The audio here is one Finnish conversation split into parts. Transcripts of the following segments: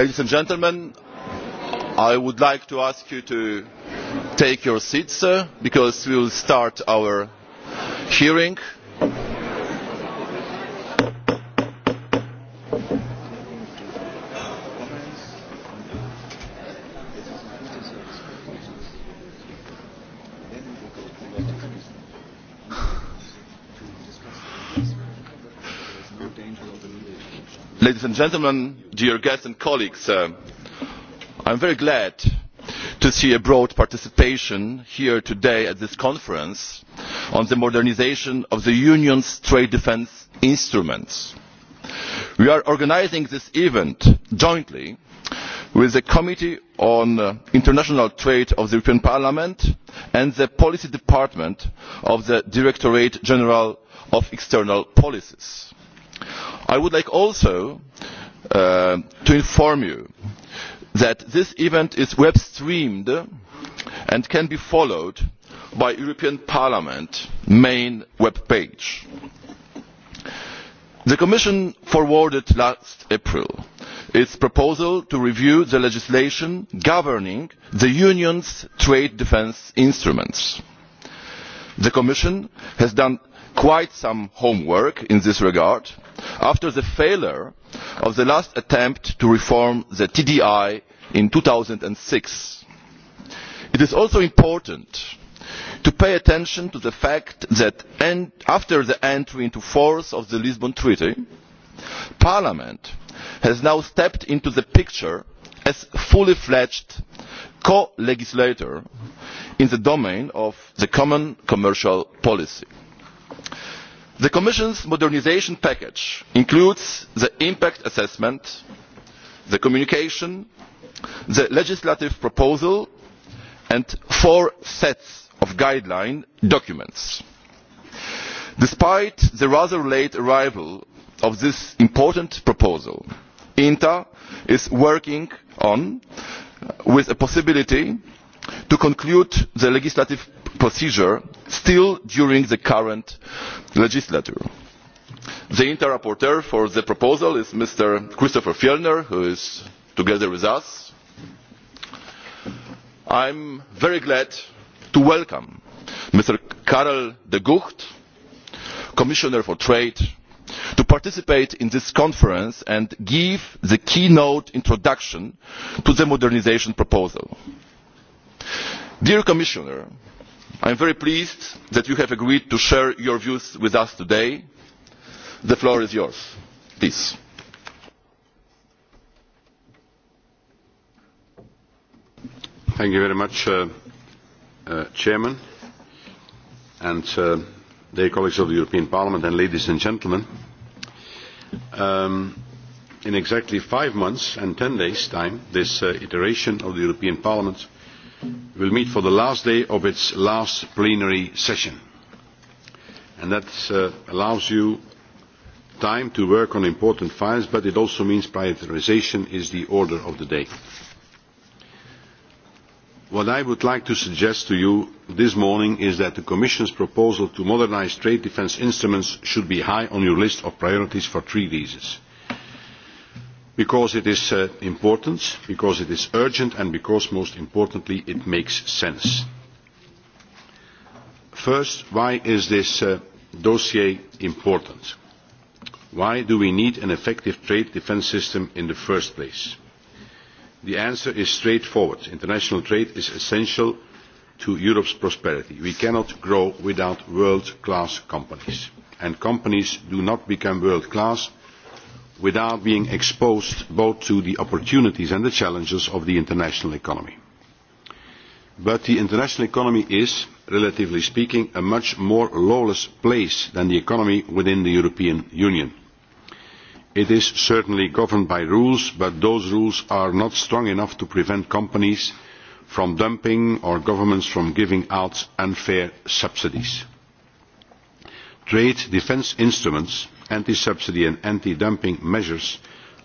Ladies and gentlemen, I would like to ask you to take your seats uh, because we will start our hearing. and gentlemen dear guests and colleagues uh, i am very glad to see a broad participation here today at this conference on the modernisation of the union's trade defence instruments. we are organising this event jointly with the committee on uh, international trade of the european parliament and the policy department of the directorate general of external policies i would like also like uh, to inform you that this event is web streamed and can be followed by the european parliament main web page. the commission forwarded last april its proposal to review the legislation governing the union's trade defence instruments. the commission has done quite some homework in this regard after the failure of the last attempt to reform the tdi in. two thousand and six it is also important to pay attention to the fact that after the entry into force of the lisbon treaty parliament has now stepped into the picture as a fully fledged co legislator in the domain of the common commercial policy the commission's modernisation package includes the impact assessment the communication the legislative proposal and four sets of guideline documents. despite the rather late arrival of this important proposal inta is working on with a possibility to conclude the legislative procedure still during the current legislature. the inter rapporteur for the proposal is mr christopher fjellner who is together with us. i am very glad to welcome mr karel de gucht commissioner for trade to participate in this conference and give the keynote introduction to the modernisation proposal. dear commissioner i am very pleased that you have agreed to share your views with us today. the floor is yours. please. thank you very much, uh, uh, chairman and uh, dear colleagues of the european parliament and ladies and gentlemen. Um, in exactly five months and ten days' time, this uh, iteration of the european parliament will meet for the last day of its last plenary session and that uh, allows you time to work on important files but it also means prioritisation is the order of the day. what i would like to suggest to you this morning is that the commission's proposal to modernise trade defence instruments should be high on your list of priorities for three reasons because it is uh, important because it is urgent and because most importantly it makes sense. first why is this uh, dossier important? why do we need an effective trade defence system in the first place? the answer is straightforward international trade is essential to europe's prosperity. we cannot grow without world class companies and companies do not become world class without being exposed both to the opportunities and the challenges of the international economy. But the international economy is, relatively speaking, a much more lawless place than the economy within the European Union. It is certainly governed by rules, but those rules are not strong enough to prevent companies from dumping or governments from giving out unfair subsidies. Trade defence instruments anti subsidy and anti dumping measures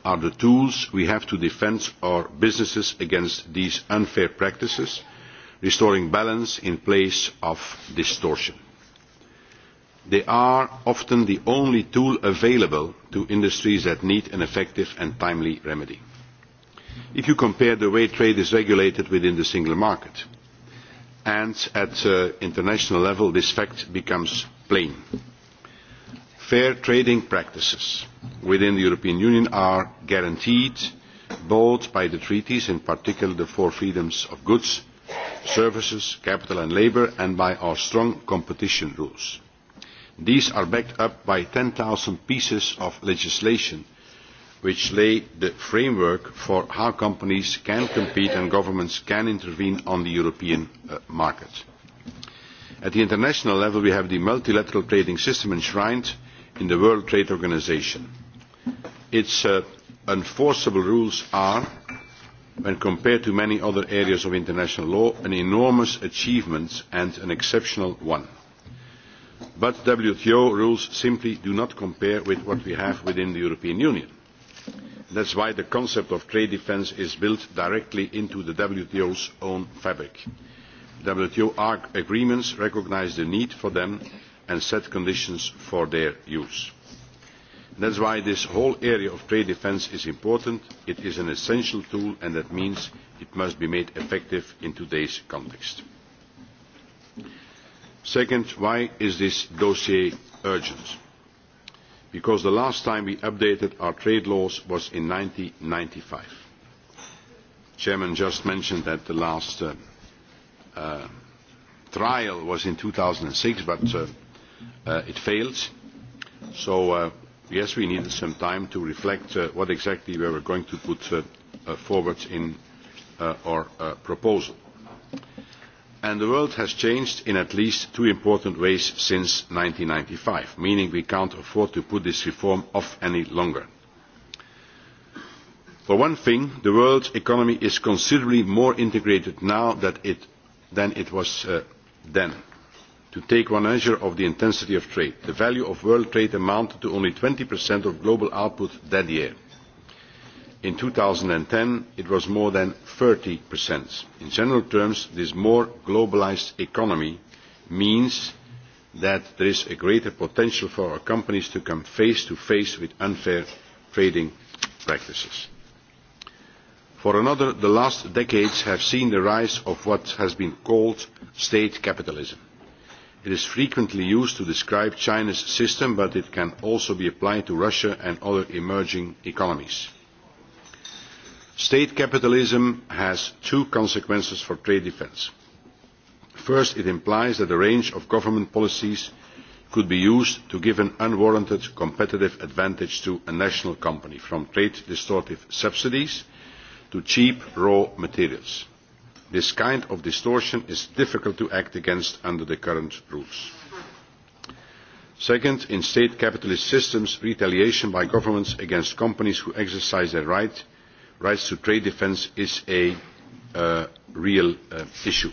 are the tools we have to defend our businesses against these unfair practices restoring balance in place of distortion. they are often the only tool available to industries that need an effective and timely remedy. if you compare the way trade is regulated within the single market and at uh, international level this fact becomes plain fair trading practices within the european union are guaranteed both by the treaties in particular the four freedoms of goods services capital and labour and by our strong competition rules. these are backed up by ten zero pieces of legislation which lay the framework for how companies can compete and governments can intervene on the european uh, market. at the international level we have the multilateral trading system enshrined in the World Trade Organization. Its uh, enforceable rules are, when compared to many other areas of international law, an enormous achievement and an exceptional one. But WTO rules simply do not compare with what we have within the European Union. That is why the concept of trade defence is built directly into the WTO's own fabric. WTO agreements recognise the need for them and set conditions for their use. that is why this whole area of trade defence is important it is an essential tool and that means it must be made effective in today's context. second why is this dossier urgent? because the last time we updated our trade laws was in. one thousand nine hundred and ninety five the chairman just mentioned that the last uh, uh, trial was in two thousand and six but uh, Uh, it failed. So, uh, yes, we needed some time to reflect on uh, what exactly we were going to put forward in our proposal. And the world has changed in at least two important ways since 1995, meaning we can't afford to put this reform off any longer. For one thing, the world economy is considerably more integrated now than it, than it was uh, then to take one measure of the intensity of trade the value of world trade amounted to only twenty of global output that year. in two thousand and ten it was more than. thirty in general terms this more globalised economy means that there is a greater potential for our companies to come face to face with unfair trading practices. for another the last decades have seen the rise of what has been called state capitalism it is frequently used to describe china's system but it can also be applied to russia and other emerging economies. state capitalism has two consequences for trade defence. first it implies that a range of government policies could be used to give an unwarranted competitive advantage to a national company from trade distortive subsidies to cheap raw materials this kind of distortion is difficult to act against under the current rules. second in state capitalist systems retaliation by governments against companies who exercise their right, rights to trade defence is a uh, real uh, issue.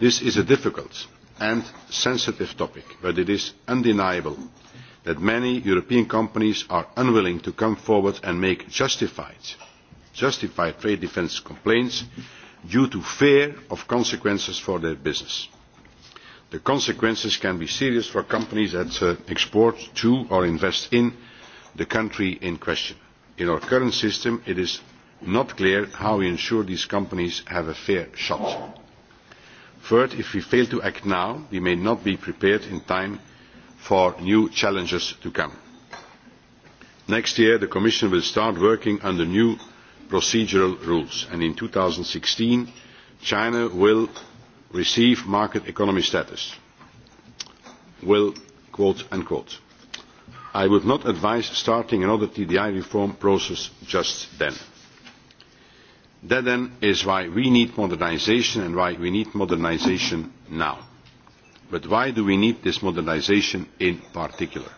this is a difficult and sensitive topic but it is undeniable that many european companies are unwilling to come forward and make justified Justified trade defence complaints due to fear of consequences for their business. The consequences can be serious for companies that uh, export to or invest in the country in question. In our current system, it is not clear how we ensure these companies have a fair shot. Third, if we fail to act now, we may not be prepared in time for new challenges to come. Next year, the Commission will start working the new procedural rules and in two thousand and sixteen china will receive market economy status will quote i would not advise starting another tdi reform process just then. that then is why we need modernisation and why we need modernisation now. but why do we need this modernisation in particular?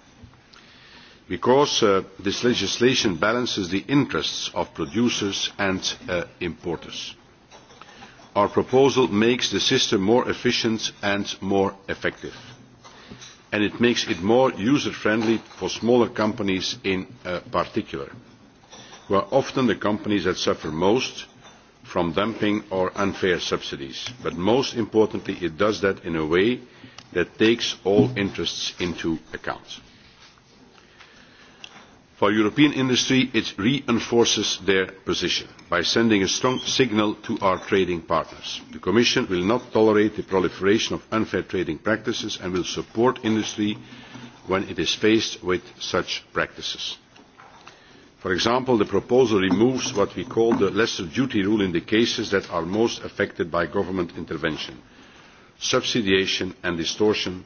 because uh, this legislation balances the interests of producers and uh, importers. Our proposal makes the system more efficient and more effective, and it makes it more user-friendly for smaller companies in uh, particular, who are often the companies that suffer most from dumping or unfair subsidies. But most importantly, it does that in a way that takes all interests into account for european industry it reinforces their position by sending a strong signal to our trading partners. the commission will not tolerate the proliferation of unfair trading practices and will support industry when it is faced with such practices. for example the proposal removes what we call the lesser duty rule in the cases that are most affected by government intervention subsidisation and distortion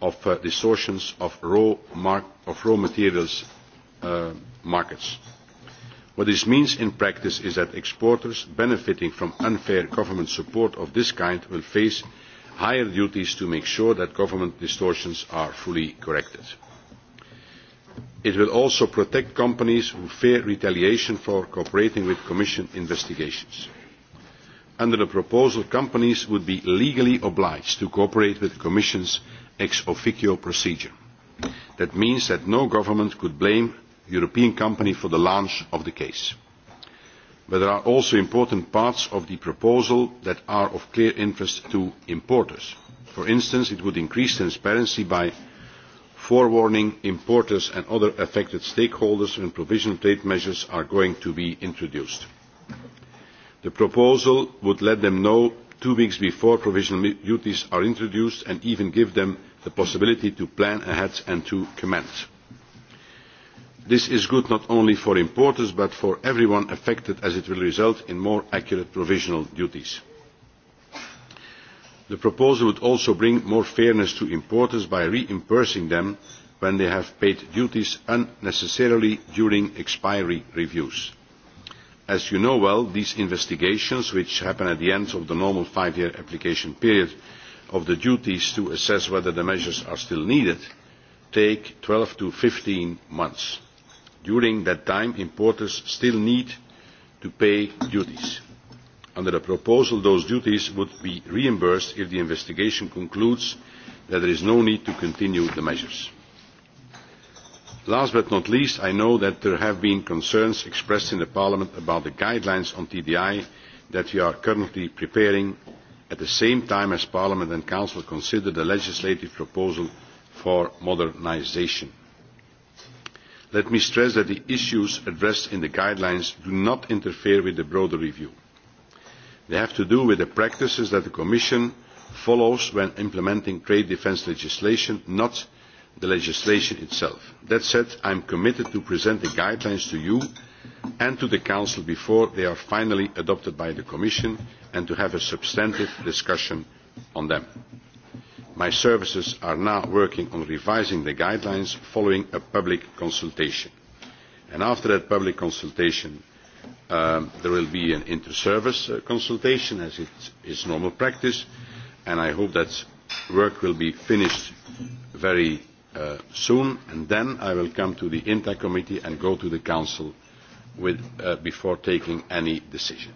of, uh, distortions of raw, of raw materials Uh, markets. What this means in practice is that exporters benefiting from unfair government support of this kind will face higher duties to make sure that government distortions are fully corrected. It will also protect companies who fear retaliation for cooperating with Commission investigations. Under the proposal, companies would be legally obliged to cooperate with the Commission's ex officio procedure. That means that no government could blame European company for the launch of the case. But there are also important parts of the proposal that are of clear interest to importers. For instance, it would increase transparency by forewarning importers and other affected stakeholders when provisional trade measures are going to be introduced. The proposal would let them know two weeks before provisional duties are introduced and even give them the possibility to plan ahead and to comment this is good not only for importers but for everyone affected as it will result in more accurate provisional duties. the proposal would also bring more fairness to importers by reimbursing them when they have paid duties unnecessarily during expiry reviews. as you know well these investigations which happen at the end of the normal five year application period of the duties to assess whether the measures are still needed take twelve to fifteen months during that time importers still need to pay duties. under the proposal those duties would be reimbursed if the investigation concludes that there is no need to continue the measures. last but not least i know that there have been concerns expressed in parliament about the guidelines on tdi that we are currently preparing at the same time as parliament and council consider the legislative proposal for modernisation let me stress that the issues addressed in the guidelines do not interfere with the broader review. they have to do with the practices that the commission follows when implementing trade defence legislation not the legislation itself. that said i am committed to presenting the guidelines to you and to the council before they are finally adopted by the commission and to having a substantive discussion on them my services are now working on revising the guidelines following a public consultation and after that public consultation um, there will be an inter service uh, consultation as is normal practice and i hope that work will be finished very uh, soon and then i will come to the inta committee and go to the council with, uh, before taking any decision.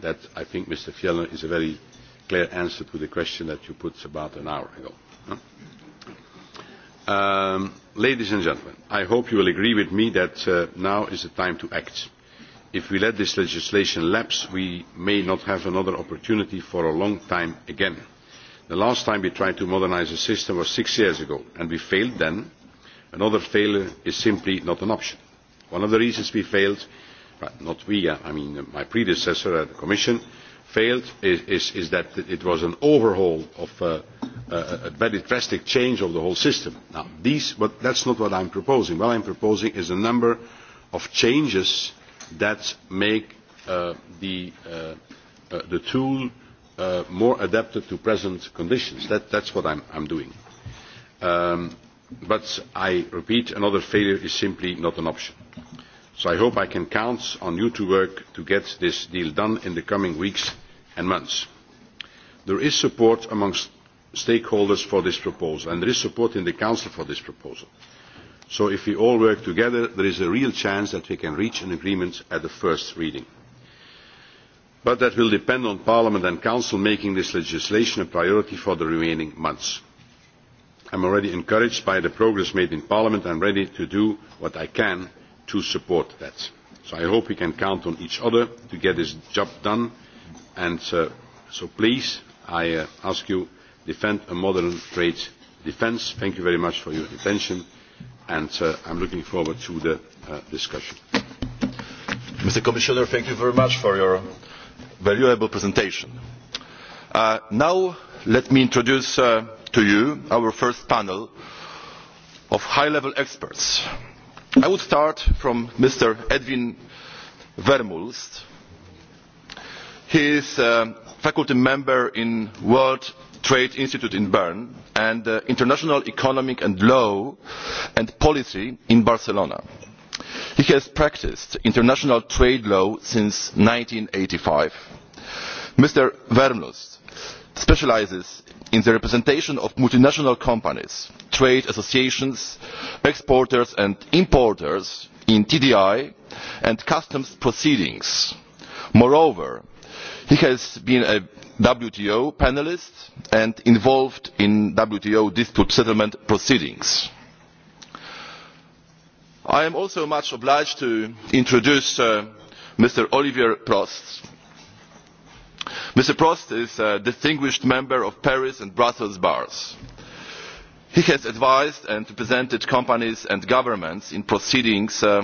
that i think mr fjellner is a very clear answer to the question that you put about an hour ago. Um, ladies and gentlemen, I hope you will agree with me that uh, now is the time to act. If we let this legislation lapse, we may not have another opportunity for a long time again. The last time we tried to modernise the system was six years ago, and we failed then. Another failure is simply not an option. One of the reasons we failed, not we, uh, I mean uh, my predecessor at the Commission, failed is, that it was an overhaul of uh, uh, a very drastic change of the whole system. that is not what i am proposing. What i am proposing is a number of changes that make uh, the, tool more adapted to present conditions. That, is what i am doing. Um, but I repeat, another failure is simply not an option so i hope i can count on you to work to get this deal done in the coming weeks and months. there is support amongst stakeholders for this proposal and there is support in the council for this proposal so if we all work together there is a real chance that we can reach an agreement at the first reading. but that will depend on parliament and the council making this legislation a priority for the remaining months. i am already encouraged by the progress made in parliament and am ready to do what i can to support that. So I hope we can count on each other to get this job done. And uh, so please, I uh, ask you, defend a modern trade defence. Thank you very much for your attention. And i uh, I'm looking forward to the discussion. Mr. Commissioner, thank you very much for your valuable presentation. Uh, now, let me introduce uh, to you our first panel of high-level experts i would start from mr edwin vermulst. he is a faculty member in the world trade institute in bern and uh, international economic and law and policy in barcelona. he has practised international trade law since. one thousand nine hundred and eighty five mr vermulst specialises in the representation of multinational companies trade associations exporters and importers in tdi and customs proceedings. moreover he has been a wto panellist and involved in wto dispute settlement proceedings. i am also much obliged to introduce uh, mr olivier prost mr prost is a distinguished member of paris and brussels bars. he has advised and represented companies and governments in proceedings uh,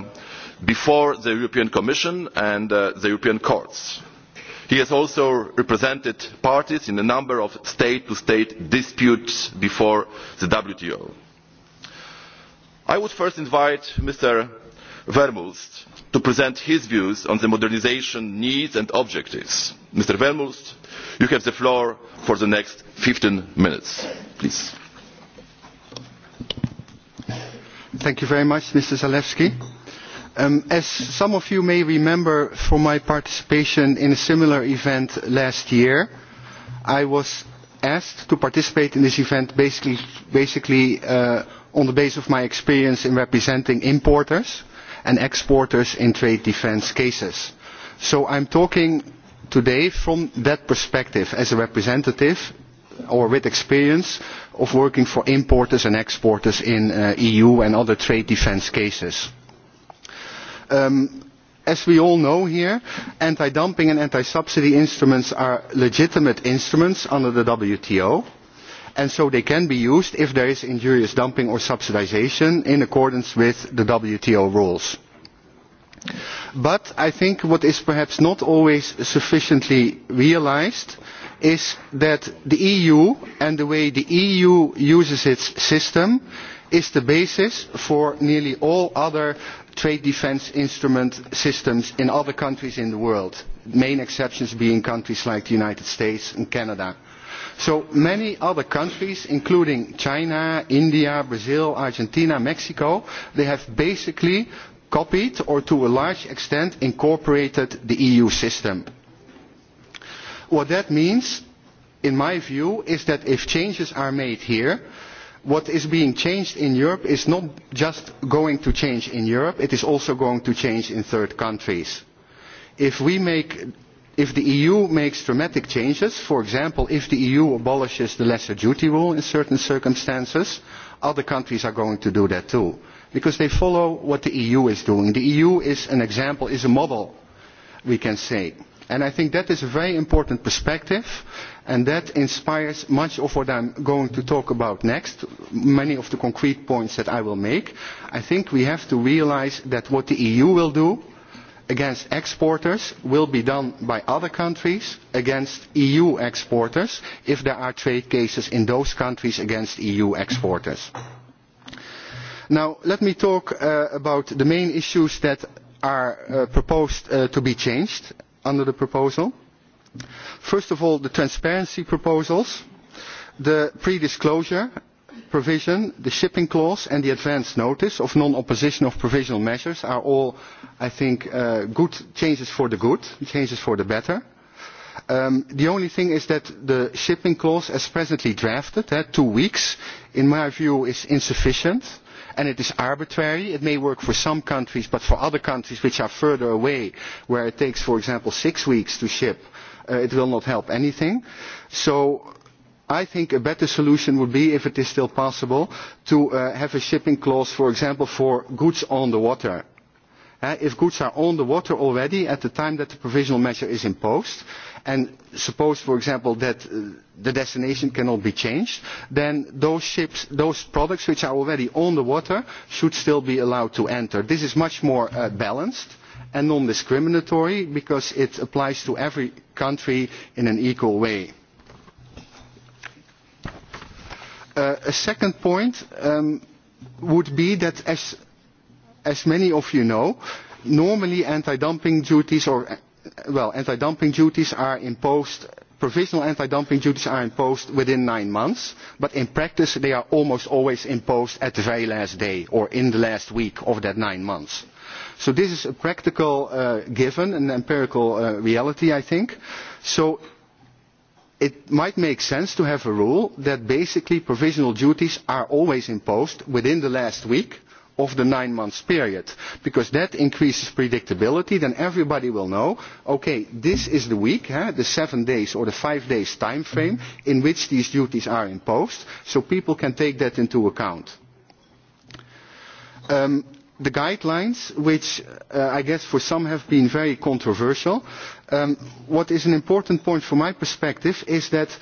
before the european commission and uh, the european courts. he has also represented parties in a number of state to state disputes before the wto. i would first invite mr verhofstadt to present his views on the modernisation needs and objectives. mr verhofstadt you have the floor for the next fifteen minutes. please. thank you very much mr zalewski. Um, as some of you may remember from my participation in a similar event last year i was asked to participate in this event basically, uh, on the basis of my experience in representing importers and exporters in trade defence cases. so i am talking today from that perspective as a representative or with experience of working for importers and exporters in uh, eu and other trade defence cases. Um, as we all know here anti dumping and anti subsidy instruments are legitimate instruments under the wto and so they can be used if there is injurious dumping or subsidisation in accordance with the wto rules. but i think what is perhaps not always sufficiently realised is that the eu and the way the eu uses its system is the basis for nearly all other trade defence instrument systems in other countries in the world the main exceptions being countries like the united states and canada so many other countries including china india brazil argentina mexico have basically copied or to a large extent incorporated the eu system. what that means in my view is that if changes are made here what is being changed in europe is not just going to change in europe it is also going to change in third countries. if we make if the eu makes dramatic changes for example if the eu abolishes the lesser duty rule in certain circumstances other countries are going to do that too because they follow what the eu is doing. the eu is an example is a model we can say and i think that is a very important perspective and that inspires much of what i am going to talk about next many of the concrete points that i will make. i think we have to realise that what the eu will against exporters will be done by other countries against eu exporters if there are trade cases in those countries against eu exporters. now let me talk uh, about the main issues that are uh, proposed uh, to be changed under the proposal. first of all the transparency proposals the pre disclosure provision, the shipping clause and the advance notice of non-opposition of provisional measures are all, I think, uh, good changes for the good, changes for the better. Um, the only thing is that the shipping clause as presently drafted, uh, two weeks, in my view is insufficient and it is arbitrary. It may work for some countries, but for other countries which are further away, where it takes, for example, six weeks to ship, uh, it will not help anything. So I think a better solution would be, if it is still possible, to uh, have a shipping clause, for example, for goods on the water. Uh, if goods are on the water already at the time that the provisional measure is imposed, and suppose, for example, that uh, the destination cannot be changed, then those, products which are already on the water should still be allowed to enter. This is much more balanced and non-discriminatory because it applies to every country in an equal way. Uh, a second point um, would be that, as, many of you know, normally anti-dumping duties are imposed, provisional anti-dumping duties are imposed within nine months, but in practice they are almost always imposed at the very last day or in the last week of that nine months. So this is a practical uh, given, an empirical uh, reality, I think it might make sense to have a rule that basically provisional duties are always imposed within the last week of the nine month period because that increases predictability then everybody will know okay this is the week the seven days or the five days time frame mm-hmm. in which these duties are imposed so people can take that into account. Um, the guidelines, which uh, I guess for some have been very controversial, um, what is an important point from my perspective is that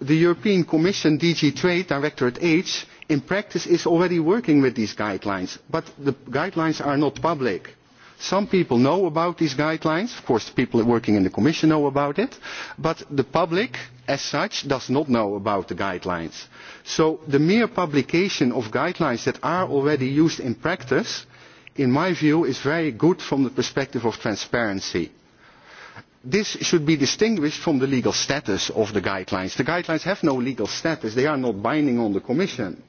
the European Commission DG Trade Directorate H in practice is already working with these guidelines, but the guidelines are not public. Some people know about these guidelines, of course the people working in the Commission know about it, but the public as such does not know about the guidelines. So the mere publication of guidelines that are already used in practice in my view is very good from the perspective of transparency. This should be distinguished from the legal status of the guidelines. The guidelines have no legal status. They are not binding on the Commission.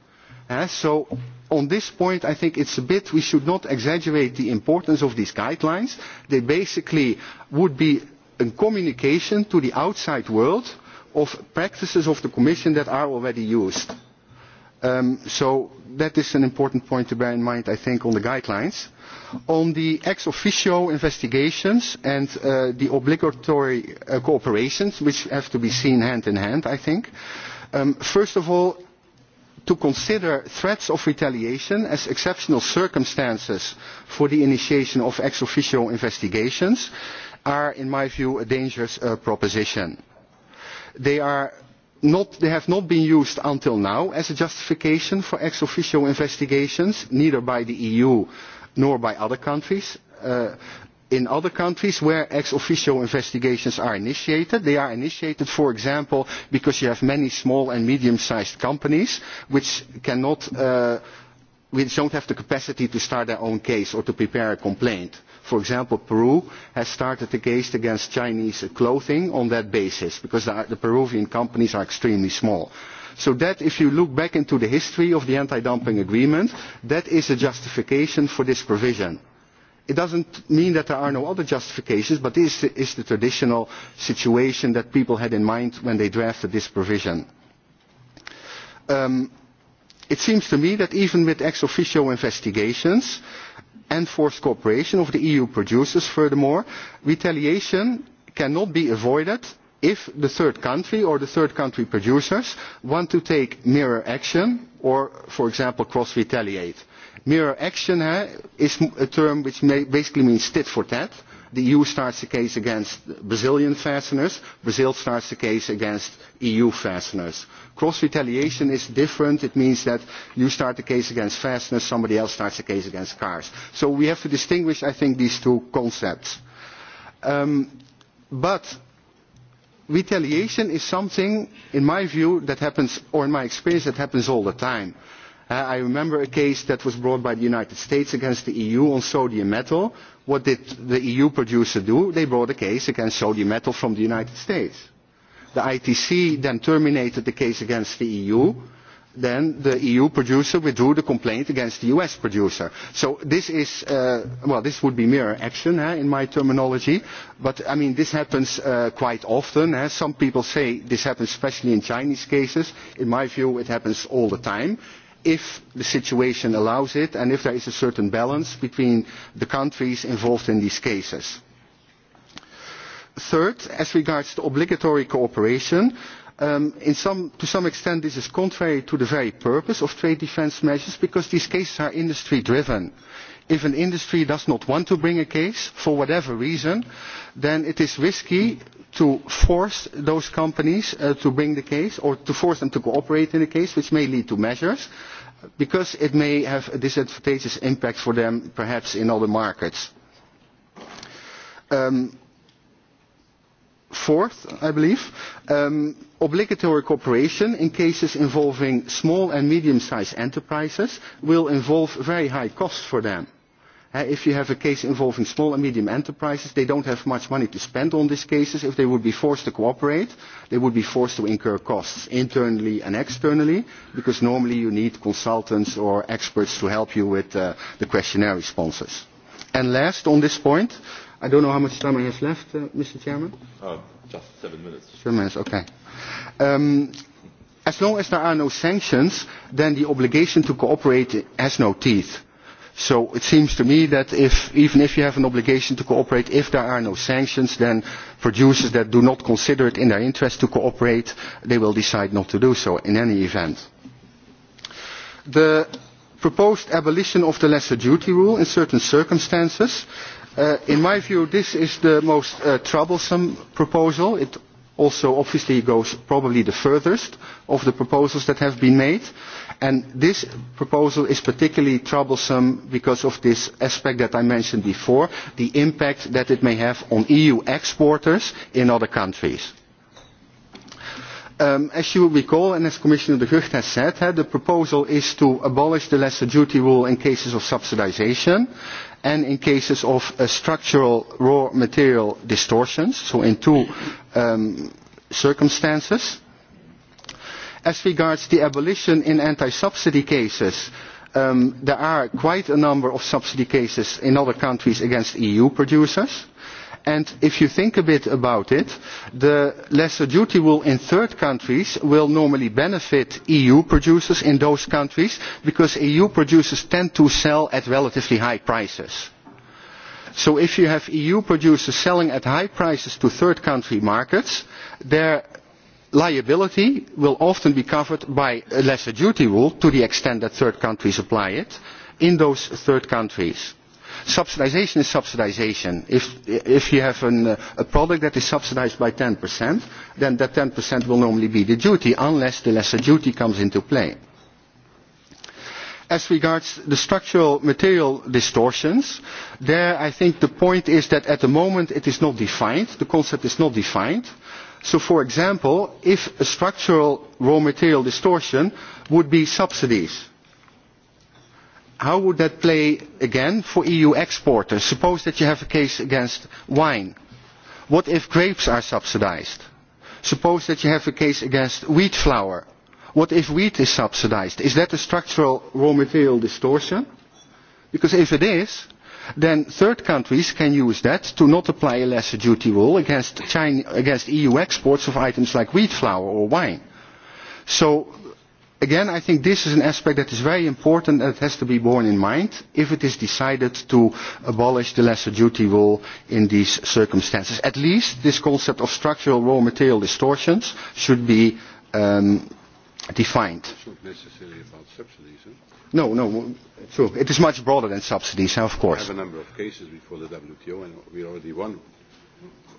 Eh? so on this point, I think it's a bit, we should not exaggerate the importance of these guidelines. They basically would be a communication to the outside world of practices of the Commission that are already used. Um, so that is an important point to bear in mind i think on the guidelines. on the ex officio investigations and uh, the obligatory uh, cooperation which have to be seen hand in hand i think um, first of all to consider threats of retaliation as exceptional circumstances for the initiation of ex officio investigations are in my view a dangerous uh, proposition. they are they have not been used until now as a justification for ex officio investigations, neither by the EU nor by other countries. Uh, in other countries where ex officio investigations are initiated. They are initiated, for example, because you have many small and medium-sized companies which do not uh, have the capacity to start their own case or to prepare a complaint. For example, Peru has started a case against Chinese clothing on that basis because the, Peruvian companies are extremely small. So if you look back into the history of the anti-dumping agreement, that is a justification for this provision. It does not mean that there are no other justifications, but this is the traditional situation that people had in mind when they drafted this provision. Um, it seems to me that even with ex officio investigations, and forced cooperation of the eu producers. furthermore retaliation cannot be avoided if the third country or the third country producers want to take mirror action or for example cross retaliate. mirror action is a term which basically means tit for tat the eu starts a case against brazilian fasteners brazil starts a case against eu fasteners. cross retaliation is different it means that you start a case against fasteners somebody else starts a case against cars so we have to distinguish i think these two concepts. Um, but retaliation is something in my view or in my experience that happens all the time I remember a case that was brought by the United States against the EU on sodium metal. What did the EU producer do? They brought a case against sodium metal from the United States. The ITC then terminated the case against the EU. Then the EU producer withdrew the complaint against the US producer. So this is, uh, well, this would be mirror action eh, in my terminology. But I mean, this happens uh, quite often. Eh. Some people say this happens especially in Chinese cases. In my view, it happens all the time if the situation allows it and if there is a certain balance between the countries involved in these cases. Third, as regards the obligatory cooperation, um, to some extent this is contrary to the very purpose of trade defence measures because these cases are industry driven. If an industry does not want to bring a case, for whatever reason, then it is risky to force those companies uh, to bring the case or to force them to cooperate in the case, which may lead to measures because it may have a disadvantageous impact for them perhaps in other markets. Um, fourth, I believe, um, obligatory cooperation in cases involving small and medium-sized enterprises will involve very high costs for them if you have a case involving small and medium enterprises, they do not have much money to spend on these cases. If they were forced to cooperate, they would be forced to incur costs internally and externally, because normally you need consultants or experts to help you with uh, the questionnaire responses. And last on this point, I don't know how much time I have left, uh, Mr. Chairman. Uh, just seven minutes. Seven minutes, okay. Um, as long as there are no sanctions, then the obligation to cooperate has no teeth so it seems to me that even if you have an obligation to cooperate if there are no sanctions then producers that do not consider it in their interest to cooperate will decide not to do so in any event. the proposed abolition of the lesser duty rule in certain circumstances uh, in my view this is the most uh, troublesome proposal. it also obviously goes probably the furthest of the proposals that have been made. And this proposal is particularly troublesome because of this aspect that I mentioned before, the impact that it may have on EU exporters in other countries. Um, as you will recall, and as Commissioner de Gucht has said, the proposal is to abolish the lesser duty rule in cases of subsidisation and in cases of uh, structural raw material distortions, so in two um, circumstances. As regards the abolition in anti-subsidy cases, um, there are quite a number of subsidy cases in other countries against EU producers. And if you think a bit about it, the lesser duty rule in third countries will normally benefit EU producers in those countries because EU producers tend to sell at relatively high prices. So if you have EU producers selling at high prices to third country markets, their liability will often be covered by a lesser duty rule to the extent that third countries apply it in those third countries. Subsidisation is subsidisation. If, you have a product that is subsidised by 10%, then that 10% will normally be the duty, unless the lesser duty comes into play. As regards the structural material distortions, there I think the point is that at the moment it is not defined, the concept is not defined, So, for example, if a structural raw material distortion would be subsidies, how would that play again for EU exporters? Suppose that you have a case against wine. What if grapes are subsidized? Suppose that you have a case against wheat flour. What if wheat is subsidized? Is that a structural raw material distortion? Because if it is, then third countries can use that to not apply a lesser duty rule against, EU exports of items like wheat flour or wine. So again, I think this is an aspect that is very important and has to be borne in mind if it is decided to abolish the lesser duty rule in these circumstances. At least this concept of structural raw material distortions should be um, defined. It's not necessarily about subsidies. No, no, true. It is much broader than subsidies, of course. We have a number of cases before the WTO, and we already won.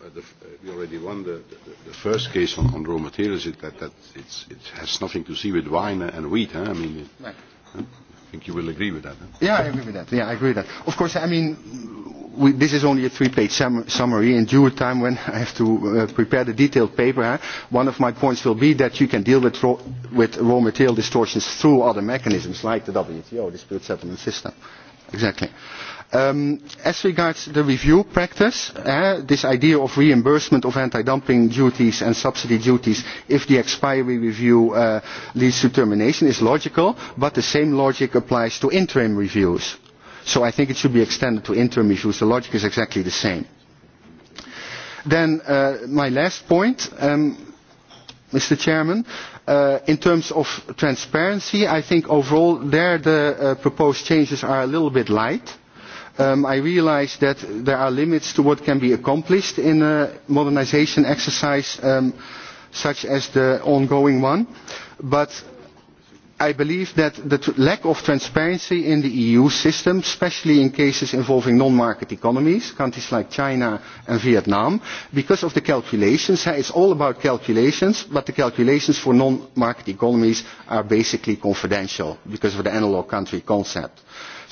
Uh, the, uh, we already won the, the, the first case on, on raw materials. It, that, that it's, it has nothing to see with wine and wheat. Huh? I mean, it, right. huh? I think you will agree with that. Huh? Yeah, I agree with that. Yeah, I agree with that. Of course, I mean, this is only a three page sum, summary. In due time, when I have to uh, prepare the detailed paper, one of my points will be that you can deal with raw, material distortions through other mechanisms like the WTO, dispute settlement system. Um, as regards the review practice, uh, this idea of reimbursement of anti-dumping duties and subsidy duties if the expiry review uh, leads to termination is logical, but the same logic applies to interim reviews So I think it should be extended to interim issues. The logic is exactly the same. Then uh, my last point, um, Mr. Chairman, uh, in terms of transparency, I think overall there the uh, proposed changes are a little bit light. Um, I realize that there are limits to what can be accomplished in a modernization exercise um, such as the ongoing one, but i believe that the lack of transparency in the eu system especially in cases involving non market economies countries like china and vietnam because of the calculations it is all about calculations but the calculations for non market economies are basically confidential because of the analogue country concept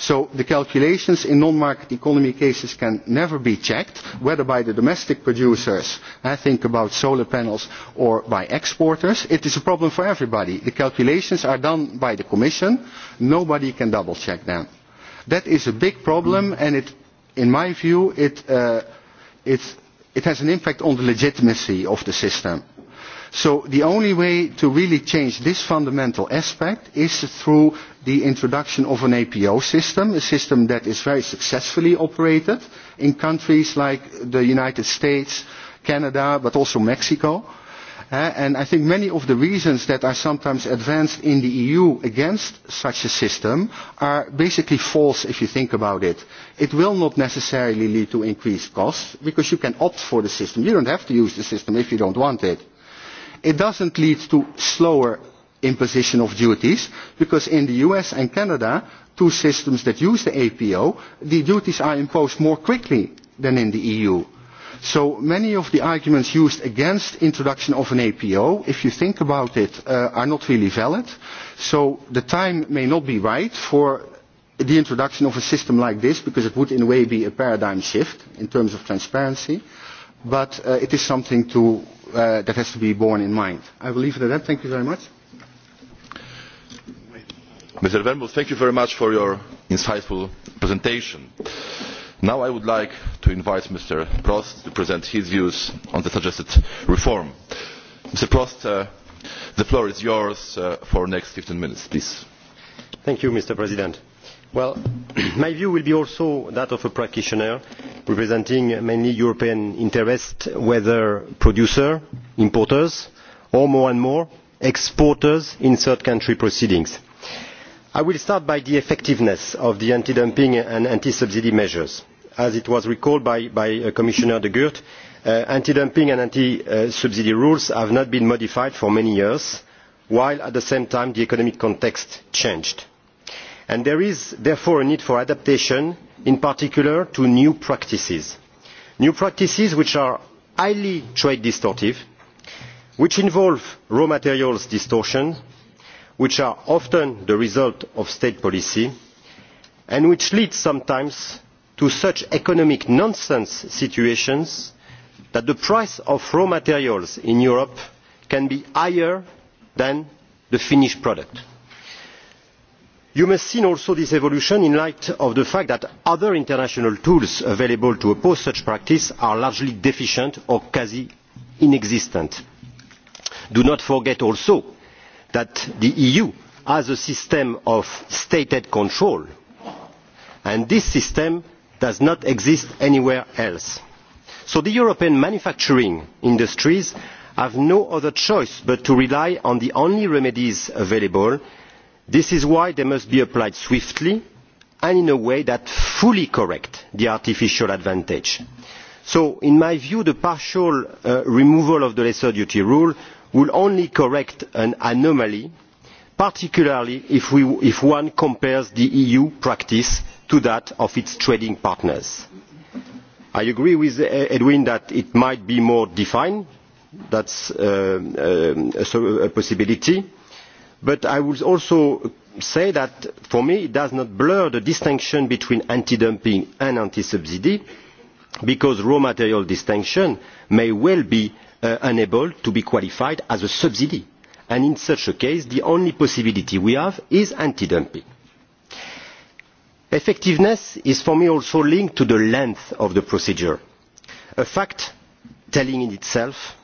so the calculations in non market economy cases can never be checked whether by the domestic producers i think about solar panels or by exporters. it is a problem for everybody. the calculations are done by the commission nobody can double check them. that is a big problem and in my view uh, it has an impact on the legitimacy of the system. So the only way to really change this fundamental aspect is through the introduction of an APO system, a system that is very successfully operated in countries like the United States, Canada, but also Mexico. Eh, and I think many of the reasons that are sometimes advanced in the EU against such a system are basically false if you think about it. It will not necessarily lead to increased costs because you can opt for the system. You don't have to use the system if you don't want it. It doesn't lead to slower imposition of duties because in the us and canada two systems that use the apo the duties are imposed more quickly than in the eu. so many of the arguments used against the introduction of an apo if you think about it uh, are not really valid so the time may not be right for the introduction of a system like this because it would in a way be a paradigm shift in terms of transparency but uh, it is something uh, that has to be borne in mind. I will leave it at that. Thank you very much mr vermouth thank you very much for your insightful presentation. now i would like to invite mr prost to present his views on the suggested reform. mr prost uh, the floor is yours uh, for the next fifteen minutes please. Thank you, mr president well, my view will also be that of a practitioner representing mainly european interests whether producers importers or more and more exporters in third country proceedings i will start by the effectiveness of the anti dumping and anti subsidy measures. as was recalled by, uh, commissioner de gucht uh, anti dumping and anti subsidy rules have not been modified for many years while at the same time the economic context changed. And there is therefore a need for adaptation in particular to new practices new practices which are highly trade distortive which involve raw materials distortion which are often the result of state policy and which lead sometimes to such economic nonsense situations that the price of raw materials in europe can be higher than the finished product. you must see also this evolution in light of the fact that other international tools available to oppose such practice are largely deficient or quasi non existent. do not forget also that the eu has a system of state aid control and this system does not exist anywhere else. so the european manufacturing industries have no other choice but to rely on the only remedies available. this is why they must be applied swiftly and in a way that fully corrects the artificial advantage. so in my view the partial uh, removal of the lesser duty rule will only correct an anomaly particularly if, one compares the eu practice to that of its trading partners. i agree with e, edwin that it might be more defined that is um, um, a possibility but i would also say that for me it does not blur the distinction between anti dumping and anti subsidy because raw material distinction may well be Uh, unable to be qualified as a subsidy and in such a case the only possibility we have is anti dumping. effectiveness is for me also linked to the length of the procedure a fact telling in itself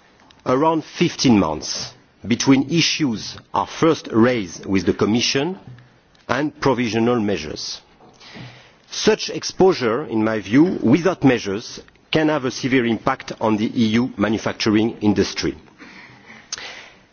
around fifteen months between issues are first raised with the commission and provisional measures. such exposure in my view without measures can have a severe impact on the eu manufacturing industry.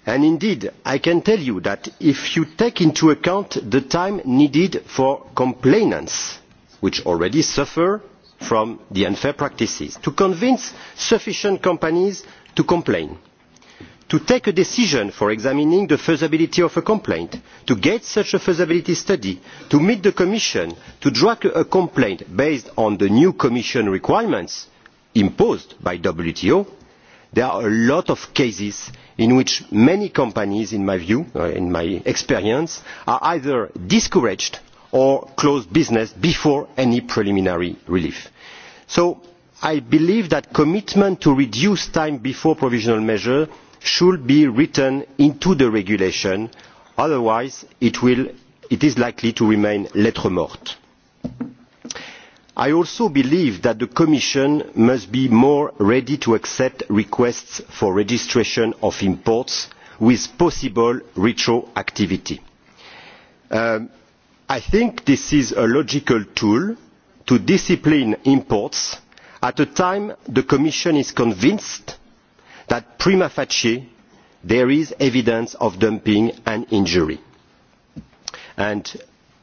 And indeed i can tell you that if you take into account the time needed for complainants which already suffer from the unfair practices to convince sufficient companies to complain to take a decision for examining the feasibility of a complaint to get such a feasibility study to meet the commission to draft a complaint based on the new commission requirements imposed by the wto there are a lot of cases in which many companies in my view uh, in my experience are either discouraged or close business before any preliminary relief. so i believe that commitment to reduce time before provisional measures should be written into the regulation otherwise it, it is likely to remain lettre morte i also believe that the commission must be more ready to accept requests for registration of imports with possible retroactivity. Um, i think this is a logical tool to discipline imports at a time the commission is convinced that prima facie there is evidence of dumping and injury. And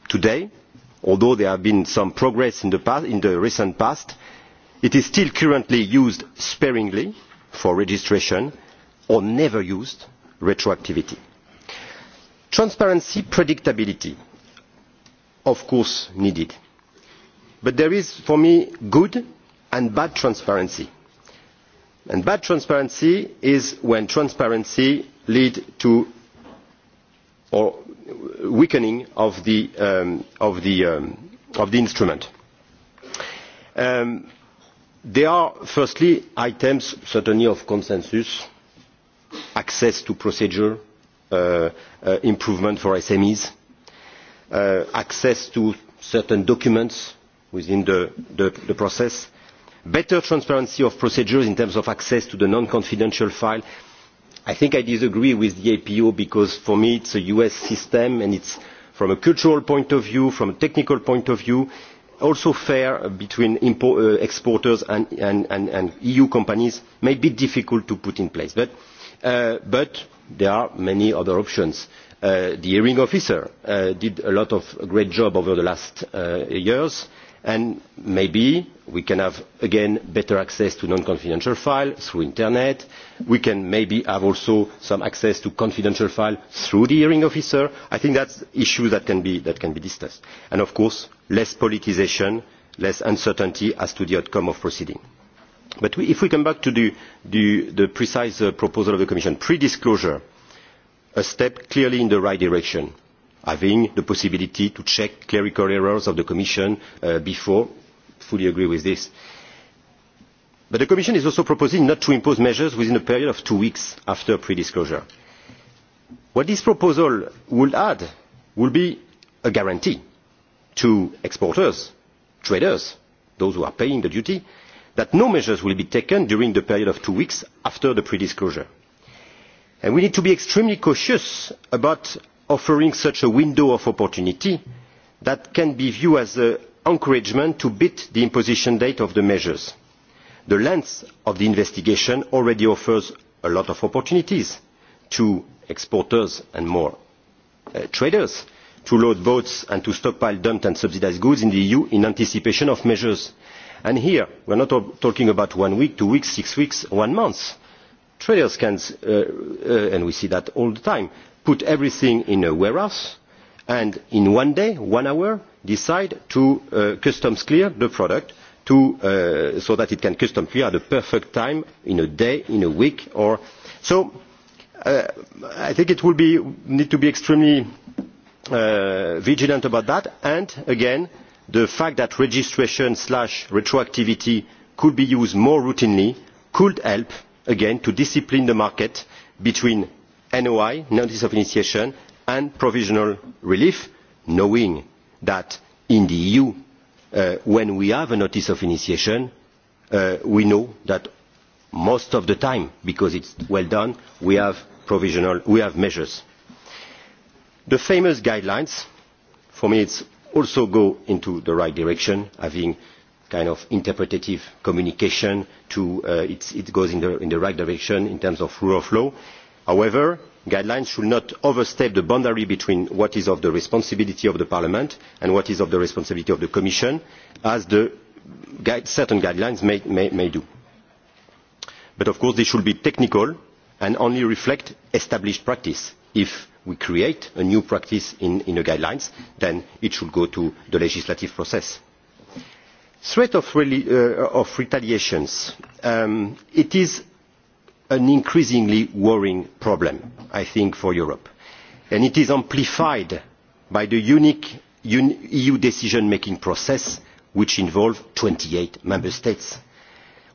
today although there has been some progress in the, recent past it is still currently used sparingly for registration or never used retroactively. transparency predictability of course needed but there is for me good and bad transparency and bad transparency is when transparency leads to or weakening of the, um, um, instrument. Um, there are firstly items certainly of consensus access to procedure uh, uh, improvement for smes uh, access to certain documents within the, process better transparency of procedures in terms of access to the non confidential files i think i disagree with the apo because for me it is a us system and it is from a cultural point of view from a technical point of view also fair between import, uh, exporters and, and, and, and eu companies may be difficult to put in place but, uh, but there are many other options. Uh, the hearing officer uh, did a lot of great job over the last uh, years and and maybe we can have again better access to non confidential files through the internet we can maybe also have some access to confidential files through the hearing officer. i think that is an issue that can be, discussed and of course less politicisation less uncertainty as to the outcome of proceedings. but if we come back to the precise uh, proposal of the commission pre disclosure a step clearly in the right direction having the possibility to check clerical errors of the Commission uh, before. Fully agree with this. But the Commission is also proposing not to impose measures within a period of two weeks after pre-disclosure. What this proposal would add would be a guarantee to exporters, traders, those who are paying the duty, that no measures will be taken during the period of two weeks after the pre-disclosure. And we need to be extremely cautious about offering such a window of opportunity that can be viewed as an encouragement to beat the imposition date of the measures. the length of the investigation already offers a lot of opportunities to exporters and more uh, traders to load boats and to stockpile dumped and subsidised goods in the eu in anticipation of measures. and here we are not talking about one week two weeks six weeks one month. traders can uh, uh, and we see that all the time put everything in a warehouse and in one day one hour decide to uh, customs clear the product uh, so that it can customs clear at the perfect time in a day in a week or so uh, i think it will be need to be extremely vigilant about that and again the fact that registration slash retroactivity could be used more routinely could help again to discipline the market between NOI, notice of initiation, and provisional relief, knowing that in the EU, uh, when we have a notice of initiation, uh, we know that most of the time, because it's well done, we have provisional, we have measures. The famous guidelines, for me, also go into the right direction, having kind of interpretative communication to uh, it goes in the right direction in terms of rule of law however guidelines should not overstep the boundary between what is of the responsibility of the parliament and what is of the responsibility of the commission as certain guidelines may, do. but of course they should be technical and only reflect established practice. if we create a new practice in, the guidelines then it should go to the legislative process. threat of, retaliation uh, retaliations. Um, it is an increasingly worrying problem i think for europe and it is amplified by the unique eu decision making process which involves twenty eight member states.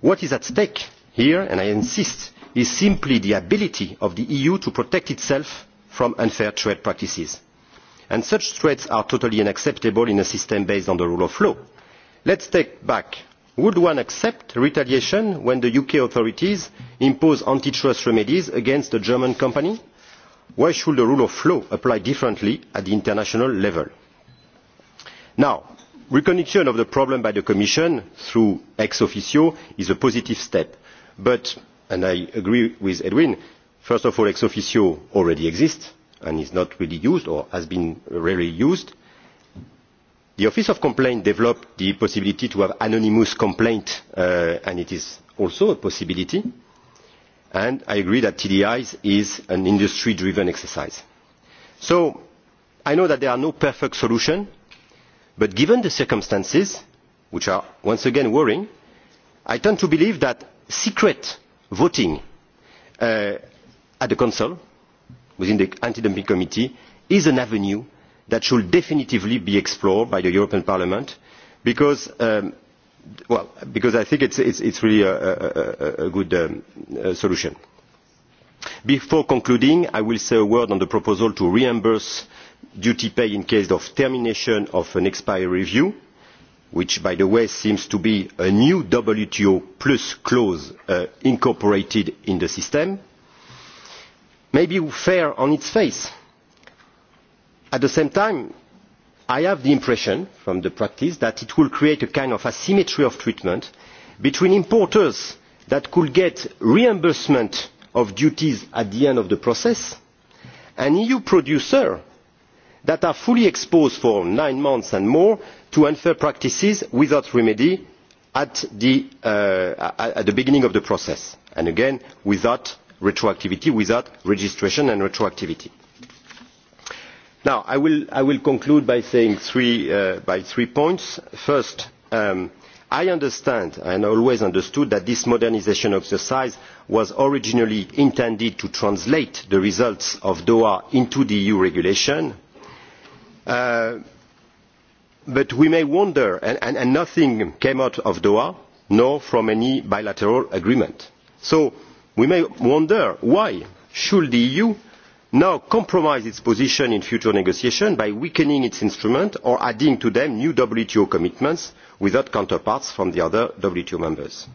what is at stake here and i insist is simply the ability of the eu to protect itself from unfair trade practices and such threats are totally unacceptable in a system based on the rule of law. let us take back would one accept retaliation when the uk authorities impose anti trust remedies against a german company? why should the rule of law apply differently at the international level? now recognition of the problem by the commission through ex officio is a positive step but and i agree with edwin first of all ex officio already exists and is not really used or has been rarely used the office of complaint developed the possibility to have anonymous complaints uh, and it is also a possibility and i agree that tdis is an industry driven exercise. so i know that there are no perfect solutions but given the circumstances which are once again worrying i tend to believe that secret voting uh, at the council within the anti dumping committee is an avenue that should definitively be explored by the european parliament because, um, i think it is really a, good um, uh, solution. before concluding i will say a word on the proposal to reimburse duty paid in case of termination of an expiry review which by the way seems to be a new wto plus clause uh, incorporated in the system it may be fair on its face at the same time i have the impression from the practice that it will create a kind of asymmetry of treatment between importers that could get reimbursement of duties at the end of the process and eu producers that are fully exposed for nine months and more to unfair practices without remedy at the, uh, at the beginning of the process and again without retroactivity without registration and retroactivity. I, will, conclude by saying three, uh, points. first um, i understand and always understood that this modernisation exercise was originally intended to translate the results of doha into the eu regulation uh, but we may wonder and, and nothing came out of doha nor from any bilateral agreement so we may wonder why should the eu now compromise its position in future negotiations by weakening its instruments or adding to them new wto commitments without counterparts from the other wto members.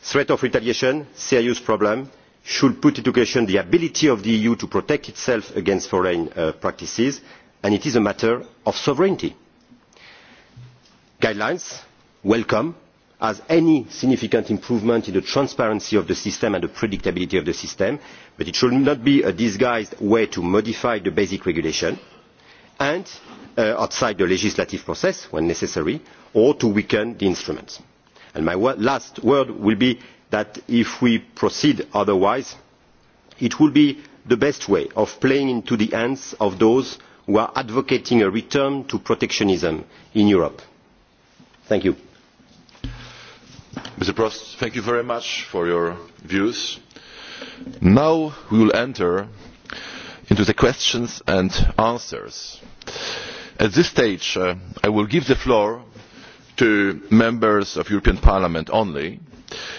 the threat of retaliation a serious problem should put into question the ability of the eu to protect itself against foreign uh, practices and it is a matter of sovereignty. guidelines welcome as any significant improvement in the transparency of the system and the predictability of the system but it should not be a disguised way to modify the basic regulation and uh, outside the legislative process when necessary or to weaken the instruments. And my last word will be that if we proceed otherwise it will be the best way of playing into the hands of those who are advocating a return to protectionism in europe. thank you mr prost thank you very much for your views. now we will enter into the questions and answers. at this stage uh, i will give the floor to members of european parliament only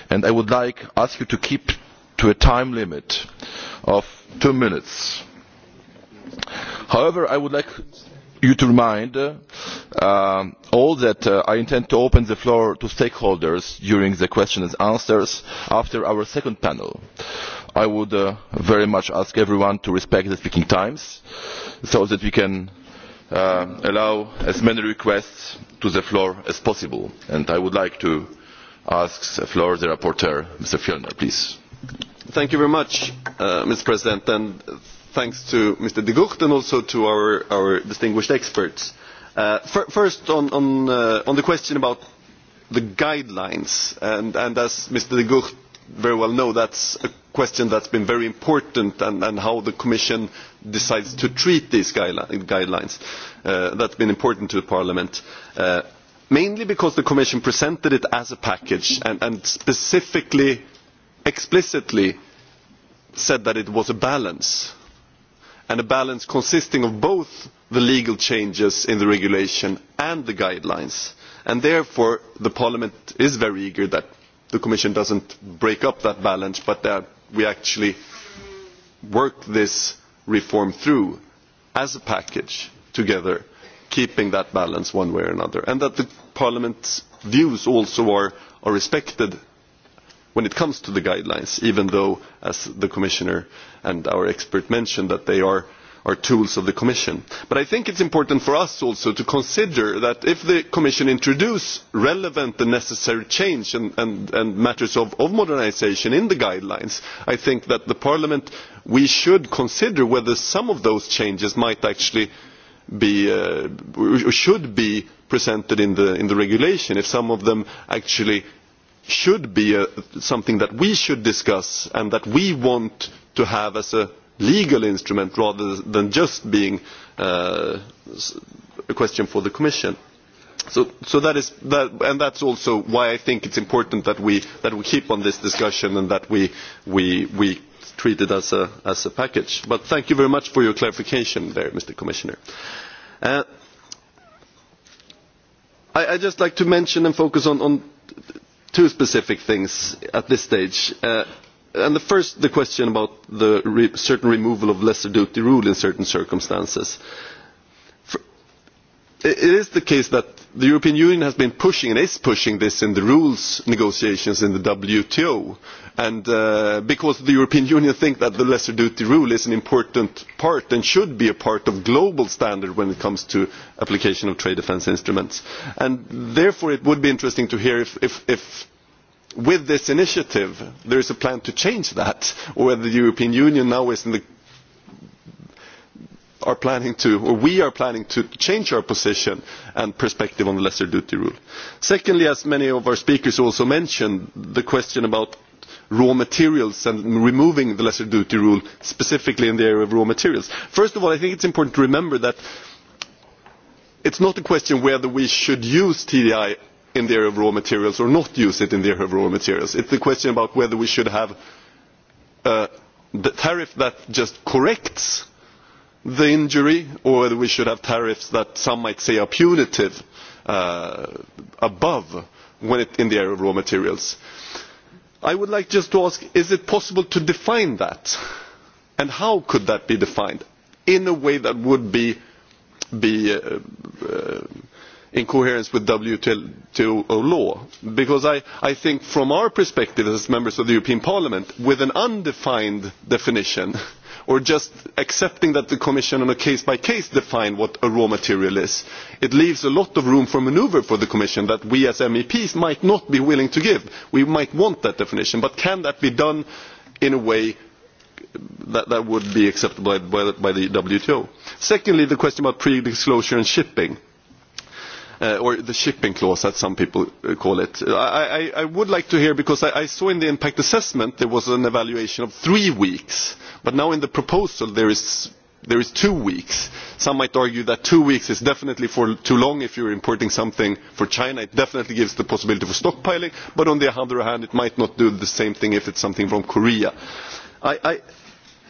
and i would like to ask you to keep to a time limit of two minutes. however i would like you to remind uh, all that uh, I intend to open the floor to stakeholders during the questions and answers after our second panel. I would uh, very much ask everyone to respect the speaking times so that we can allow as many requests to the floor as possible. And I would like to ask the floor the rapporteur, Mr. Fjellner, please. Thank you very much, thanks to Mr. de Gucht and also to our, our distinguished experts. Uh, first, on, on, uh, on the question about the guidelines, and, and as Mr. de Gucht very well knows, that's a question that's been very important and, and how the Commission decides to treat these guidelines. Uh, that's been important to Parliament. Uh, mainly because the Commission presented it as a package and, and specifically, explicitly said that it was a balance and a balance consisting of both the legal changes in the regulation and the guidelines and therefore parliament is very eager that the commission does not break up that balance but that we actually work this reform through as a package together keeping that balance one way or another and that parliament's views also are, are respected when it comes to the guidelines, even though, as the Commissioner and our expert mentioned, that they are, are tools of the Commission. But I think it's important for us also to consider that if the Commission introduces relevant and necessary change and, and, and matters of, of modernisation in the guidelines, I think that the Parliament, we should consider whether some of those changes might actually be uh, should be presented in the in the regulation if some of them actually should be something that we should discuss and that we want to have as a legal instrument rather than just being uh, a question for the Commission. So, that is, and that's also why I think it's important that we, that we keep on this discussion and that we, we, we treat it as a, as a package. But thank you very much for your clarification there, Mr. Commissioner. Uh, I, would just like to mention and focus on, on two specific things at this stage. Uh, and the first, the question about the certain removal of lesser duty rule in certain circumstances it is the case that the european union has been pushing and is pushing this in the rules negotiations in the wto uh, because the european union thinks that the lesser duty rule is an important part and should be a part of global standards when it comes to application of trade defence instruments. therefore it would be interesting to hear if, if with this initiative there is a plan to change that or whether the european union now is in the are planning to, or we are planning to change our position and perspective on the lesser duty rule. Secondly, as many of our speakers also mentioned, the question about raw materials and removing the lesser duty rule specifically in the area of raw materials. First of all, I think it is important to remember that it is not a question whether we should use TDI in the area of raw materials or not use it in the area of raw materials. It is a question about whether we should have a uh, tariff that just corrects the injury or whether we should have tariffs that some might say are punitive uh, above in the area of raw materials. I would like just to ask, is it possible to define that? And how could that be defined in a way that would be, uh, uh, in coherence with WTO law? Because I think from our perspective as members of the European Parliament, with an undefined definition, or just accepting that the commission on a case by case basis defines what a raw material is it leaves a lot of room for manoeuvre for the commission that we as meps might not be willing to give. we might want that definition but can that be done in a way that, would be acceptable by the wto? secondly the question about pre disclosure and shipping Uh, or the shipping clause as some people uh, call it. I, I, I would like to hear, because I, I saw in the impact assessment there was an evaluation of three weeks, but now in the proposal there is, there is two weeks. Some might argue that two weeks is definitely for too long if you're importing something for China. It definitely gives the possibility for stockpiling, but on the other hand it might not do the same thing if it's something from Korea. I, I,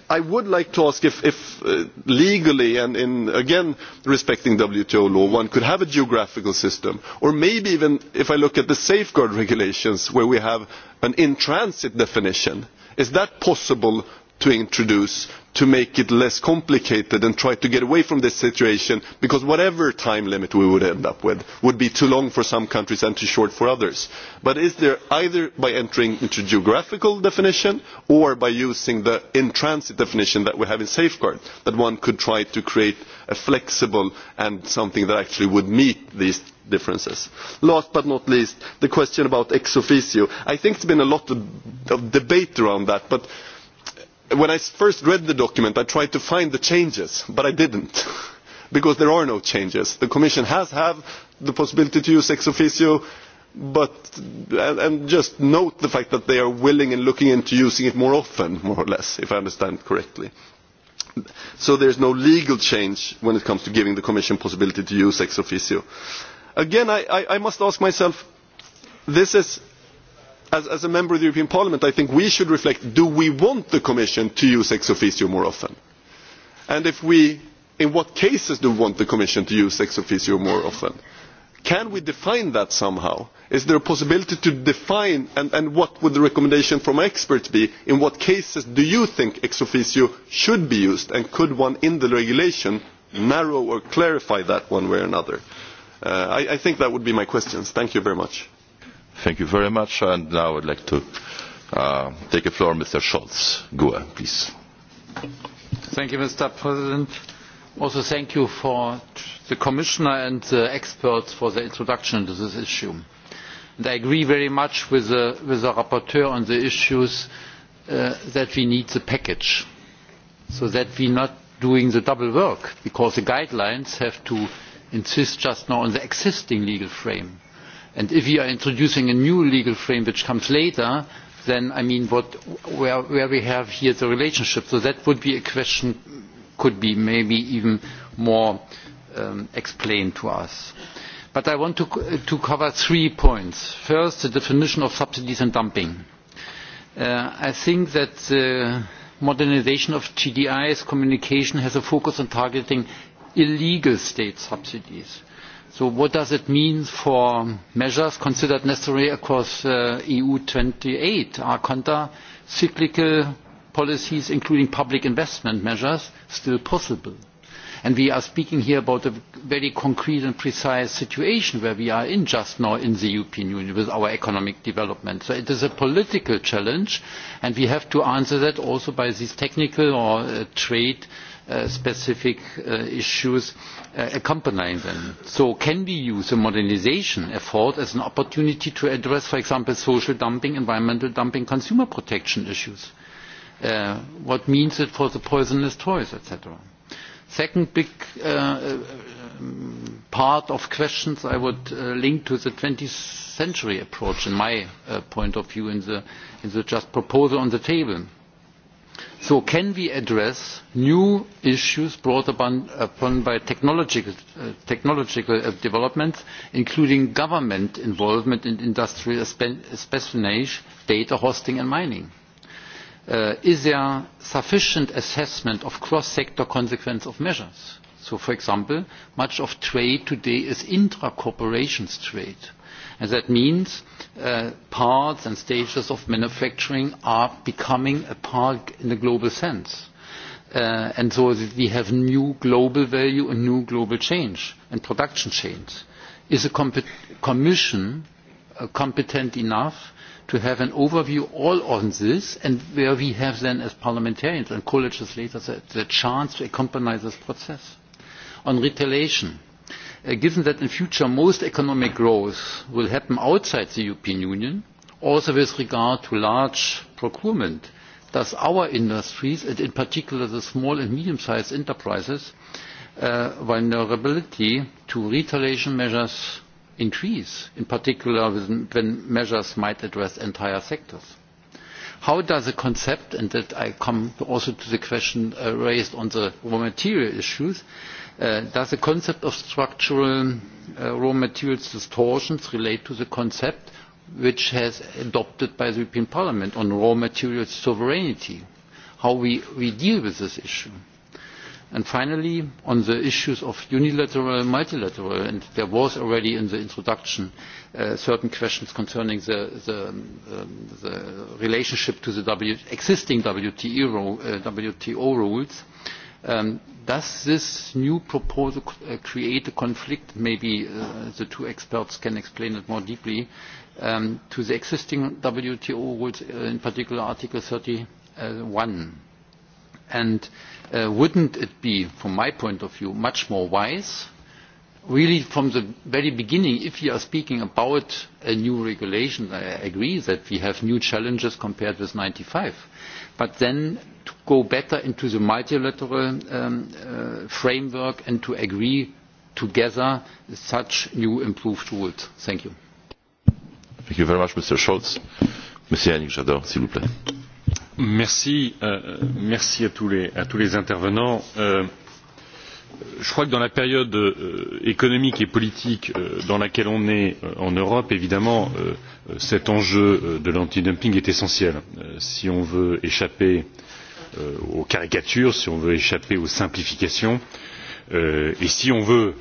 i would like to ask if, uh, legally and again respecting wto law one could have a geographical system or maybe even if i look at the safeguard regulations where we have an in transit definition is that possible to introduce to make it less complicated and try to get away from this situation because whatever time limit we would end up with would be too long for some countries and too short for others. But is there either by entering into a geographical definition or by using the in-transit definition that we have in safeguard that one could try to create a flexible and something that actually would meet these differences. Last but not least, the question about ex officio. I think there's been a lot of debate around that, but when i first read the document i tried to find the changes but i could not because there are no changes. the commission has had the possibility to use ex officio and just note the fact that they are willing and looking into using it more often more or less if i understand correctly. so there is no legal change when it comes to giving the commission the possibility to use ex officio. again i, I must ask myself this is as, a member of the european parliament i think we should reflect do we want the commission to use ex officio more often and if we in what cases do we want the commission to use ex officio more often? can we define that somehow? is there a possibility to define and, what would the recommendation from experts be in what cases do you think ex officio should be used and could one in the regulation narrow or clarify that one way or another? Uh, I think that would be my questions. Thank you very much. Thank you very much. And now I'd like to uh, take the floor, Mr. Scholz. Go Goa, please. Thank you, Mr. President. Also, thank you for the Commissioner and the experts for the introduction to this issue. And I agree very much with the, with the rapporteur on the issues uh, that we need the package so that we not doing the double work because the guidelines have to insist just now on the existing legal frame and if you are introducing a new legal frame which comes later then i mean what, where, where we have here the relationship so that would be a question could be maybe even more um, explained to us but i want to, to cover three points first the definition of subsidies and dumping uh, i think that the modernisation of gdi's communication has a focus on targeting illegal state subsidies So what does it mean for measures considered necessary across uh, eu eight Are counter-cyclical policies, including public investment measures, still possible? we are speaking here about a very concrete and precise situation where we are just now in the European Union with our economic development. So it is a political challenge, and we have to answer that also by these technical or uh, trade Uh, specific uh, issues uh, accompanying them. so can we use the modernisation effort as an opportunity to address for example social dumping environmental dumping consumer protection issues? what means it for the poisonous toys etc.? second big part of questions i would link to the twentieth century approach in my point of view in the, in the just proposal on the table so can we address new issues brought upon by uh, technological, developments including government involvement in industrial espionage data hosting and mining? Uh, is there sufficient assessment of cross sector consequences of measures? so for example much of trade today is intra corporations trade and that means uh, parts and stages of manufacturing are becoming a part in a global sense. Uh, and so we have new global value and new global change and production change. Is the com Commission uh, competent enough to have an overview all on this and where we have then as parliamentarians and co-legislators the chance to accompany this process? On retaliation, Uh, given that in future most economic growth will happen outside the european union also with regard to large procurement does our industries and in particular the small and medium sized enterprises uh, vulnerability to retaliation measures increase in particular when measures might address entire sectors? how does the concept and that i come also to the question uh, raised on the raw material issues uh, does the concept of structural uh, raw materials distortions relate to the concept which been adopted by the european parliament on raw material sovereignty how we deal with this issue? And finally on the issues of unilateral and multilateral and there was already in the introduction uh, certain questions concerning the, um, relationship to the existing WTO, e uh, rules um, does this new proposal uh, create a conflict maybe the two experts can explain it more deeply um, to the existing wto rules in particular article thirty one and would uh, wouldn't it be from my point of view much more wise really from the very beginning if you are speaking about a new regulation i agree that we have new challenges compared with ninety five but then to go better into the multilateral um, uh, framework and to agree together such new improved rules. thank you. thank you very much mr Euh, euh, merci, à, tous les, intervenants. Euh, je crois que dans la période économique et politique dans laquelle on est en europe évidemment cet enjeu de l'antidumping est essentiel si on veut échapper aux caricatures si on veut échapper aux simplifications et si on veut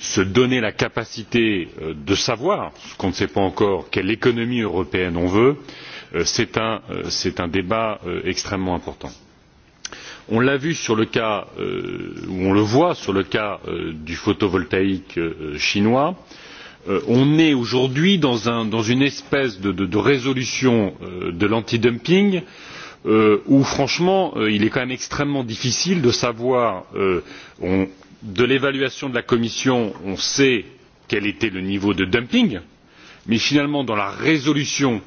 se donner la capacité de savoir ce qu'on ne sait pas encore quelle économie européenne on veut il Euh, euh, c'est un, débat euh, extrêmement important. on l'a vu sur le cas ou on le voit sur le cas du photovoltaïque chinois on est aujourd'hui dans, une espèce de, résolution de l'antidumping où franchement il est quand même extrêmement difficile de savoir de l'évaluation de la commission on sait quel était le niveau de dumping mais finalement dans la résolution de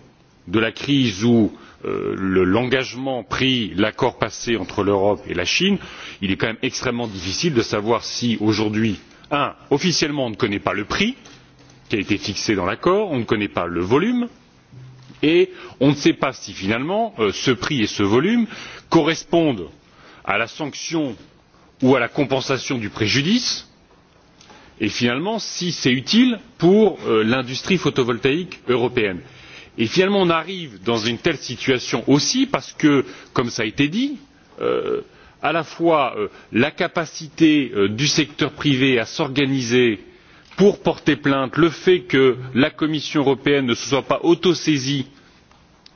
de la crise ou euh, l'engagement pris l'accord passé entre l'europe et la chine il est quand même extrêmement difficile de savoir si aujourd'hui premièrement officiellement on ne connaît pas le prix qui a été fixé dans l'accord on ne connaît pas le volume et on ne sait pas si finalement euh, ce prix et ce volume correspondent à la sanction ou à la compensation du préjudice et finalement si c'est utile pour euh, l'industrie photovoltaïque européenne et finalement on arrive dans une telle situation aussi parce que comme cela a été dit euh, à la fois euh, la capacité euh, du secteur privé à s'organiser pour porter plainte le fait que la commission européenne ne se soit pas autosaisie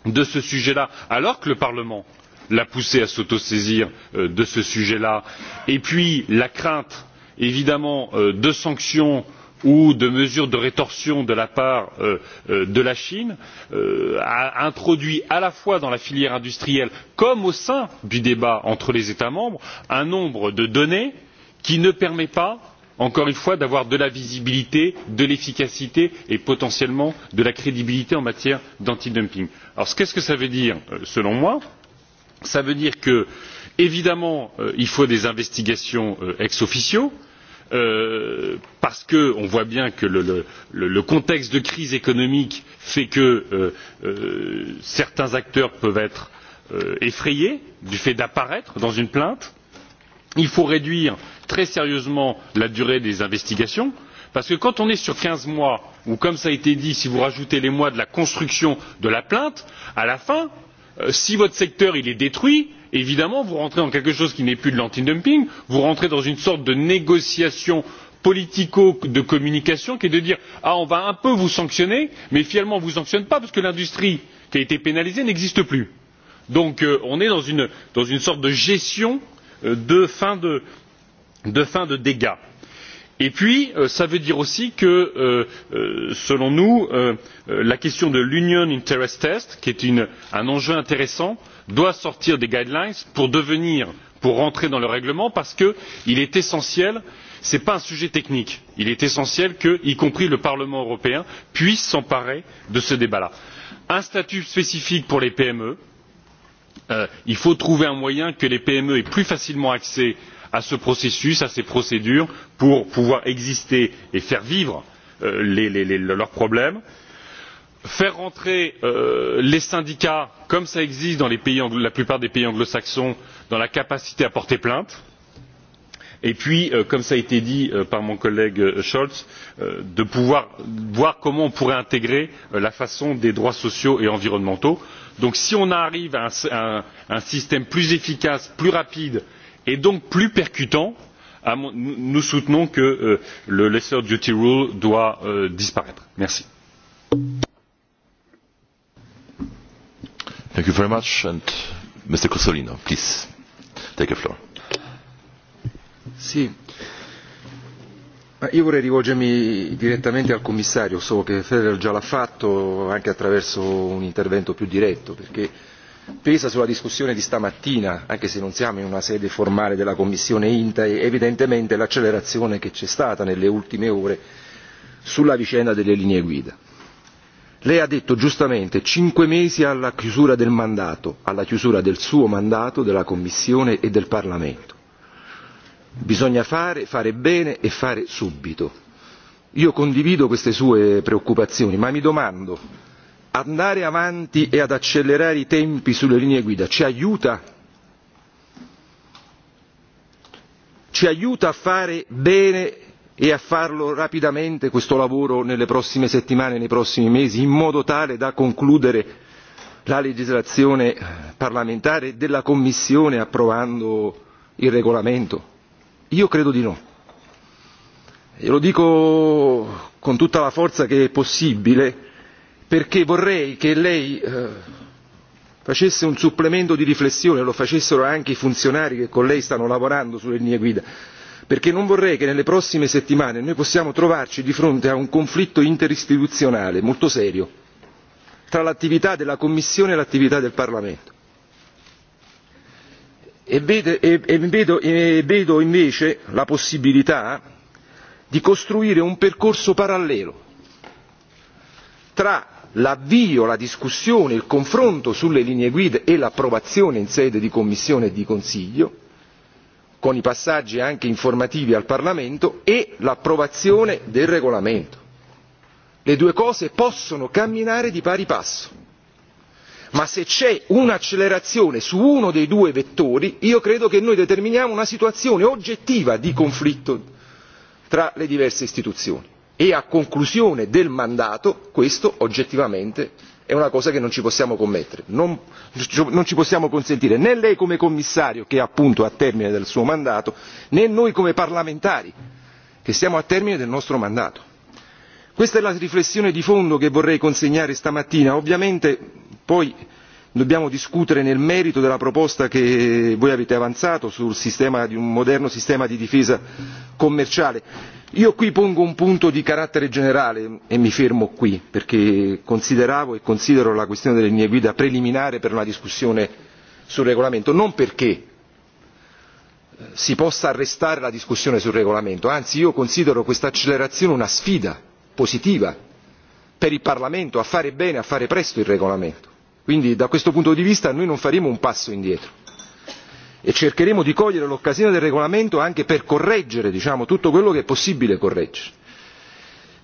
de ce sujet là alors que le parlement l'a poussée à s'autosaisir de ce sujet là et puis la crainte évidemment de sanctions ou de mesures de rétorsion de la part euh, euh, de la chine euh, a introduit à la fois dans la filière industrielle comme au sein du débat entre les états membres un nombre de données qui ne permet pas encore une fois d'avoir de la visibilité de l'efficacité et potentiellement de la crédibilité en matière d'antidumping. qu'est ce que cela veut dire selon moi? cela veut dire que évidemment il faut des investigations ex officio euh, parce qu'on voit bien que le, contexte de crise économique fait que euh, euh, certains acteurs peuvent être euh, effrayés du fait d'apparaître dans une plainte il faut réduire très sérieusement la durée des investigations parce que quand on est sur quinze mois ou comme cela a été dit si vous ajoutez les mois de la construction de la plainte à la fin si votre secteur est détruit évidemment vous rentrez dans quelque chose qui n'est plus de l'antidumping vous rentrez dans une sorte de négociation politico de communication qui est de dire ah, on va un peu vous sanctionner mais finalement on ne vous sanctionne pas parce que l'industrie qui a été pénalisée n'existe plus. donc euh, on est dans une, sorte de gestion euh, de, fin de dégâts et puis cela euh, veut dire aussi que euh, euh, selon nous la question de l'union interest test qui est un enjeu intéressant doit sortir des guidelines pour devenir pour entrer dans le règlement parce que il est essentiel ce n'est pas un sujet technique il est essentiel que y compris le parlement européen puisse s'emparer de ce débat là. un statut spécifique pour les pme il faut trouver un moyen que les pme aient plus facilement accès à ce processus à ces procédures pour pouvoir exister et faire vivre euh, leurs problèmes faire entrer euh, les syndicats comme cela existe dans la plupart des pays anglo saxons dans la capacité à porter plainte et puis euh, comme cela a été dit par mon collègue scholz de pouvoir voir comment on pourrait intégrer la question des droits sociaux et environnementaux. donc si on arrive à un, système plus efficace plus rapide et donc plus percutant nous soutenons que euh, le lesser duty rule doit euh, disparaître. io vorrei rivolgermi direttamente al commissario, so che Federer già l'ha fatto anche attraverso un intervento più diretto, perché pesa sulla discussione di stamattina anche se non siamo in una sede formale della commissione inta è e evidentemente l'accelerazione che c'è stata nelle ultime ore sulla vicenda delle linee guida. lei ha detto giustamente cinque mesi alla chiusura del mandato alla chiusura del suo mandato della commissione e del parlamento. bisogna fare fare bene e fare subito. io condivido queste sue preoccupazioni ma mi domando andare avanti e ad accelerare i tempi sulle linee guida ci aiuta? Ci aiuta a fare bene e a farlo rapidamente questo lavoro nelle prossime settimane, nei prossimi mesi, in modo tale da concludere la legislazione eh, parlamentare della Commissione approvando il regolamento? Io credo di no. E lo dico con tutta la forza che è possibile perché vorrei che lei eh, facesse un supplemento di riflessione lo facessero anche i funzionari che con lei stanno lavorando sulle linee guida perché non vorrei che nelle prossime settimane noi possiamo trovarci di fronte a un conflitto interistituzionale molto serio tra l'attività della commissione e l'attività del parlamento e, e, e, e vedo invece la possibilità di costruire un percorso parallelo tra l'avvio la discussione il confronto sulle linee guida e l'approvazione in sede di commissione e di consiglio con i passaggi anche informativi al parlamento e l'approvazione del regolamento. le due cose possono camminare di pari passo ma se c'è un'accelerazione su uno dei due vettori io credo che noi determiniamo una situazione oggettiva di conflitto tra le diverse istituzioni e a conclusione del mandato questo oggettivamente è una cosa che non ci possiamo permettere non, ci possiamo consentire né lei come commissario che è appunto al termine del suo mandato né noi come parlamentari che siamo al termine del nostro mandato. questa è la riflessione di fondo che vorrei consegnare stamattina ovviamente poi dobbiamo discutere nel merito della proposta che voi avete avanzato sul sistema di un moderno sistema di difesa commerciale io qui pongo un punto di carattere generale e mi fermo qui perché consideravo e considero la questione delle linee guida preliminare per una discussione sul regolamento non perché eh, si possa arrestare la discussione sul regolamento anzi io considero questa accelerazione una sfida positiva per il parlamento a fare bene a fare presto il regolamento quindi da questo punto di vista noi non faremo un passo indietro e cercheremo di cogliere l'occasione del regolamento anche per correggere diciamo, tutto quello che è possibile correggere.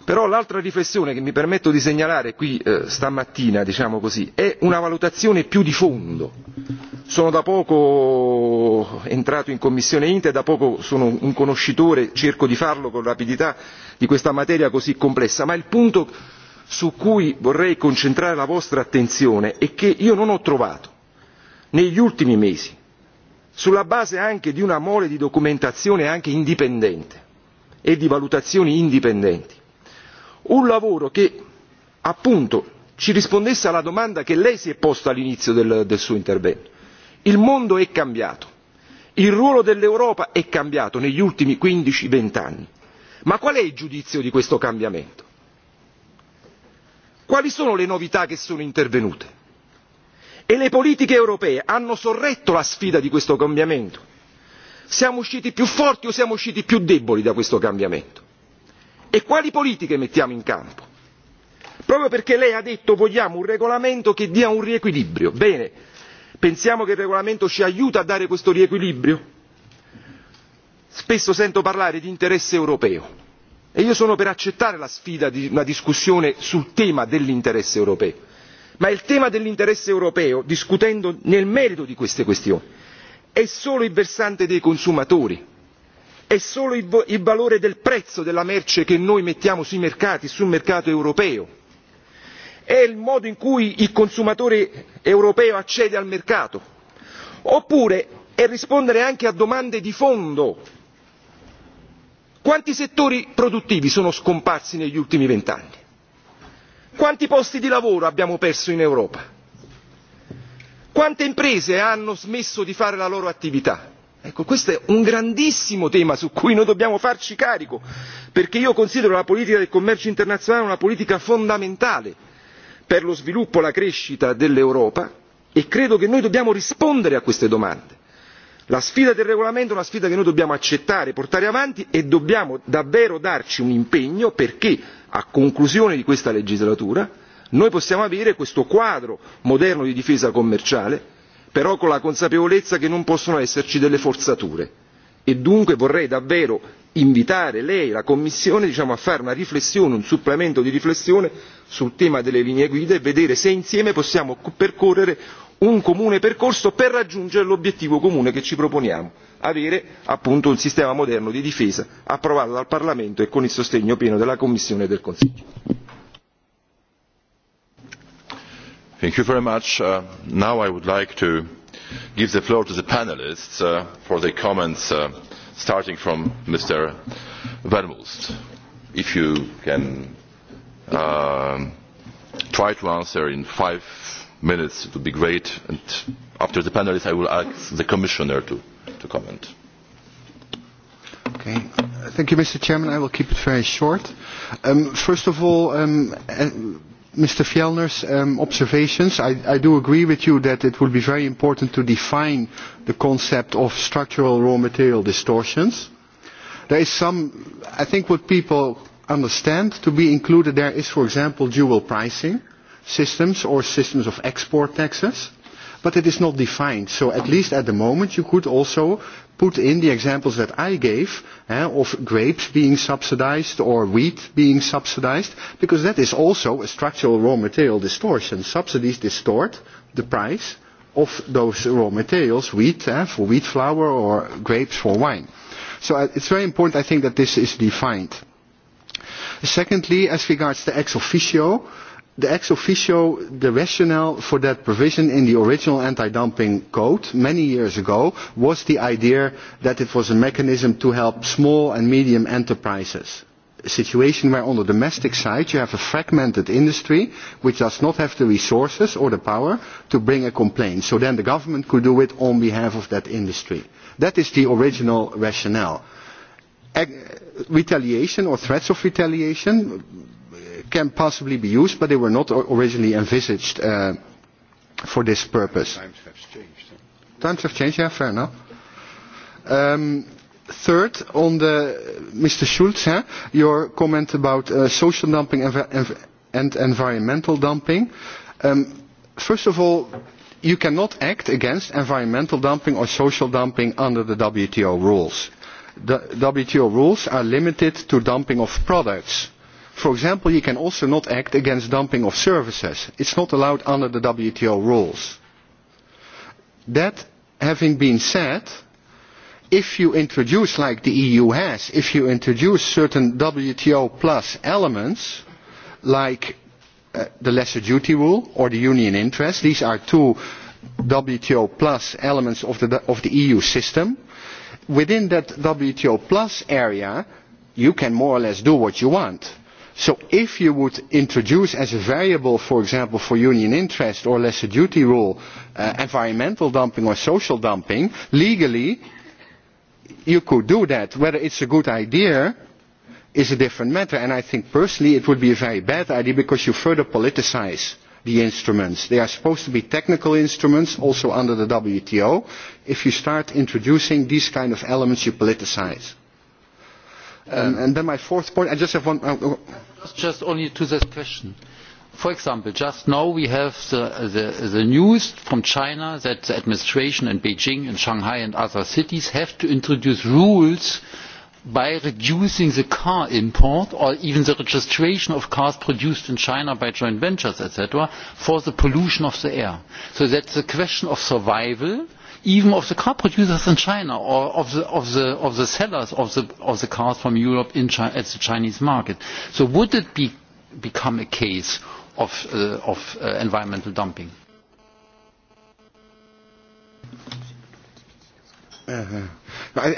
Però l'altra riflessione che mi permetto di segnalare qui eh, stamattina, diciamo così, è una valutazione più di fondo. Sono da poco entrato in commissione inte da poco sono un conoscitore, cerco di farlo con rapidità, di questa materia così complessa, ma il punto su cui vorrei concentrare la vostra attenzione è che io non ho trovato negli ultimi mesi sulla base anche di una mole di documentazione anche indipendente e di valutazioni indipendenti un lavoro che appunto ci rispondesse alla domanda che lei si è posta all'inizio del, del suo intervento il mondo è cambiato il ruolo dell'europa è cambiato negli ultimi quindici vent'anni ma qual è il giudizio di questo cambiamento? quali sono le novità che sono intervenute? e le politiche europee hanno sorretto la sfida di questo cambiamento siamo usciti più forti o siamo usciti più deboli da questo cambiamento e quali politiche mettiamo in campo? proprio perché lei ha detto vogliamo un regolamento che dia un riequilibrio bene pensiamo che il regolamento ci aiuti a dare questo riequilibrio? spesso sento parlare di interesse europeo e io sono per accettare la sfida di una discussione sul tema dell'interesse europeo ma il tema dell'interesse europeo discutendo nel merito di queste questioni è solo il versante dei consumatori è solo il valore del prezzo della merce che noi mettiamo sui mercati sul mercato europeo è il modo in cui il consumatore europeo accede al mercato oppure è rispondere anche a domande di fondo quanti settori produttivi sono scomparsi negli ultimi vent'anni? quanti posti di lavoro abbiamo perso in europa? quante imprese hanno smesso di fare la loro attività? Ecco, questo è un grandissimo tema su cui noi dobbiamo farci carico perché io considero la politica del commercio internazionale una politica fondamentale per lo sviluppo e la crescita dell'europa e credo che noi dobbiamo rispondere a queste domande la sfida del regolamento è una sfida che noi dobbiamo accettare portare avanti e dobbiamo davvero darci un impegno perché a conclusione di questa legislatura noi possiamo avere questo quadro moderno di difesa commerciale però con la consapevolezza che non possono esserci delle forzature e dunque vorrei davvero invitare lei e la commissione diciamo, a fare una riflessione un supplemento di riflessione sul tema delle linee guida e vedere se insieme possiamo percorrere un comune percorso per raggiungere l'obiettivo comune che ci proponiamo avere appunto un sistema moderno di difesa approvato dal parlamento e con il sostegno pieno della commissione e del consiglio. thank you very much. Uh, now i would like to give the floor to the panelists uh, for their comments uh, starting from mr if you can um, try to answer in five minutes. It would be great. And after the panelists, I will ask the Commissioner to, to comment. Okay. Thank you, Mr. Chairman. I will keep it very short. Um, first of all, um, uh, Mr. Fjellner's um, observations, I, I do agree with you that it would be very important to define the concept of structural raw material distortions. There is some, I think what people understand to be included there is, for example, dual pricing systems or systems of export taxes, but it is not defined. So at least at the moment you could also put in the examples that I gave eh, of grapes being subsidized or wheat being subsidized, because that is also a structural raw material distortion. Subsidies distort the price of those raw materials, wheat eh, for wheat flour or grapes for wine. So uh, it's very important, I think, that this is defined. Secondly, as regards the ex officio, the ex officio, the rationale for that provision in the original anti-dumping code many years ago was the idea that it was a mechanism to help small and medium enterprises. A situation where on the domestic side you have a fragmented industry which does not have the resources or the power to bring a complaint. So then the government could do it on behalf of that industry. That is the original rationale retaliation or threats of retaliation can possibly be used, but they were not originally envisaged uh, for this purpose. Times have changed. yeah, fair enough. Um, third, on the, Mr. Schulz, huh, your comment about uh, social dumping and, env and environmental dumping. Um, first of all, you cannot act against environmental dumping or social dumping under the WTO rules. The WTO rules are limited to dumping of products for example you can also not act against dumping of services it is not allowed under the wto rules. that having been said if you introduce like the eu has certain wto plus elements like uh, the lesser duty rule or the union interest these are two wto plus elements of the eu e system within that wto plus area you can more or less do what you want so if you would introduce as a variable for example for union interest or lesser duty rule uh, environmental dumping or social dumping legally you could do that. whether it is a good idea is a different matter and i think personally it would be a very bad idea because you further politicise the instruments. they are supposed to be technical instruments also under the wto. if you start introducing these kind of elements you politicise. Um, and then my fourth point i just have one uh, just only to this question for example just now we have the, news from china that the administration in beijing and shanghai and other cities have to introduce rules by reducing the car import or even the registration of cars produced in china by joint ventures etc. for the pollution of the air. so that is a question of survival even of the car producers in China or of the, of the, of the sellers of the, of the cars from Europe in China, at the Chinese market. So would it be, become a case of, uh, of uh, environmental dumping? Uh,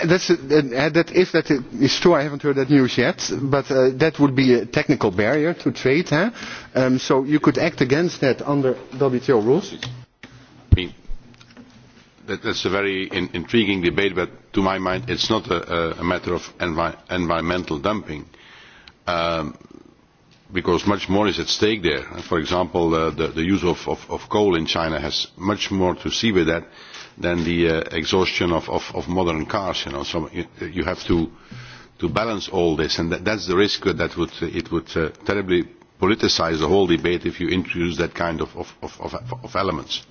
that's, uh, that if that is true, I haven't heard that news yet, but uh, that would be a technical barrier to trade. Huh? Um, so you could act against that under WTO rules that is a very in, intriguing debate, but to my mind, it's not a, a matter of envi environmental dumping, um, because much more is at stake there. For example, uh, the, the use of, of, of coal in China has much more to see with that than the uh, exhaustion of, of, of modern cars. You know, so you, you have to to balance all this, and that, that's the risk that would it would uh, terribly politicize the whole debate if you introduce that kind of, of, of, of, of elements.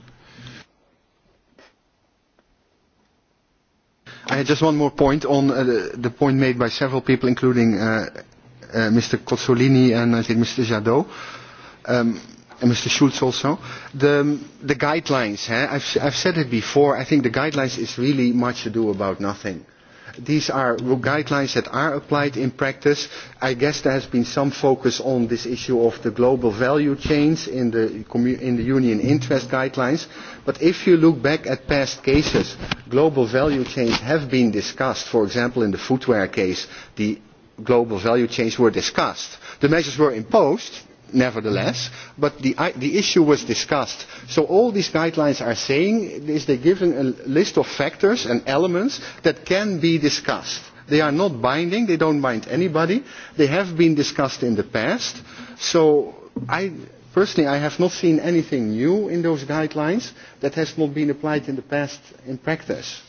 I had just one more point on uh, the, the point made by several people, including uh, uh, Mr. Cozzolini and I think Mr. Jadot. Um, and Mr. Schulz also. The, um, the guidelines, eh? I've, I've said it before, I think the guidelines is really much ado about nothing these are guidelines that are applied in practice. I guess there has been some focus on this issue of the global value chains in the, in the Union interest guidelines. But if you look back at past cases, global value chains have been discussed. For example, in the footwear case, the global value chains were discussed. The measures were imposed, nevertheless but the, issue was discussed so all these guidelines are saying is they give a list of factors and elements that can be discussed they are not binding they don't bind anybody they have been discussed in the past so i personally i have not seen anything new in those guidelines that has not been applied in the past in practice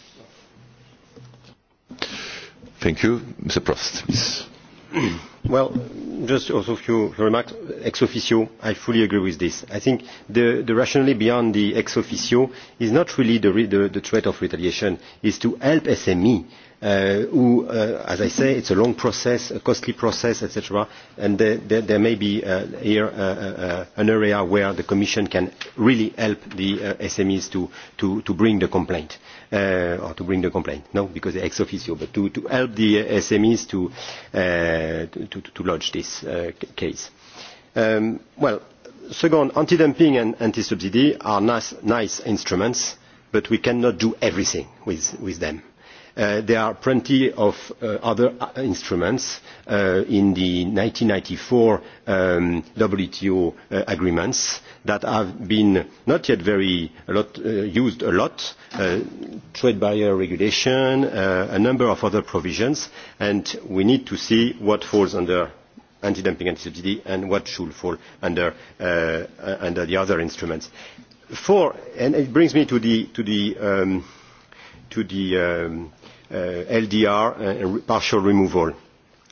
thank you mr prost Well, just also a few remarks. Ex officio, I fully agree with this. I think the, the rationale beyond the ex officio is not really the, the, the threat of retaliation, is to help SME Uh, who, uh, as I say, it's a long process, a costly process, etc. And there, there, there may be uh, here uh, uh, an area where the Commission can really help the uh, SMEs to, to, to bring the complaint uh, or to bring the complaint, no, because ex officio, but to, to help the SMEs to, uh, to, to lodge this uh, case. Um, well, second, anti-dumping and anti-subsidy are nice, nice instruments, but we cannot do everything with, with them Uh, there are plenty of uh, other uh, instruments uh, in the 1994 um, WTO uh, agreements that have been not yet very a lot, uh, used a lot, uh, trade barrier regulation, uh, a number of other provisions, and we need to see what falls under anti-dumping and subsidy and what should fall under, uh, under the other instruments. Four, and it brings me to the, to the um, to the um, Uh, ldr uh, partial removal.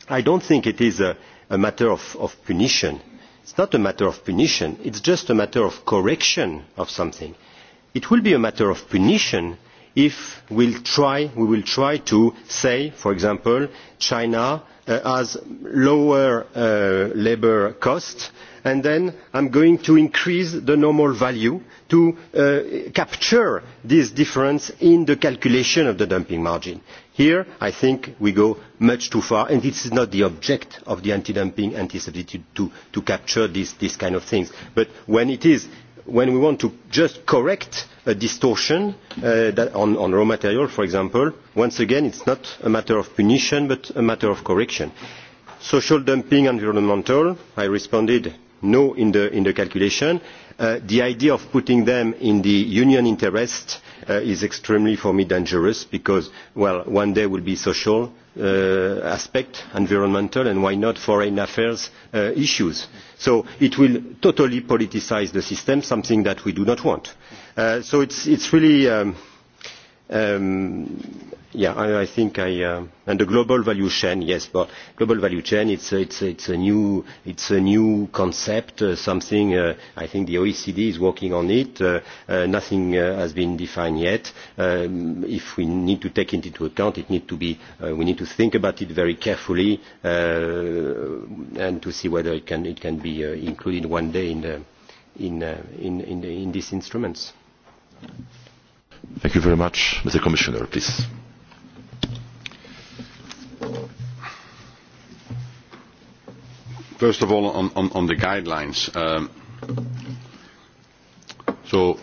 i do not think it is a, matter of, punition it is not a matter of punition it is just a matter of correction of something. it will be a matter of punition if we will try to say for example china uh, has lower labour costs and then i am going to increase the normal value to uh, capture this difference in the calculation of the dumping margin. here i think we go much too far and this is not the object of the anti dumping anti substitute to, to capture these, kinds of things but when we want to just correct a distortion uh, on, raw material, for example, once again, it is not a matter of punition, but a matter of correction. Social dumping, environmental, I responded no in the, calculation. Uh, the idea of putting them in the union interest uh, is extremely for me dangerous because well one day will be social uh, aspect environmental and why not foreign affairs issues so it will totally politicise the system something that we do not want so it's is really um, um, Yeah, I, I think I uh, and the global value chain. Yes, but global value chain. It's it's it's a new it's a new concept. Uh, something uh, I think the OECD is working on it. Uh, uh, nothing uh, has been defined yet. Um, if we need to take it into account, it need to be uh, we need to think about it very carefully uh, and to see whether it can it can be uh, included one day in the, in uh, in in, the, in these instruments. Thank you very much, Mr. Commissioner. Please. first of all on, the guidelines um, so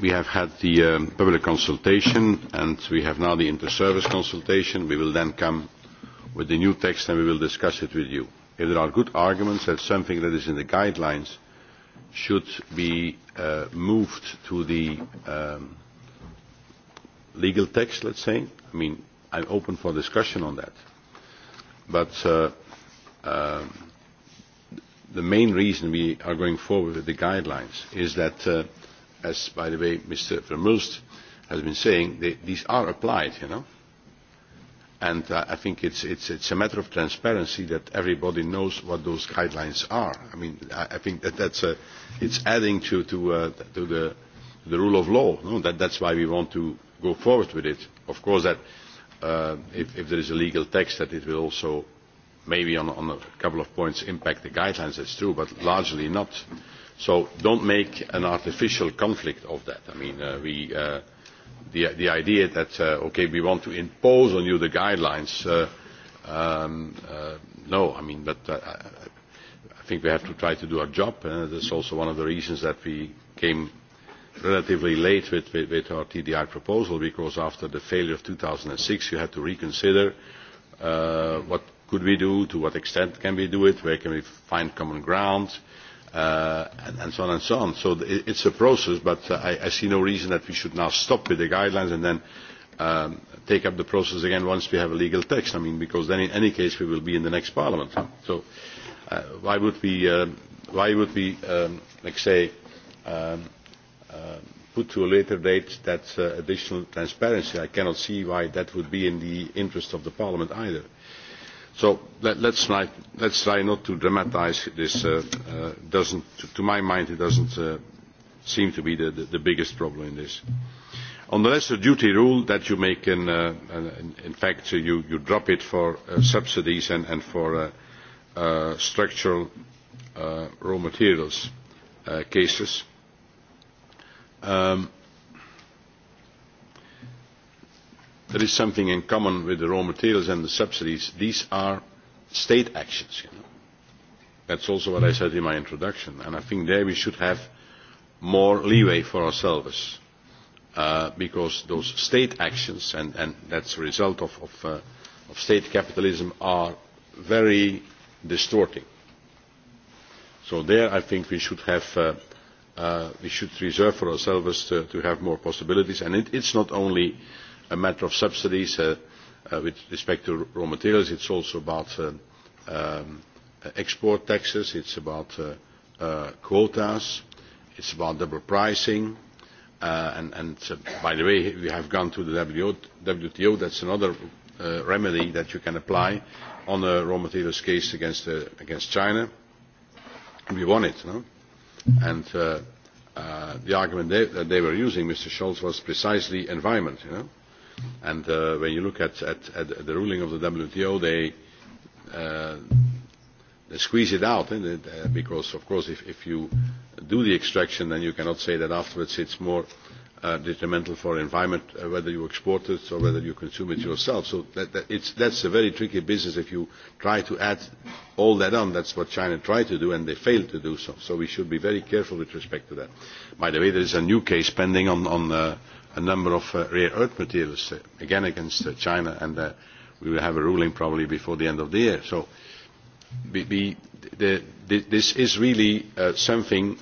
we have had the um, public consultation and we have now the inter service consultation. we will then come with the new text and we will discuss it with you. if there are good arguments that something that is in the guidelines should be uh, moved to the um, legal text let us say i mean am open for discussion on that but uh, Uh, the main reason we are going forward with the guidelines is that, uh, as by the way Mr. Vermulst has been saying, they, these are applied, you know. And uh, I think it's, it's, it's a matter of transparency that everybody knows what those guidelines are. I mean, I, I think that that's a, it's adding to, to, uh, to the, the rule of law. No? That, that's why we want to go forward with it. Of course, that uh, if, if there is a legal text, that it will also maybe on, a couple of points impact the guidelines, that's true, but largely not. So don't make an artificial conflict of that. I mean, uh, we, uh, the, the idea that, uh, okay, we want to impose on you the guidelines, uh, um, uh, no, I mean, but uh, I think we have to try to do our job. Uh, that's also one of the reasons that we came relatively late with, with, with our TDI proposal, because after the failure of 2006, you had to reconsider uh, what could we do, to what extent can we do it, where can we find common ground, uh, and, so on and so on. So it's a process, but uh, I, I see no reason that we should now stop with the guidelines and then um, take up the process again once we have a legal text. I mean, because then in any case we will be in the next parliament. So uh, why would we, uh, why would we, um, like say, um, uh, put to a later date that uh, additional transparency? I cannot see why that would be in the interest of the parliament either. So let, let's, try, not to dramatise this. Uh, uh, to, my mind, it doesn't not uh, seem to be the, biggest problem in this. On the lesser duty rule that you make, in, fact, you, drop it for subsidies and, for structural raw materials cases. Um, there is something in common with the raw materials and the subsidies. These are state actions. that is also what I said in my introduction. And I think there we should have more leeway for ourselves uh, because those state actions, and, and is a result of, of, uh, of state capitalism, are very distorting. So there I think we should have uh, uh, we should reserve for ourselves to, to have more possibilities. And it, is not only uh, a matter of subsidies uh, uh, with respect to raw materials. It's also about um, um, export taxes. It's about uh, quotas. It's about double pricing. and, by the way, we have gone to the WTO. that that's another remedy that you can apply on a raw materials case against, China. We won it. No? And the argument they, that they were using, Mr. Scholz, was precisely environment. And uh, when you look at, at, at the ruling of the WTO, they, uh, they squeeze it out, eh? Uh, because of course if, if you do the extraction, then you cannot say that afterwards it's more uh, uh, detrimental for environment, uh, whether you export it or whether you consume it yourself. So that, that it's, that's a very tricky business if you try to add all that on. That's what China tried to do, and they failed to do so. So we should be very careful with respect to that. By the way, there is a new case pending on, on uh, a number of uh, rare earth materials, uh, again against uh, China, and uh, we will have a ruling probably before the end of the year. So we, we, the, the, this is really uh, something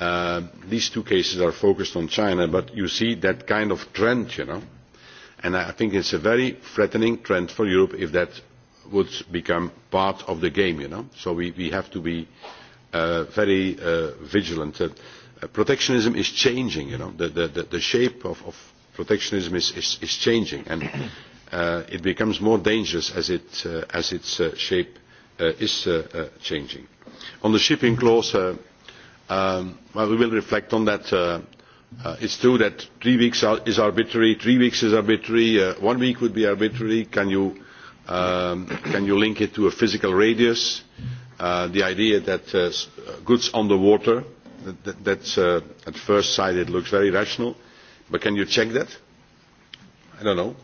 Uh, these two cases are focused on China, but you see that kind of trend, you know. And I think it is a very threatening trend for Europe if that would become part of the game, you know. So we, have to be uh, very uh, vigilant. protectionism is changing, you know. The, shape of, protectionism is, changing, and it becomes more dangerous as, its shape is changing. On the shipping clause, Um, we will reflect on that. Uh, uh, it is true that three weeks is arbitrary, three weeks is arbitrary, uh, one week would be arbitrary. Um, can you, link it to a physical radius? the idea that goods on the water, that, at first sight looks very rational, but can you check that? I do not know.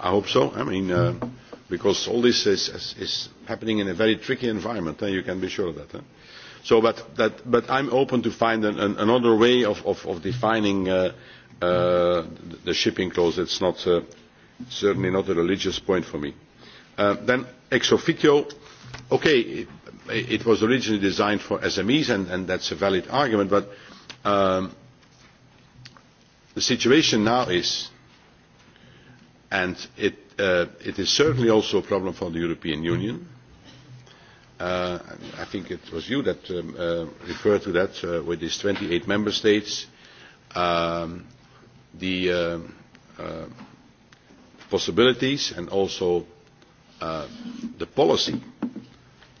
I, hope so. because all this is, happening in a very tricky environment, you can be sure of that but, i am open to finding another way of, defining uh, uh, the shipping clause. it is uh, certainly not a religious point for me. then ex officio, okay, it, was originally designed for SMEs, and, that is a valid argument, but um, the situation now is, and it is certainly also a problem for the European Union, Uh, I think it was you that um, uh, referred to that uh, with these 28 member states, um, the uh, uh, possibilities and also uh, the policy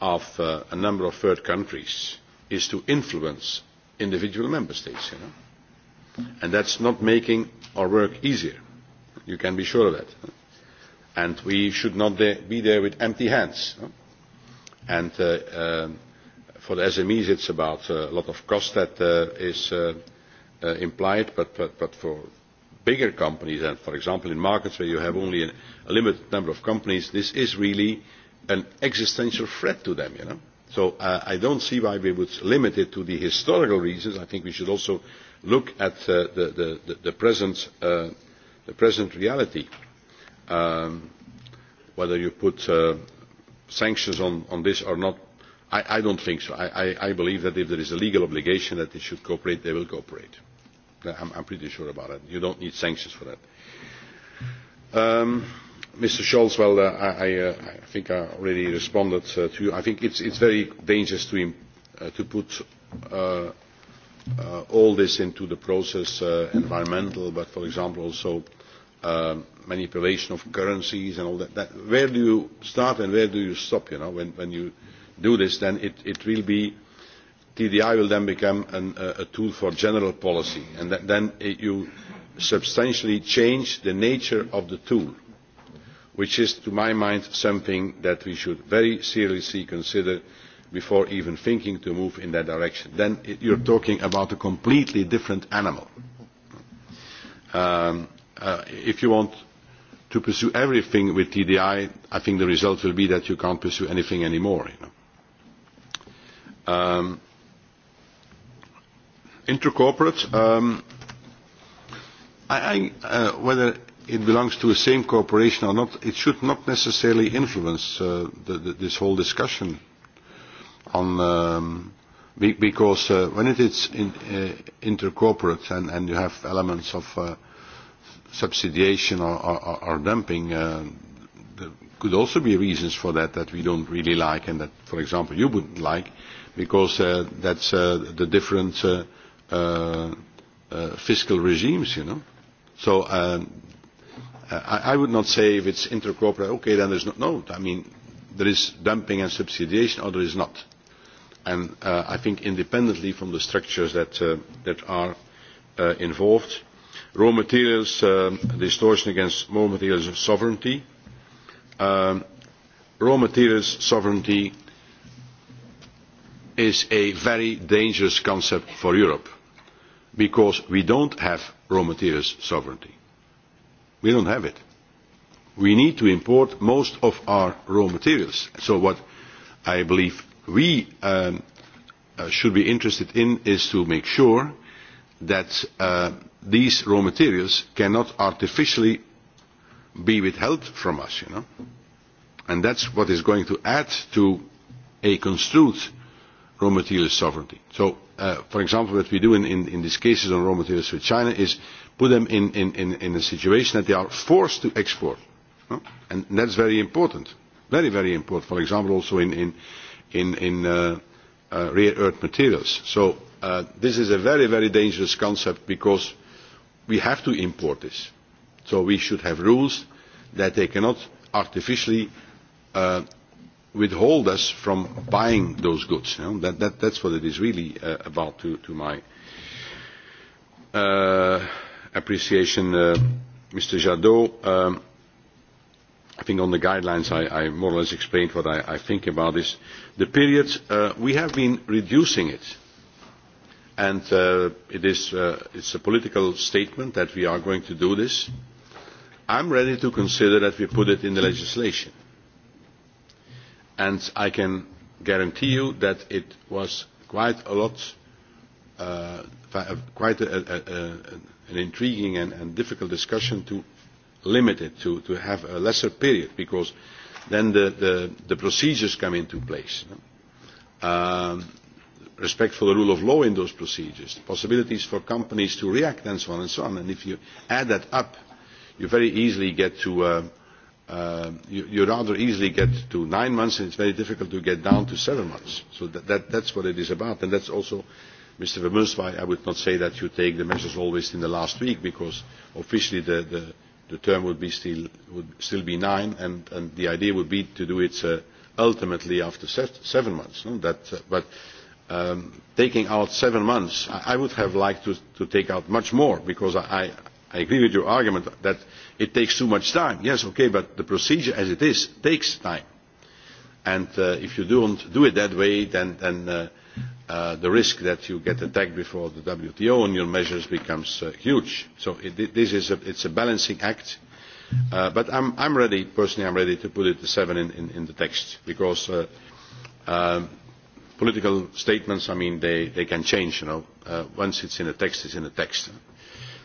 of uh, a number of third countries is to influence individual member states. You know? And that's not making our work easier. You can be sure of that. And we should not be there with empty hands. And uh, um, for the SMEs, it is about uh, a lot of cost that uh, is implied, but, for bigger companies, and for example, in markets where you have only a limited number of companies, this is really an existential threat to them, So i do not see why we would limit it to the historical reasons. I think we should also look at the, present, reality. Um, whether you put sanctions on, this or not i, do not think so. I, believe that if there is a legal obligation that they should cooperate they will cooperate. i am pretty sure about that. you do not need sanctions for that. mr um, scholz well, uh, uh, I, think i already responded uh, to you. i think it is very dangerous to, to put all this into the process environmental but for example also Um, manipulation of currencies and all that, Where do you start and where do you stop? You know, when, you do this, then it, will be TDI will then become a tool for general policy, and then you substantially change the nature of the tool, which is, to my mind, something that we should very seriously consider before even thinking to move in that direction. Then you you're talking about a completely different animal. Um, Uh, if you want to pursue everything with TDI, I think the result will be that you can't pursue anything anymore. um, intercorporate, um, I, I, uh, whether it belongs to the same corporation or not, it should not necessarily influence uh, the, the, this whole discussion on um, because uh, when it is in, uh, intercorporate and, and you have elements of uh, subsidiation or, or, or dumping, uh, there could also be reasons for that that we don't really like and that, for example, you wouldn't like because uh, that's uh, the different uh, uh, uh, fiscal regimes, you know. So uh, I, I would not say if it's intercorporate, okay, then there's no, No, I mean, there is dumping and subsidiation or there is not. And uh, I think independently from the structures that, uh, that are uh, involved, raw materials um, distortion against raw materials sovereignty. Um, raw materials sovereignty is a very dangerous concept for Europe because we do not have raw materials sovereignty. We do not have it. We need to import most of our raw materials. So what I believe we um, uh, should be interested in is to make sure that uh, these raw materials cannot artificially be withheld from us. You know? And that's what is going to add to a construed raw material sovereignty. So, uh, for example, what we do in, these cases on raw materials with China is put them in, a situation that they are forced to export. and no? And that's very important. Very, very important. For example, also in, in, in, uh, uh, rare earth materials. So this is a very, very dangerous concept because we have to import this. So we should have rules that they cannot artificially uh, withhold us from buying those goods. that, is what it is really uh, about to, my uh, appreciation, uh, Mr. Jadot. Um, I think on the guidelines I, I more or less explained what I, think about this. The period we have been reducing and uh, it is uh, a political statement that we are going to do this i am ready to consider that we put it in the legislation and i can guarantee you that it was quite a lot uh, quite an intriguing and, difficult discussion to limit it to, have a lesser period because then the, procedures come into place. Um, respect for the rule of law in those procedures, possibilities for companies to react, and so on and so on. And if you add that up, you very easily get to, uh, uh, you, you rather easily get to nine months, and it's very difficult to get down to seven months. So that, that, that's what it is about. And that's also, Mr. Vermeulen, why I would not say that you take the measures always in the last week, because officially the, the, the term would, be still, would still be nine, and, and the idea would be to do it uh, ultimately after seven months. No? That, uh, but Um, taking out seven months i would have liked to, take out much more because I, agree with your argument that it takes too much time. yes okay but the procedure as it is takes time and uh, if you do not do it that way then, uh, uh, the risk that you get attacked before the wto on your measures becomes huge. so this is a, it's a balancing act but i am ready personally i am ready to put it, the seven in, the text because um, political statements, I mean, they, can change, you know. Uh, once it's in a text, it's in a text.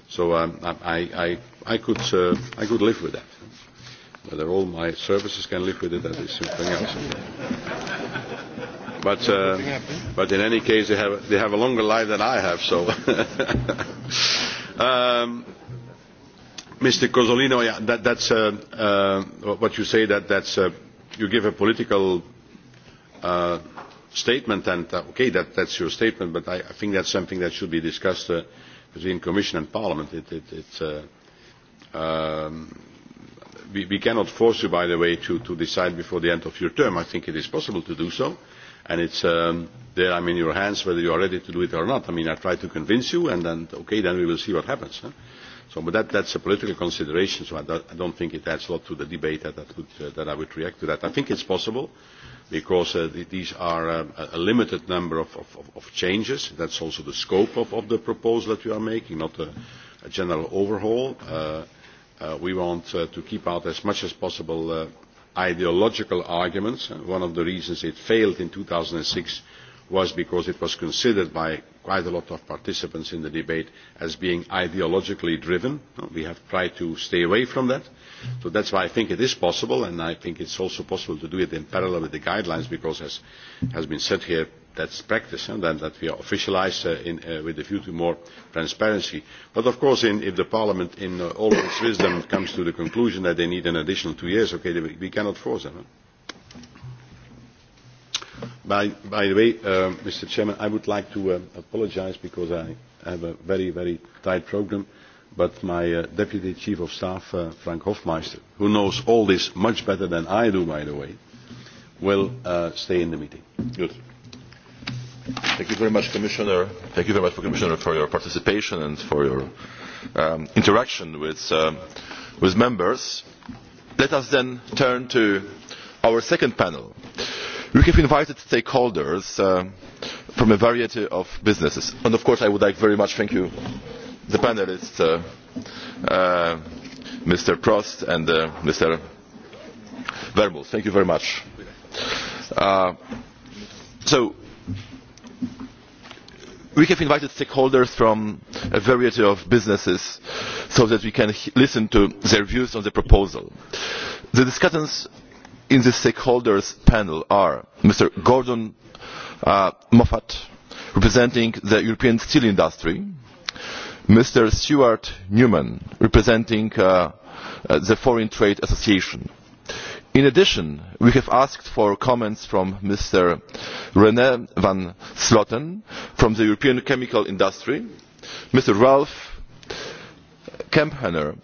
So um, uh, I, could, live with that. Whether all my services can live with it, that is something else. But, uh, but in any case, they have, they have a longer life than I have, so. um, Mr. Cozzolino, yeah, that, that's uh, uh, what you say, that that's, uh, you give a political uh, statement and uh, okay that is your statement but i think that is something that should be discussed uh, between the commission and parliament. Uh, um, we, cannot force you by the way to, to decide before the end of your term. i think it is possible to do so and it is um, there I'm in your hands whether you are ready to do it or not. i mean i tried to convince you and then okay then we will see what happens. So, but that, that's a political consideration so i don't, not think it adds a lot to the debate that, that, would, that i would react to that. i think it's possible because uh, these are um, a limited number of, of, of changes. That's also the scope of, of the proposal that we are making, not a, a general overhaul. Uh, uh, we want uh, to keep out as much as possible uh, ideological arguments. One of the reasons it failed in 2006 thousand was because it was considered by quite a lot of participants in the debate as being ideologically driven. We have tried to stay away from that. So that's why I think it is possible, and I think it's also possible to do it in parallel with the guidelines, because as has been said here, that's practice, and then that we are officialised uh, in, uh, with a view to more transparency. But of course, in, if the Parliament, in uh, all its wisdom, comes to the conclusion that they need an additional two years, okay, we, we cannot force them. Huh? By, the way, uh, Mr. Chairman, I would like to uh, apologise because I have a very, very tight programme, but my uh, Deputy Chief of Staff, Frank Hofmeister, who knows all this much better than I do, by the way, will stay in the meeting. Good. Thank you very much, Commissioner. Thank you very much, Commissioner, for your participation and for your um, interaction with, um, with members. Let us then turn to our second panel. Uh, we have invited stakeholders uh, from a variety of businesses and of course i would like very much to thank you the panelists uh, uh, mr prost and uh, mr vermouth thank you very much. Uh, so we have invited stakeholders from a variety of businesses so that we can listen to their views on the proposal. the discussions in the stakeholders panel are Mr. Gordon uh, Moffat, representing the European steel industry, Mr. Stuart Newman, representing uh, uh, the Foreign Trade Association. In addition, we have asked for comments from Mr. René van Sloten from the European chemical industry, Mr. Ralph Kemphener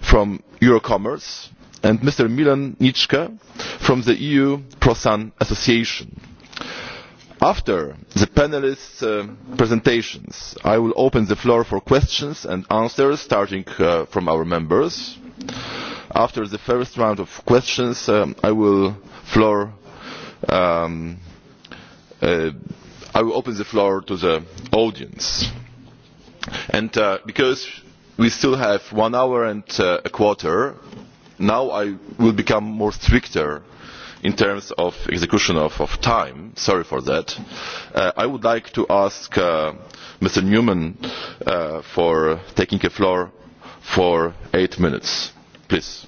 from Eurocommerce, and mr milan nitschke from the eu prosan association. after the panelists' uh, presentations i will open the floor for questions and answers starting uh, from our members. after the first round of questions um, i will floor um, uh, I will open the floor to the audience. And uh, because we still have one hour and uh, a quarter, now i will become more stricter in terms of execution of, of time sorry for that uh, i would like to ask uh, mr newman uh, for taking the floor for eight minutes please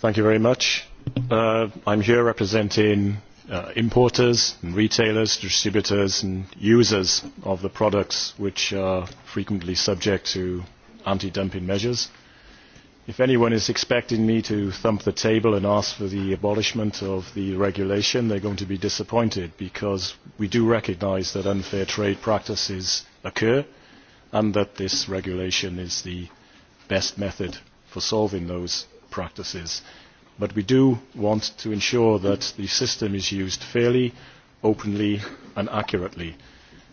thank you very much uh, i'm here representing uh, importers and retailers, distributors and users of the products which are frequently subject to anti-dumping measures. If anyone is expecting me to thump the table and ask for the abolishment of the regulation, they're going to be disappointed because we do recognise that unfair trade practices occur and that this regulation is the best method for solving those practices. But we do want to ensure that the system is used fairly, openly and accurately.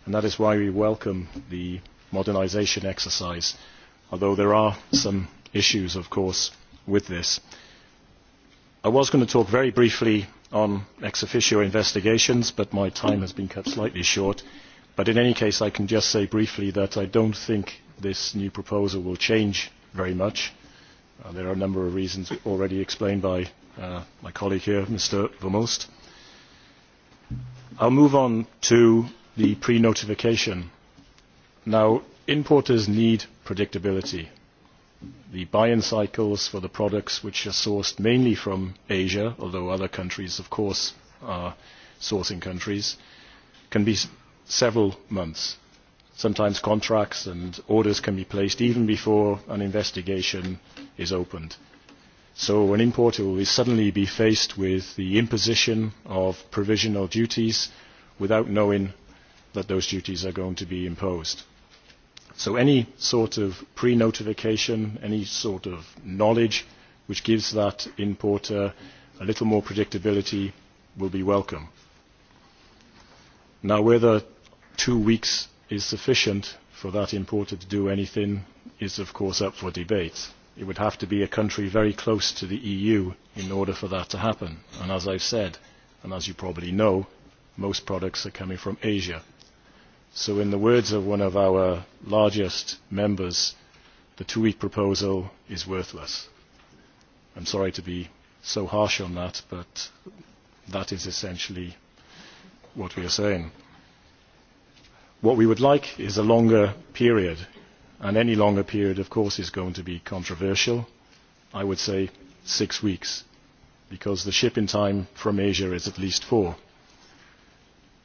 And that is why we welcome the modernisation exercise although there are some issues, of course, with this. I was going to talk very briefly on ex officio investigations, but my time has been cut slightly short. But in any case, I can just say briefly that I don't think this new proposal will change very much. Uh, there are a number of reasons already explained by uh, my colleague here, Mr. Vermost. I'll move on to the pre-notification. Now, importers need predictability. The buy-in cycles for the products which are sourced mainly from Asia, although other countries, of course, are sourcing countries, can be several months. Sometimes contracts and orders can be placed even before an investigation is opened. So an importer will suddenly be faced with the imposition of provisional duties without knowing that those duties are going to be imposed So any sort of pre-notification, any sort of knowledge which gives that importer uh, a little more predictability will be welcome. Now whether two weeks is sufficient for that importer to do anything is of course up for debate. It would have to be a country very close to the EU in order for that to happen. And as I've said, and as you probably know, most products are coming from Asia So in the words of one of our largest members, the two-week proposal is worthless. i am sorry to be so harsh on that, but that is essentially what we are saying. What we would like is a longer period, and any longer period, of course, is going to be controversial. I would say six weeks, because the shipping time from Asia is at least four.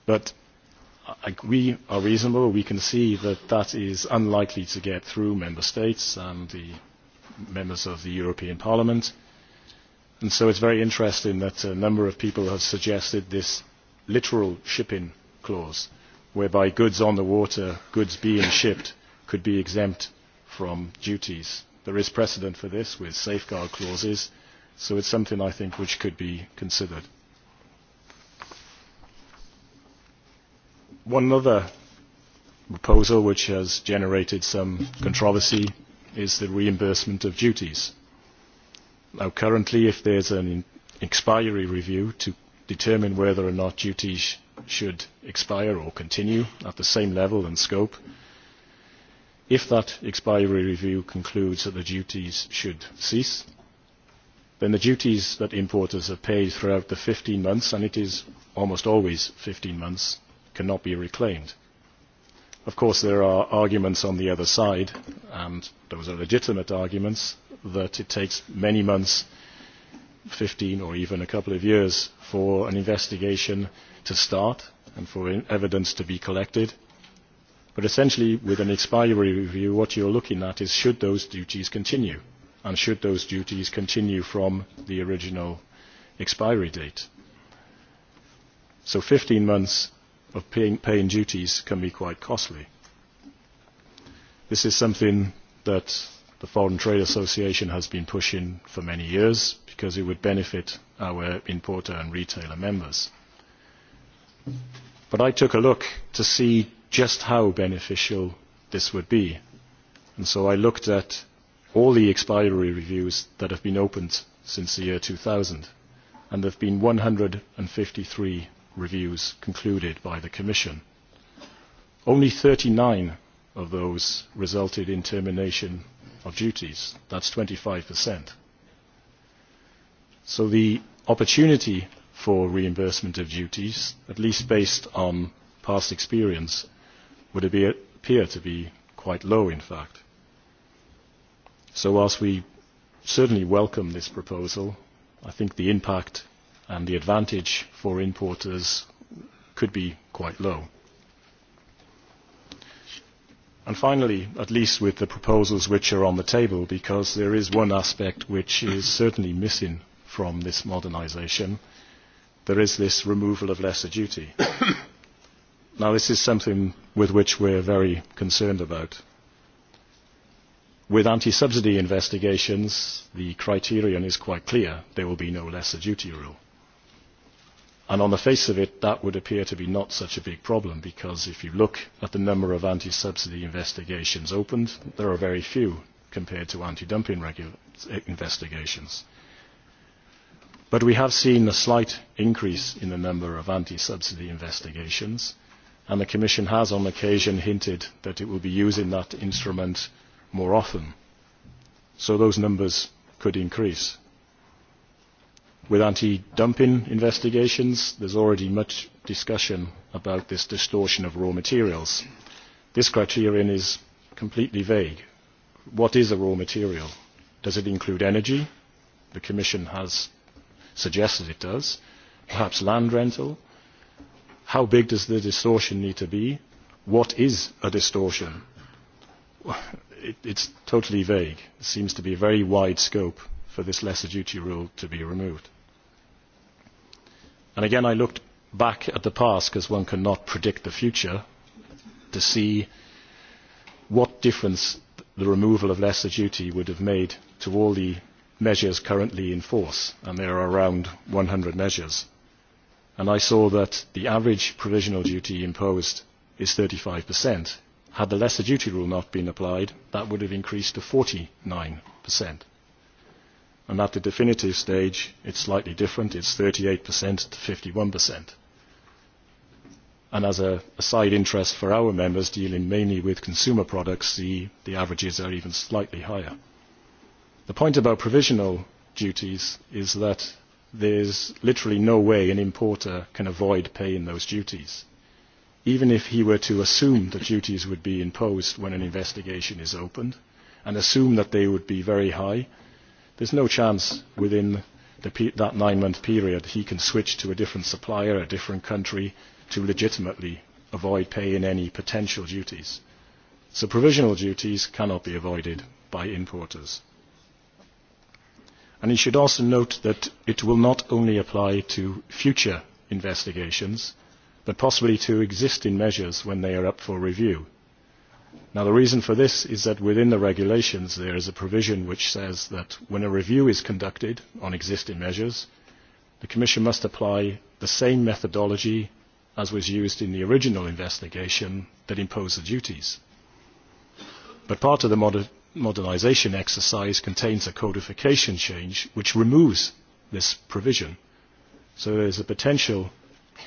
But we are reasonable. We can see that that is unlikely to get through member states and the members of the European Parliament. And so it's very interesting that a number of people have suggested this literal shipping clause, whereby goods on the water, goods being shipped, could be exempt from duties. There is precedent for this with safeguard clauses, so it's something I think which could be considered. One other proposal which has generated some controversy is the reimbursement of duties. Now, currently, if there's an expiry review to determine whether or not duties should expire or continue at the same level and scope, if that expiry review concludes that the duties should cease, then the duties that importers have paid throughout the 15 months, and it is almost always 15 months, cannot be reclaimed. Of course, there are arguments on the other side, and those are legitimate arguments, that it takes many months, 15 or even a couple of years, for an investigation to start and for evidence to be collected. But essentially, with an expiry review, what you're looking at is should those duties continue, and should those duties continue from the original expiry date. So 15 months of paying, paying duties can be quite costly. This is something that the Foreign Trade Association has been pushing for many years because it would benefit our importer and retailer members. But I took a look to see just how beneficial this would be. And so I looked at all the expiry reviews that have been opened since the year 2000, and there have been 153 reviews concluded by the Commission. Only 39 of those resulted in termination of duties. That's 25%. So the opportunity for reimbursement of duties, at least based on past experience, would appear to be quite low, in fact. So whilst we certainly welcome this proposal, I think the impact and the advantage for importers could be quite low. And finally, at least with the proposals which are on the table, because there is one aspect which is certainly missing from this modernisation, there is this removal of lesser duty. now, this is something with which we're very concerned about. With anti-subsidy investigations, the criterion is quite clear. There will be no lesser duty rule And on the face of it, that would appear to be not such a big problem because if you look at the number of anti-subsidy investigations opened, there are very few compared to anti-dumping investigations. But we have seen a slight increase in the number of anti-subsidy investigations, and the Commission has on occasion hinted that it will be using that instrument more often. So those numbers could increase with anti dumping investigations there is already much discussion about this distortion of raw materials. this criterion is completely vague. what is a raw material? does it include energy? the commission has suggested it does. perhaps land rental? how big does the distortion need to be? what is a distortion? It, it's totally vague. It seems to be a very wide scope for this lesser duty rule to be removed. And again, I looked back at the past because one cannot predict the future to see what difference the removal of lesser duty would have made to all the measures currently in force, and there are around 100 measures. And I saw that the average provisional duty imposed is 35%. Had the lesser duty rule not been applied, that would have increased to 49%. And at the definitive stage, it's slightly different. It's 38% to 51%. And as a, a side interest for our members dealing mainly with consumer products, the, the averages are even slightly higher. The point about provisional duties is that there's literally no way an importer can avoid paying those duties, even if he were to assume that duties would be imposed when an investigation is opened and assume that they would be very high There's no chance within the, that nine-month period he can switch to a different supplier, a different country, to legitimately avoid paying any potential duties. So provisional duties cannot be avoided by importers. And you should also note that it will not only apply to future investigations, but possibly to existing measures when they are up for review. Now, the reason for this is that within the regulations there is a provision which says that when a review is conducted on existing measures, the Commission must apply the same methodology as was used in the original investigation that imposed the duties. But part of the mod modernisation exercise contains a codification change which removes this provision. So there is a potential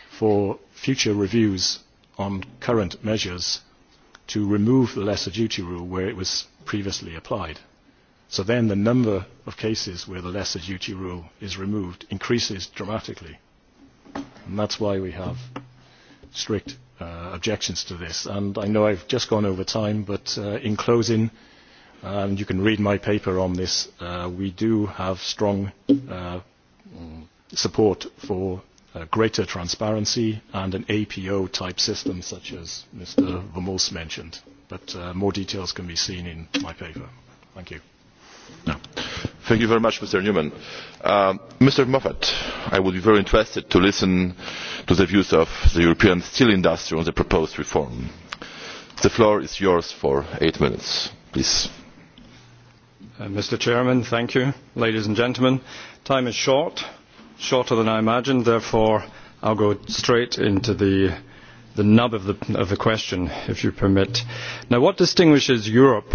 for future reviews on current measures to remove the lesser duty rule where it was previously applied. So then the number of cases where the lesser duty rule is removed increases dramatically. And that's why we have strict uh, objections to this. And I know I've just gone over time, but uh, in closing, and you can read my paper on this, uh, we do have strong uh, support for Uh, greater transparency and an APO type system such as Mr. Vermos mentioned. But uh, more details can be seen in my paper. Thank you. No. Thank you very much, Mr. Newman. Uh, um, Mr. Moffat, I would be very interested to listen to the views of the European steel industry on the proposed reform. The floor is yours for eight minutes, please. Uh, Mr. Chairman, thank you. Ladies and gentlemen, time is short shorter than I imagined. Therefore, I'll go straight into the, the nub of the, of the question, if you permit. Now, what distinguishes Europe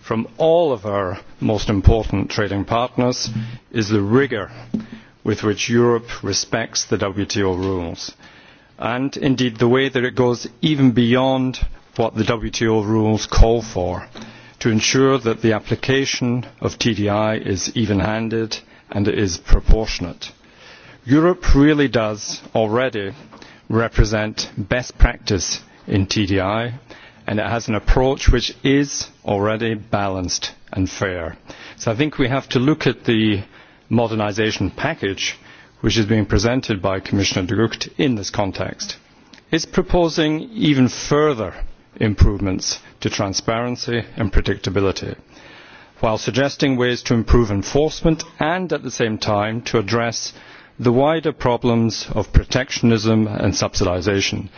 from all of our most important trading partners is the rigour with which Europe respects the WTO rules, and indeed the way that it goes even beyond what the WTO rules call for to ensure that the application of TDI is even-handed and is proportionate. Europe really does already represent best practice in TDI, and it has an approach which is already balanced and fair. So I think we have to look at the modernisation package which is being presented by Commissioner de Gucht in this context. It's proposing even further improvements to transparency and predictability, while suggesting ways to improve enforcement and at the same time to address the wider problems of protectionism and subsidisation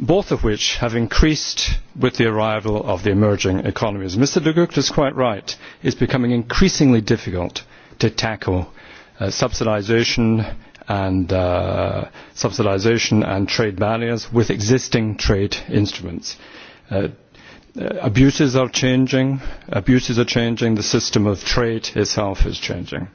both of which have increased with the arrival of the emerging economies. Mr de Gucht is quite right. It is becoming increasingly difficult to tackle uh, subsidisation and uh, subsidisation and trade barriers with existing trade instruments. Uh, abuses are changing. Abuses are changing. The system of trade itself is changing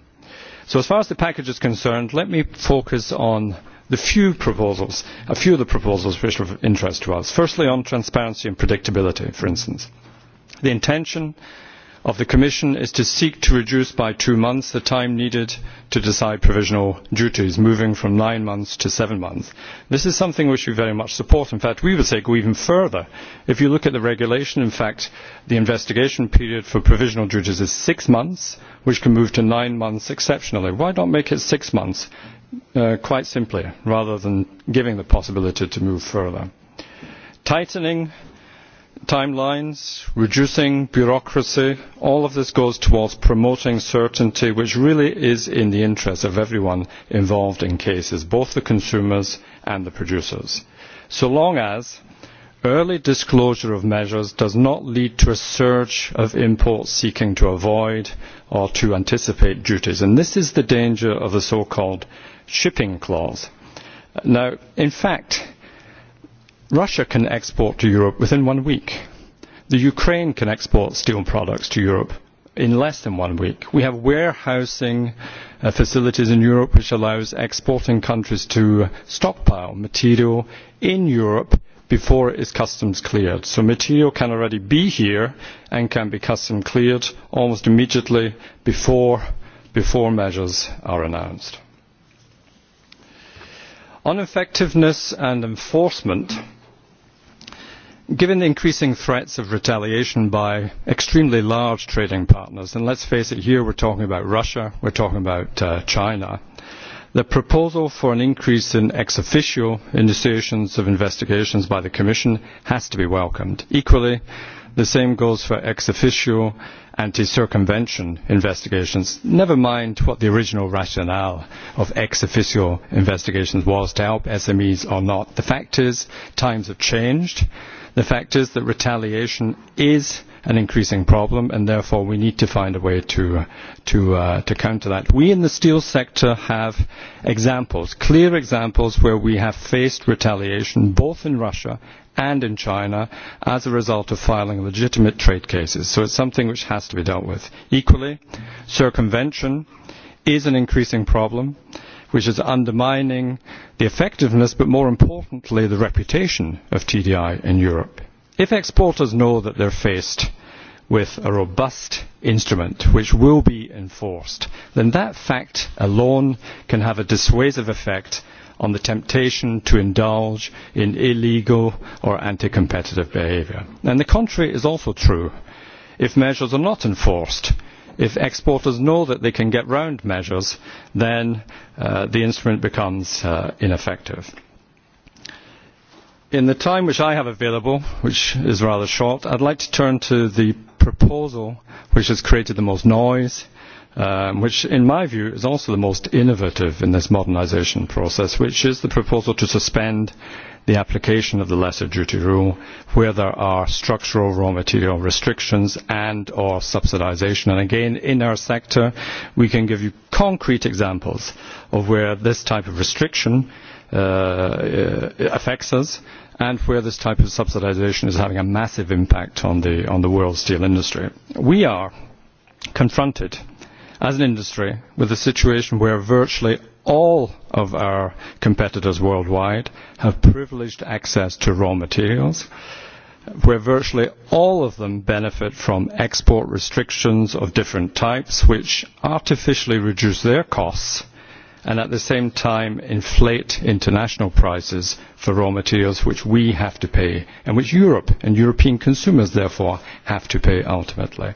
so as far as the package is concerned let me focus on the few proposals a few of the proposals which are of interest to us. firstly on transparency and predictability for instance the intention is of the Commission is to seek to reduce by two months the time needed to decide provisional duties, moving from nine months to seven months. This is something which we very much support. In fact, we would say go even further. If you look at the regulation, in fact, the investigation period for provisional duties is six months, which can move to nine months exceptionally. Why not make it six months, uh, quite simply, rather than giving the possibility to move further? Tightening timelines reducing bureaucracy all of this goes towards promoting certainty which really is in the interest of everyone involved in cases both the consumers and the producers so long as early disclosure of measures does not lead to a surge of imports seeking to avoid or to anticipate duties and this is the danger of the so called shipping clause. now in fact Russia can export to Europe within one week. The Ukraine can export steel products to Europe in less than one week. We have warehousing uh, facilities in Europe which allows exporting countries to stockpile material in Europe before it is customs cleared. So material can already be here and can be custom cleared almost immediately before, before measures are announced. On effectiveness and enforcement, Given the increasing threats of retaliation by extremely large trading partners, and let's face it, here we're talking about Russia, we're talking about uh, China, the proposal for an increase in ex officio initiations of investigations by the Commission has to be welcomed. Equally, the same goes for ex officio anti-circumvention investigations. Never mind what the original rationale of ex officio investigations was to help SMEs or not. The fact is, times have changed The fact is that retaliation is an increasing problem, and therefore we need to find a way to, uh, to, uh, to counter that. We in the steel sector have examples, clear examples where we have faced retaliation both in Russia and in China as a result of filing legitimate trade cases. So it's something which has to be dealt with. Equally, circumvention is an increasing problem. Uh, which is undermining the effectiveness, but more importantly, the reputation of TDI in Europe. If exporters know that they're faced with a robust instrument which will be enforced, then that fact alone can have a dissuasive effect on the temptation to indulge in illegal or anti-competitive behaviour. And the contrary is also true. If measures are not enforced, if exporters know that they can get round measures, then uh, the instrument becomes uh, ineffective. In the time which I have available, which is rather short, I'd like to turn to the proposal which has created the most noise, um, which in my view is also the most innovative in this modernisation process, which is the proposal to suspend the application of the lesser duty rule where there are structural raw material restrictions and or subsidisation. And again, in our sector, we can give you concrete examples of where this type of restriction uh, uh affects us and where this type of subsidisation is having a massive impact on the, on the world steel industry. We are confronted as an industry with a situation where virtually all of our competitors worldwide have privileged access to raw materials, where virtually all of them benefit from export restrictions of different types, which artificially reduce their costs and at the same time inflate international prices for raw materials which we have to pay and which Europe and European consumers therefore have to pay ultimately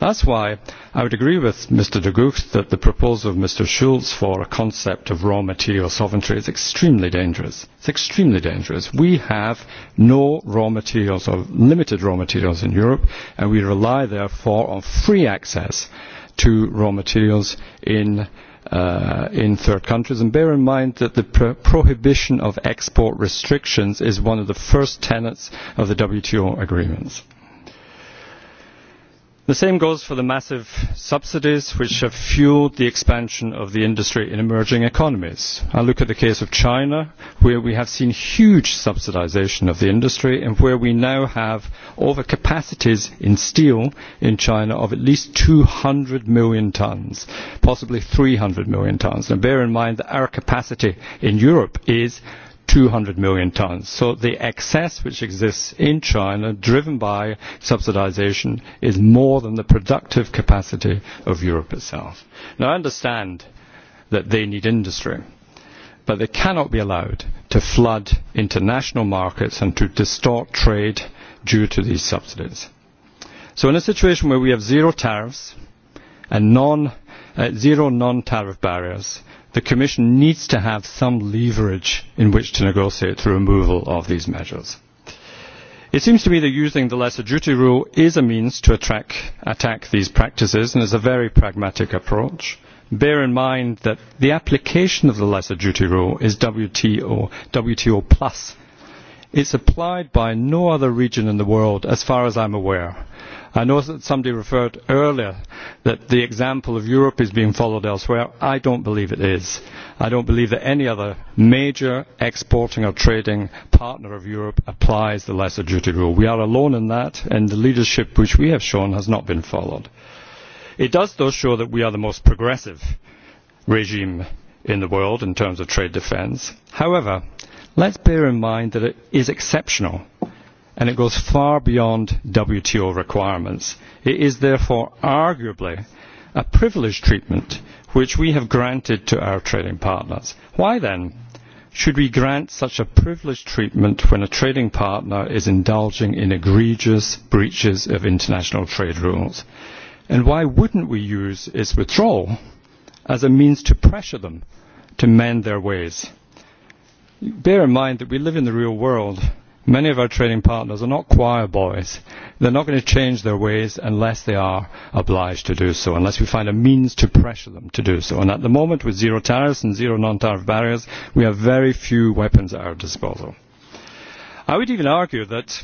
that is why i would agree with mr de gucht that the proposal of mr schulz for a concept of raw material sovereignty is extremely dangerous. it is extremely dangerous. we have no raw materials or limited raw materials in europe and we rely therefore on free access to raw materials in uh, in third countries. And bear in mind that the pro prohibition of export restrictions is one of the first tenets of the WTO agreements the same goes for the massive subsidies which have fuelled the expansion of the industry in emerging economies. i look at the case of china where we have seen huge subsidisation of the industry and where we now have overcapacities in steel in china of at least two hundred million tonnes possibly three hundred million tonnes. bear in mind that our capacity in europe is eur. 200 million tons. So the excess which exists in China, driven by subsidization, is more than the productive capacity of Europe itself. Now, I understand that they need industry, but they cannot be allowed to flood international markets and to distort trade due to these subsidies. So in a situation where we have zero tariffs and non, uh, zero non-tariff barriers, the Commission needs to have some leverage in which to negotiate the removal of these measures. It seems to me that using the lesser duty rule is a means to attract, attack these practices and is a very pragmatic approach. Bear in mind that the application of the lesser duty rule is WTO, WTO plus. It's applied by no other region in the world, as far as I'm aware I know that somebody referred earlier that the example of Europe is being followed elsewhere. I don't believe it is. I don't believe that any other major exporting or trading partner of Europe applies the lesser duty rule. We are alone in that, and the leadership which we have shown has not been followed. It does, though, show that we are the most progressive regime in the world in terms of trade defence. However, let's bear in mind that it is exceptional and it goes far beyond WTO requirements. It is therefore arguably a privileged treatment which we have granted to our trading partners. Why then should we grant such a privileged treatment when a trading partner is indulging in egregious breaches of international trade rules? And why wouldn't we use its withdrawal as a means to pressure them to mend their ways? Bear in mind that we live in the real world Many of our trading partners are not choir boys. They're not going to change their ways unless they are obliged to do so, unless we find a means to pressure them to do so. And at the moment, with zero tariffs and zero non-tariff barriers, we have very few weapons at our disposal. I would even argue that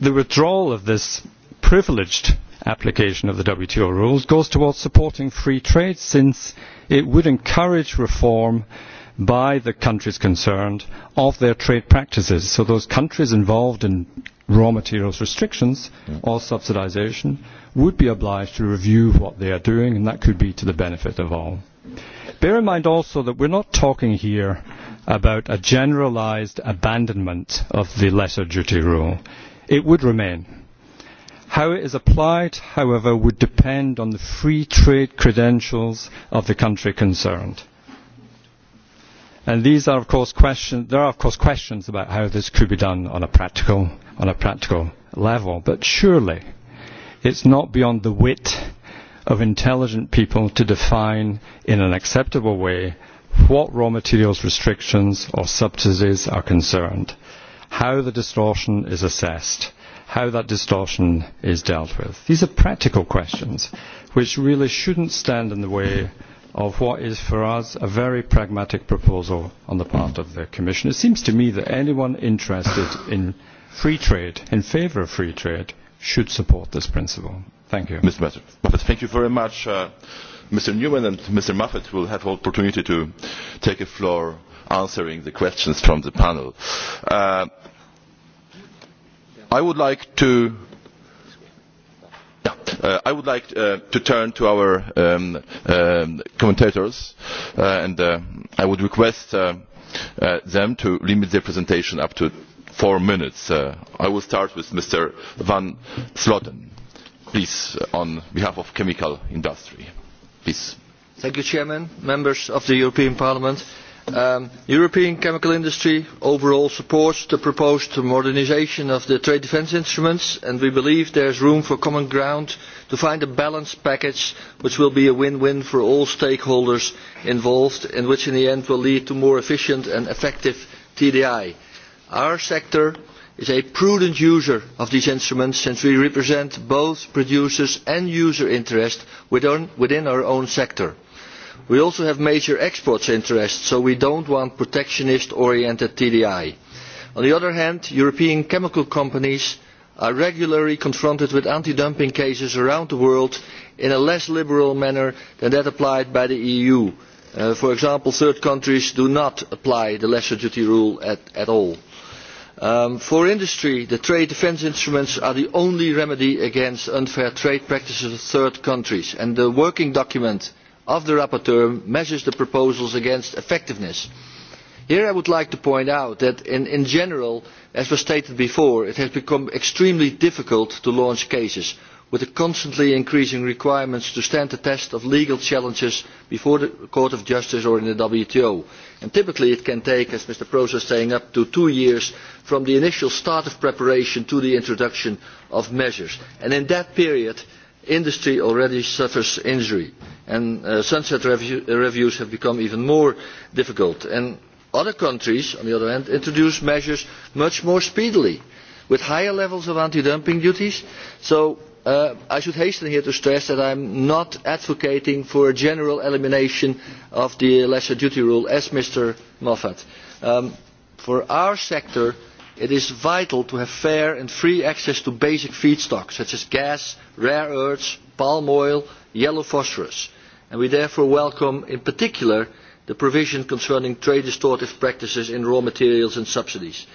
the withdrawal of this privileged application of the WTO rules goes towards supporting free trade since it would encourage reform by the countries concerned of their trade practices. So those countries involved in raw materials restrictions mm. or subsidization would be obliged to review what they are doing, and that could be to the benefit of all. Bear in mind also that we're not talking here about a generalized abandonment of the lesser duty rule. It would remain. How it is applied, however, would depend on the free trade credentials of the country concerned And these are, of course, question, there are, of course, questions about how this could be done on a practical, on a practical level. But surely it's not beyond the wit of intelligent people to define in an acceptable way what raw materials restrictions or subsidies are concerned, how the distortion is assessed, how that distortion is dealt with. These are practical questions which really shouldn't stand in the way of what is for us a very pragmatic proposal on the part of the Commission. It seems to me that anyone interested in free trade, in favour of free trade, should support this principle. Thank you. Mr. Moffat, thank you very much. Uh, Mr. Newman and Mr. Moffat will have opportunity to take a floor answering the questions from the panel. Uh, I would like to Uh, I would like uh, to turn to our um, um, commentators, uh, and I would request them to limit their presentation up to four minutes. I will start with Mr. Van Sloten, please, on behalf of chemical industry. mr Thank you, Chairman, members of the European Parliament the um, European chemical industry overall supports the proposed modernisation of the trade defence instruments and we believe there is room for common ground to find a balanced package which will be a win-win for all stakeholders involved and which in the end will lead to more efficient and effective TDI. Our sector is a prudent user of these instruments since we represent both producers and user interest within our own sector we also have major export interests so we do not want protectionist oriented tdi. on the other hand european chemical companies are regularly confronted with anti dumping cases around the world in a less liberal manner than that applied by the eu. Uh, for example third countries do not apply the lesser duty rule at, all. Um, for industry the trade defence instruments are the only remedy against unfair trade practices of third countries and the working document of the rapporteur measures the proposals against effectiveness. here i would like to point out that in, general as was stated before it has become extremely difficult to launch cases with the constantly increasing requirements to stand the test of legal challenges before the court of justice or in the wto and typically it can take as mr proes was saying up to two years from the initial start of preparation to the introduction of measures and in that period industry already suffers injury and uh, sunset reviews have become even more difficult. And other countries on the other hand introduce measures much more speedily with higher levels of anti dumping duties so uh, i should hasten here to stress that i am not advocating for a general elimination of the lesser duty rule as mr moffat. Um, for our sector it is vital to have fair and free access to basic feedstocks such as gas, rare earths, palm oil, yellow phosphorus, and we therefore welcome in particular the provision concerning trade distortive practices in raw materials and subsidies.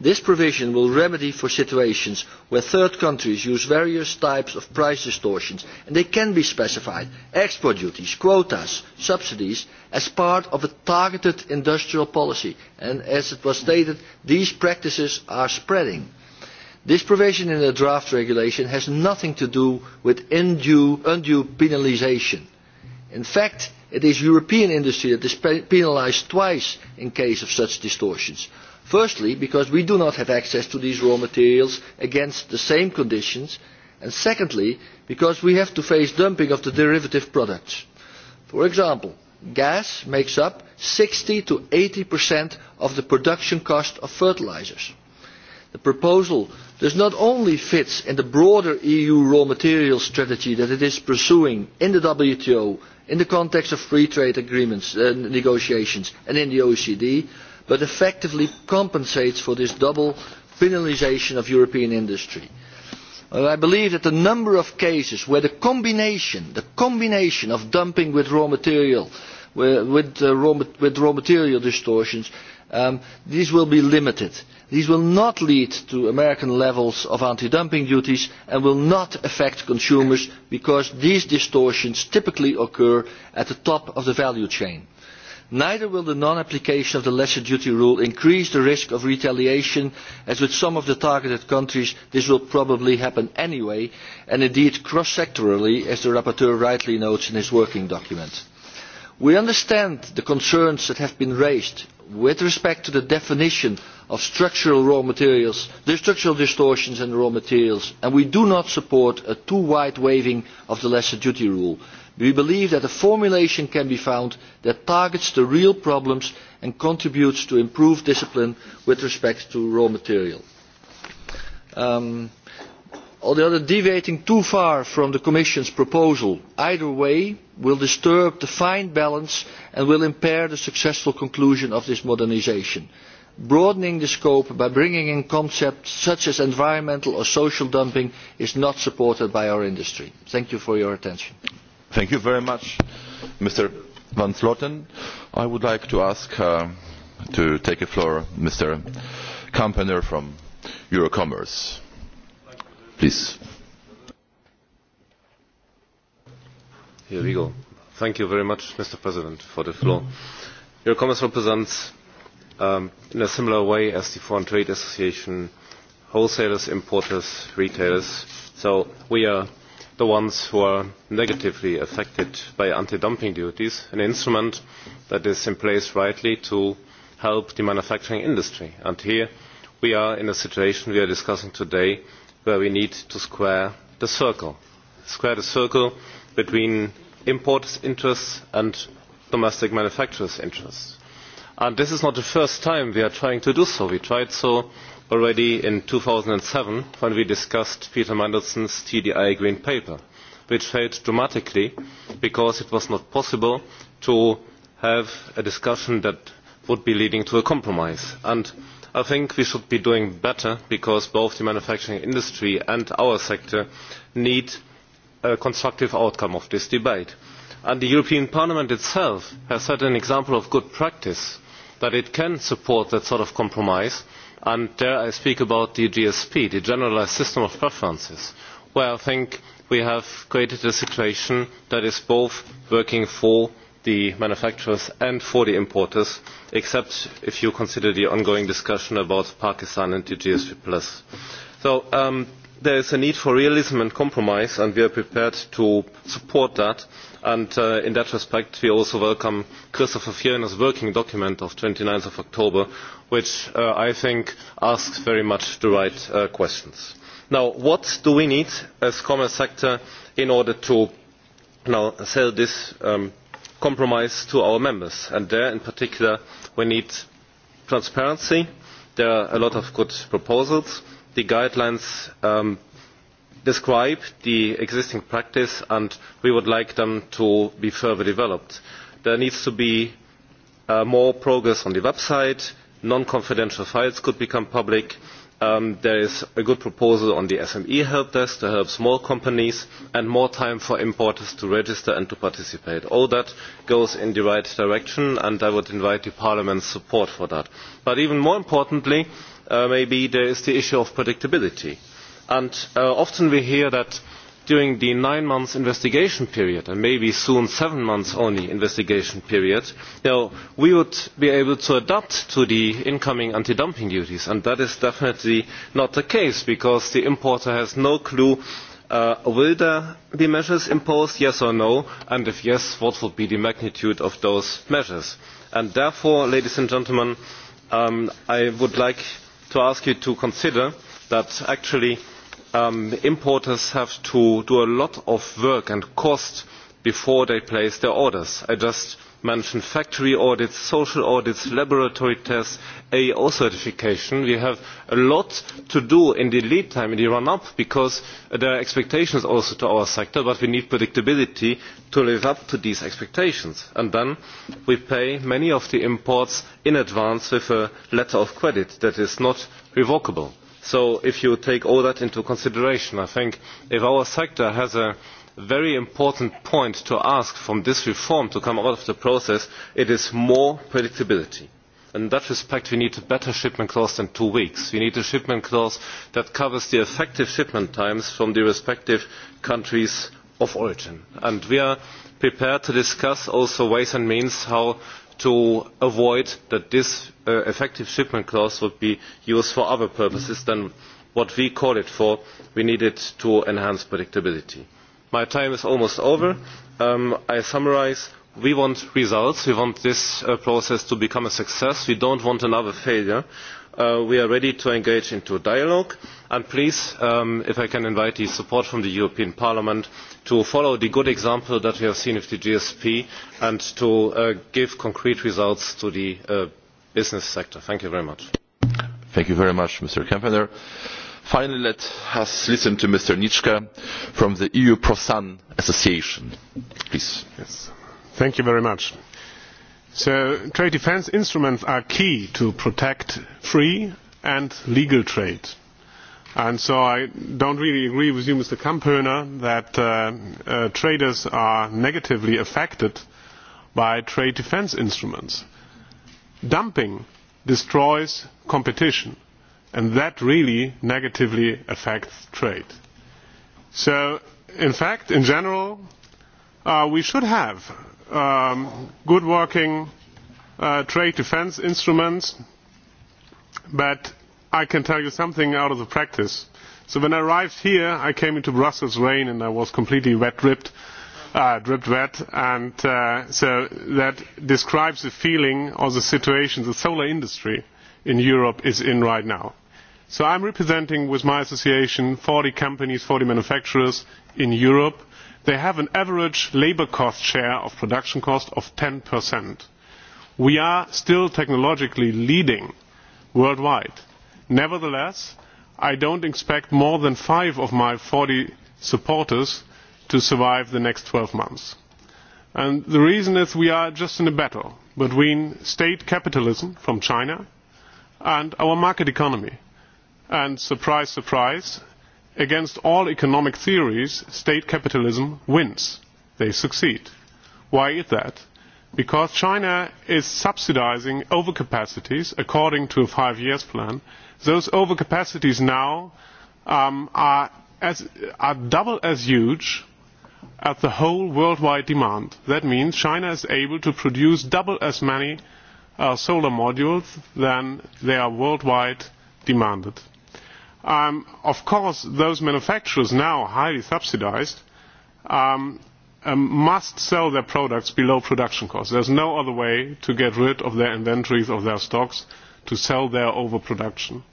This provision will remedy situations where third countries use various types of price distortions, and they can be specified, export duties, quotas, subsidies, as part of a targeted industrial policy. And as was stated, these practices are spreading. This provision in the draft regulation has nothing to do with undue, penalisation. In fact, it is European industry that is penalised twice in case of such distortions firstly because we do not have access to these raw materials against the same conditions and secondly because we have to face dumping of the derivative products. for example gas makes up sixty to eighty of the production cost of fertilisers. the proposal does not only fit in the broader eu raw materials strategy that it is pursuing in the wto in the context of free trade agreements uh, negotiations and in the oecd but effectively compensates for this double penalisation of european industry. i believe that the number of cases where the combination, of dumping with raw material uh, with, raw, material distortions um, these will be limited. These will not lead to American levels of anti-dumping duties and will not affect consumers because these distortions typically occur at the top of the value chain neither will the non application of the lesser duty rule increase the risk of retaliation as with some of the targeted countries this will probably happen anyway and indeed cross sectorally as the rapporteur rightly notes in his working document. we understand the concerns that have been raised with respect to the definition of structural raw materials the structural distortions in raw materials and we do not support a too wide waiving of the lesser duty rule we believe that a formulation can be found that targets the real problems and contributes to improved discipline with respect to raw material. Um, although deviating too far from the Commission's proposal either way will disturb the fine balance and will impair the successful conclusion of this modernisation. Broadening the scope by bringing in concepts such as environmental or social dumping is not supported by our industry. Thank you for your attention. Thank you very much, Mr. Van Sloten. I would like to ask uh, to take the floor Mr. Kampener from Eurocommerce. Please. Thank you very much, Mr. President, for the floor. Eurocommerce represents, um, in a similar way as the Foreign Trade Association, wholesalers, importers, retailers. So we are the ones who are negatively affected by anti-dumping duties, an instrument that is in place rightly to help the manufacturing industry. And here we are in a situation we are discussing today where we need to square the circle, square the circle between importers' interests and domestic manufacturers' interests. And this is not the first time we are trying to do so. We tried so already in two thousand and seven when we discussed peter mandelson's tdi green paper which failed dramatically because it was not possible to have a discussion that would be leading to a compromise and i think we should be doing better because both the manufacturing industry and our sector need a constructive outcome of this debate. And the european parliament itself has set an example of good practice that it can support that sort of compromise and dare i speak about the gsp the generalised system of preferences where i think we have created a situation that is both working for the manufacturers and for the importers except if you consider the ongoing discussion about pakistan and the gsp. so um, there is a need for realism and compromise and we are prepared to support that and uh, in that respect we also welcome christofer fjellner's working document of twenty nine october which uh, I think asks very much the right uh, questions. Now, what do we need as common sector in order to sell this um, compromise to our members? And there, in particular, we need transparency. There are a lot of good proposals. The guidelines um, describe the existing practice and we would like them to be further developed. There needs to be uh, more progress on the website non confidential files could become public um, there is a good proposal on the sme help desk to help small companies and more time for importers to register and to participate. all that goes in the right direction and i would invite parliament's support for that. but even more importantly uh, maybe there is the issue of predictability. And, uh, often we hear that during the nine month investigation period and maybe soon seven months only investigation period we would be able to adapt to the incoming anti dumping duties and that is definitely not the case because the importer has no clue whether uh, will there measures imposed yes or no and if yes what would be the magnitude of those measures and therefore ladies and gentlemen um, i would like to ask you to consider that actually Um, importers have to do a lot of work and cost before they place their orders. i just mentioned factory audits social audits laboratory tests ao certification. we have a lot to do in the lead time in the run up because there are expectations also to our sector but we need predictability to live up to these expectations and then we pay many of the imports in advance with a letter of credit that is not revocable so if you take all that into consideration i think if our sector has a very important point to ask from this reform to come out of the process it is more predictability. in that respect we need a better shipment clause than two weeks. we need a shipment clause that covers the effective shipment times from the respective countries of origin and we are prepared to discuss also ways and means how to avoid that this uh, effective shipment clause would used for other purposes than what we call it for. We need it to enhance predictability. My time is almost over. Um, I summarise. We want results. We want this uh, process to become a success. We do not want another failure. Uh, we are ready to engage in dialogue and please um, if i can invite the support from the european parliament to follow the good example that we have seen with the gsp and to uh, give concrete results to the uh, business sector. thank you very much. thank you very much mr kempner. finally let us listen to mr nitschke from the eu prosan association. please. thank you very much So trade defence instruments are key to protect free and legal trade. And so I don't really agree with you, Mr. Kamperner, that uh, uh, traders are negatively affected by trade defence instruments. Dumping destroys competition, and that really negatively affects trade. So, in fact, in general, uh, we should have Um, good working uh, trade defence instruments, but I can tell you something out of the practice. So when I arrived here, I came into Brussels rain and I was completely wet dripped, uh, dripped wet, and uh, so that describes the feeling or the situation the solar industry in Europe is in right now. So I'm representing with my association 40 companies, 40 manufacturers in Europe, they have an average labour cost share of production cost of 10%. We are still technologically leading worldwide. Nevertheless, I don't expect more than five of my 40 supporters to survive the next 12 months. And the reason is we are just in a battle between state capitalism from China and our market economy. And surprise, surprise, against all economic theories state capitalism wins they succeed. why is that? because china is subsidising overcapacities according to a five year plan. those overcapacities now um, are, as, are double as huge as the whole worldwide demand. that means china is able to produce double as many uh, solar modules than they are worldwide demanded um, of course those manufacturers now highly subsidised um, um, must sell their products below production costs. There's no other way to get rid of their inventories of their stocks to sell their overproduction.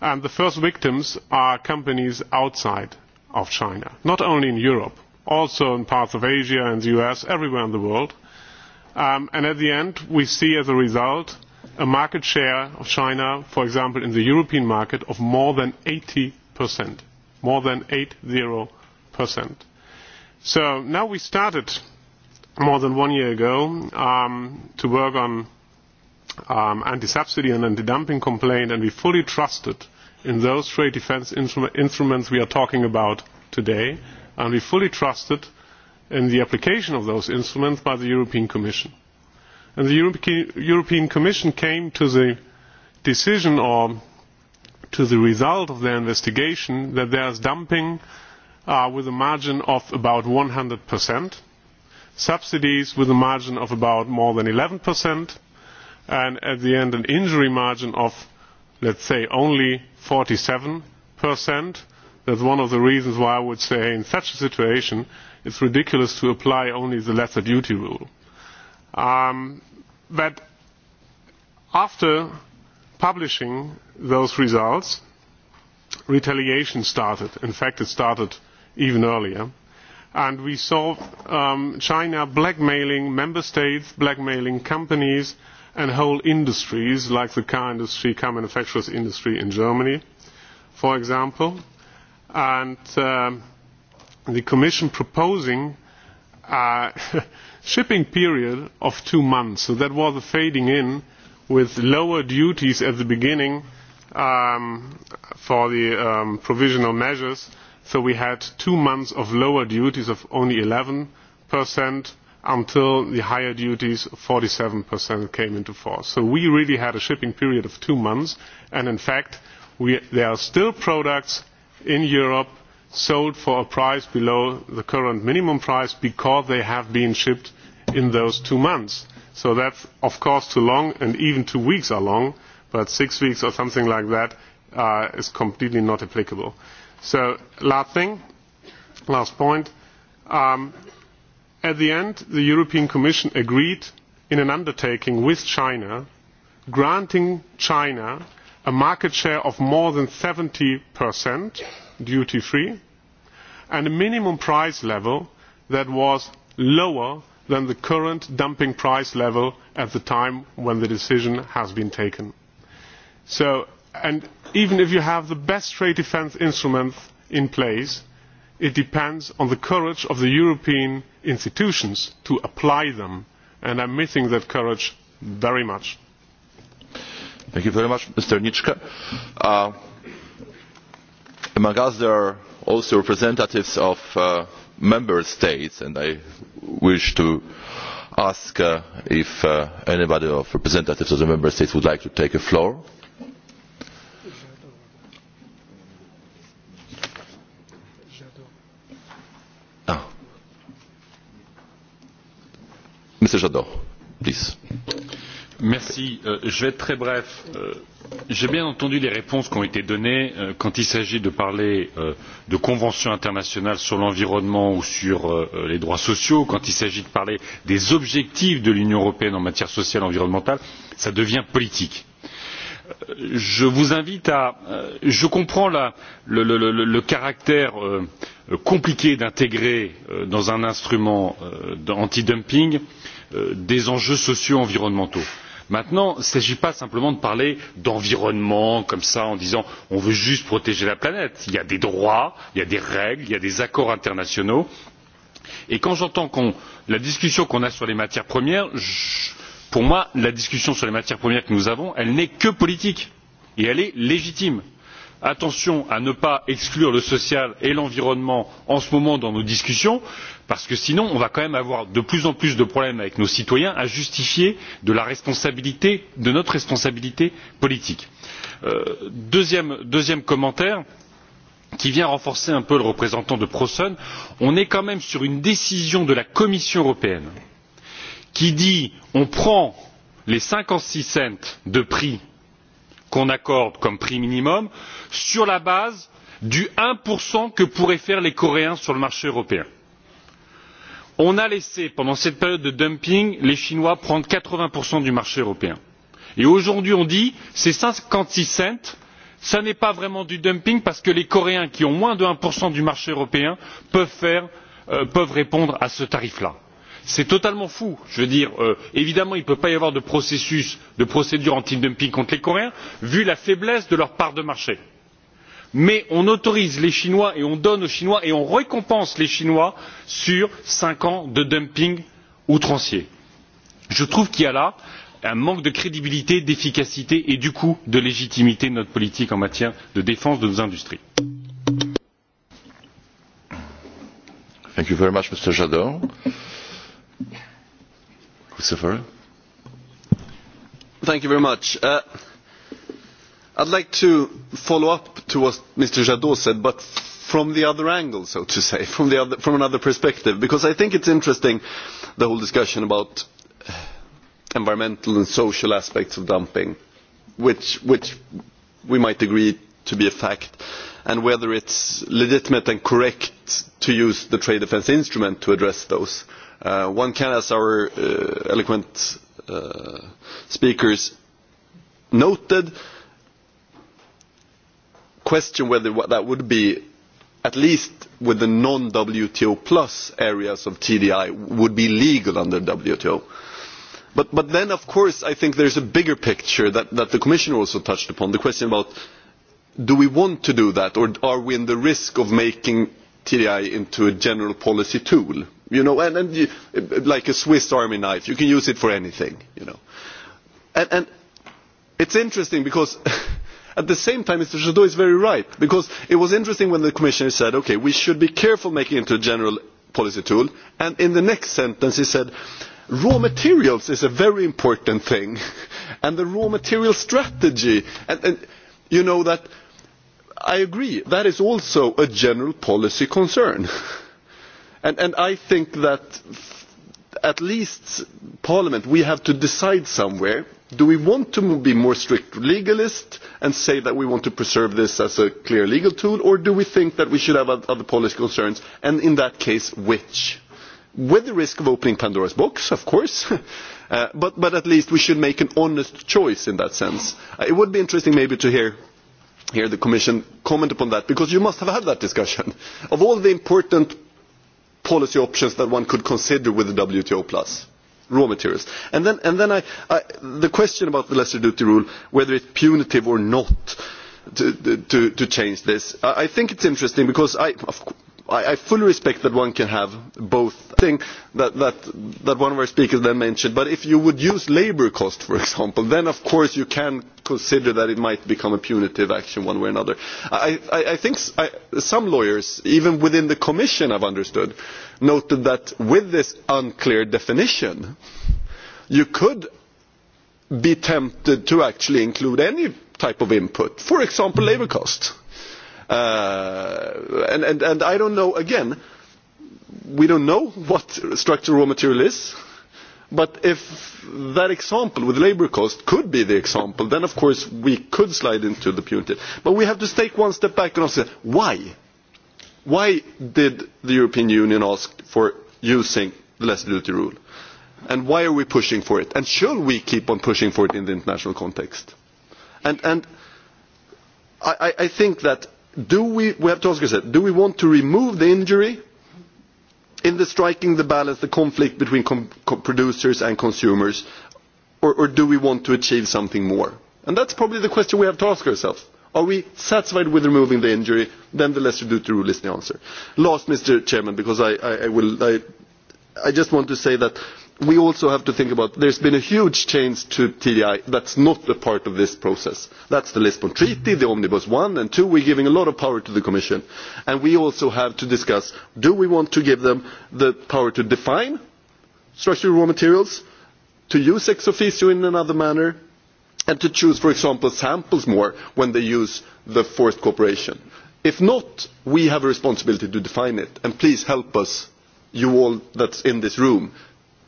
And the first victims are companies outside of China, not only in Europe, also in parts of Asia and the US, everywhere in the world. Um, and at the end, we see as a result a market share of China, for example, in the European market of more than 80%. More than 80%. So now we started more than one year ago um, to work on um, anti-subsidy and anti-dumping complaint, and we fully trusted in those trade defense instru instruments we are talking about today, and we fully trusted in the application of those instruments by the European Commission and the european commission came to the decision or to the result of their investigation that there is dumping uh, with a margin of about one hundred subsidies with a margin of about more than eleven and at the end an injury margin of let us say only forty seven that is one of the reasons why i would say in such a situation it is ridiculous to apply only the lesser duty rule um, that after publishing those results, retaliation started. In fact, it started even earlier. And we saw um, China blackmailing member states, blackmailing companies and whole industries like the car industry, car manufacturers industry in Germany, for example. And um, the Commission proposing uh, shipping period of two months. So that was a fading in with lower duties at the beginning um, for the um, provisional measures. So we had two months of lower duties of only 11 until the higher duties, 47%, came into force. So we really had a shipping period of two months, and in fact, we, there are still products in Europe sold for a price below the current minimum price because they have been shipped in those two months. So that's, of course, too long, and even two weeks are long, but six weeks or something like that uh, is completely not applicable. So last thing, last point. Um, at the end, the European Commission agreed in an undertaking with China, granting China a market share of more than 70 percent duty free and a minimum price level that was lower than the current dumping price level at the time when the decision has been taken. So, and even if you have the best trade defence instruments in place it depends on the courage of the european institutions to apply them and i am missing that courage very much. thank you very much mr nitschke. Uh among us there are also representatives of uh, member states and i wish to ask uh, if uh, anybody of representatives of the member states would like to take a floor. Ah. Mr. Jadot, please. Euh, je vais être très bref. Euh, j'ai bien entendu les réponses qui ont été données euh, quand il s'agit de parler de conventions internationales sur l'environnement ou sur les droits sociaux quand il s'agit de parler des objectifs de l'union européenne en matière sociale et environnementale cela devient politique. je vous invite à je comprends la, le, le, le, le caractère compliqué d'intégrer dans un instrument antidumping des enjeux sociaux et environnementaux maintenant il ne s'agit pas simplement de parler d'environnement comme cela en disant on veut juste protéger la planète il y a des droits il y a des règles il y a des accords internationaux et quand j'entends la discussion qu'on a sur les matières premières pour moi la discussion sur les matières premières que nous avons n'est que politique et elle est légitime attention à ne pas exclure le social et l'environnement en ce moment dans nos discussions parce que sinon on va quand même avoir de plus en plus de problèmes avec nos citoyens à justifier de, la responsabilité, de notre responsabilité politique. Euh, deuxième, commentaire qui vient renforcer un peu le représentant de Proson, on est quand même sur une décision de la Commission européenne qui dit on prend les cinquante six cents de prix qu'on accorde comme prix minimum sur la base du un que pourraient faire les coréens sur le marché européen. on a laissé pendant cette période de dumping les chinois prendre quatre vingts du marché européen et aujourd'hui on dit ces cinquante six cents ce n'est pas vraiment du dumping parce que les coréens qui ont moins de un du marché européen peuvent, euh, peuvent répondre à ce tarif là c'est totalement fou. Euh, évidemment il ne peut pas y avoir de processus de procédure antidumping contre les coréens vu la faiblesse de leur part de marché mais on autorise les chinois et on donne aux chinois et on récompense les chinois sur cinq ans de dumping outrancier. je trouve qu'il y a là un manque de crédibilité d'efficacité et du coup de légitimité de notre politique en matière de défense de nos industries. Christopher. Thank you very much. Uh, I'd like to follow up to what Mr. Jadot said, but from the other angle, so to say, from, the other, from another perspective, because I think it's interesting, the whole discussion about uh, environmental and social aspects of dumping, which, which we might agree to be a fact, and whether it's legitimate and correct to use the trade defence instrument to address those. Uh, Uh, one can, as our uh, eloquent uh, speakers noted, question whether that would be, at least with the non-WTO plus areas of TDI, would be legal under WTO. But, but then, of course, I think there's a bigger picture that, that the Commissioner also touched upon, the question about do we want to do that, or are we in the risk of making TDI into a general policy tool? you know, and, and you, like a Swiss Army knife, you can use it for anything, you know. And, and it's interesting because at the same time Mr. Trudeau is very right because it was interesting when the Commissioner said, okay, we should be careful making it into a general policy tool, and in the next sentence he said, raw materials is a very important thing, and the raw material strategy, and, and you know that I agree that is also a general policy concern. And, I think that at least Parliament, we have to decide somewhere, do we want to be more strict legalist and say that we want to preserve this as a clear legal tool, or do we think that we should have other policy concerns, and in that case, which? with the risk of opening Pandora's box, of course, uh, but, at least we should make an honest choice in that sense. Uh, it would be interesting maybe to hear the Commission comment upon that, because you must have had that discussion. Of all the important policy options that one could consider with the WTO plus raw materials. And then, and then I, I, the question about the lesser duty rule, whether it's punitive or not to, to, to change this, I, I think it's interesting because I, of, I, fully respect that one can have both thing that, that, that one of our speakers then mentioned. But if you would use labour cost, for example, then of course you can consider that it might become a punitive action one way or another. I, I, I think I, some lawyers, even within the Commission, I've understood, noted that with this unclear definition, you could be tempted to actually include any type of input, for example, labour cost Uh, and, and, and I don't know, again, we don't know what structural raw material is, but if that example with labour cost could be the example, then of course we could slide into the punitive. But we have to take one step back and say, why? Why did the European Union ask for using the less duty rule? And why are we pushing for it? And should we keep on pushing for it in the international context? And, and I, I think that do we, we have to ask ourselves, do we want to remove the injury in the striking the balance, the conflict between com com producers and consumers, or, or do we want to achieve something more? And that's probably the question we have to ask ourselves. Are we satisfied with removing the injury? Then the lesser duty rule is the answer. Last, Mr. Chairman, because I, I, I, will, I, I just want to say that we also have to think about there has been a huge change to tdi that is not a part of this process that is the lisbon treaty the omnibus one and two we are giving a lot of power to the commission and we also have to discuss do we want to give them the power to define structural raw materials to use ex officio in another manner and to choose for example samples more when they use the forced cooperation. if not we have a responsibility to define it and please help us you all in this room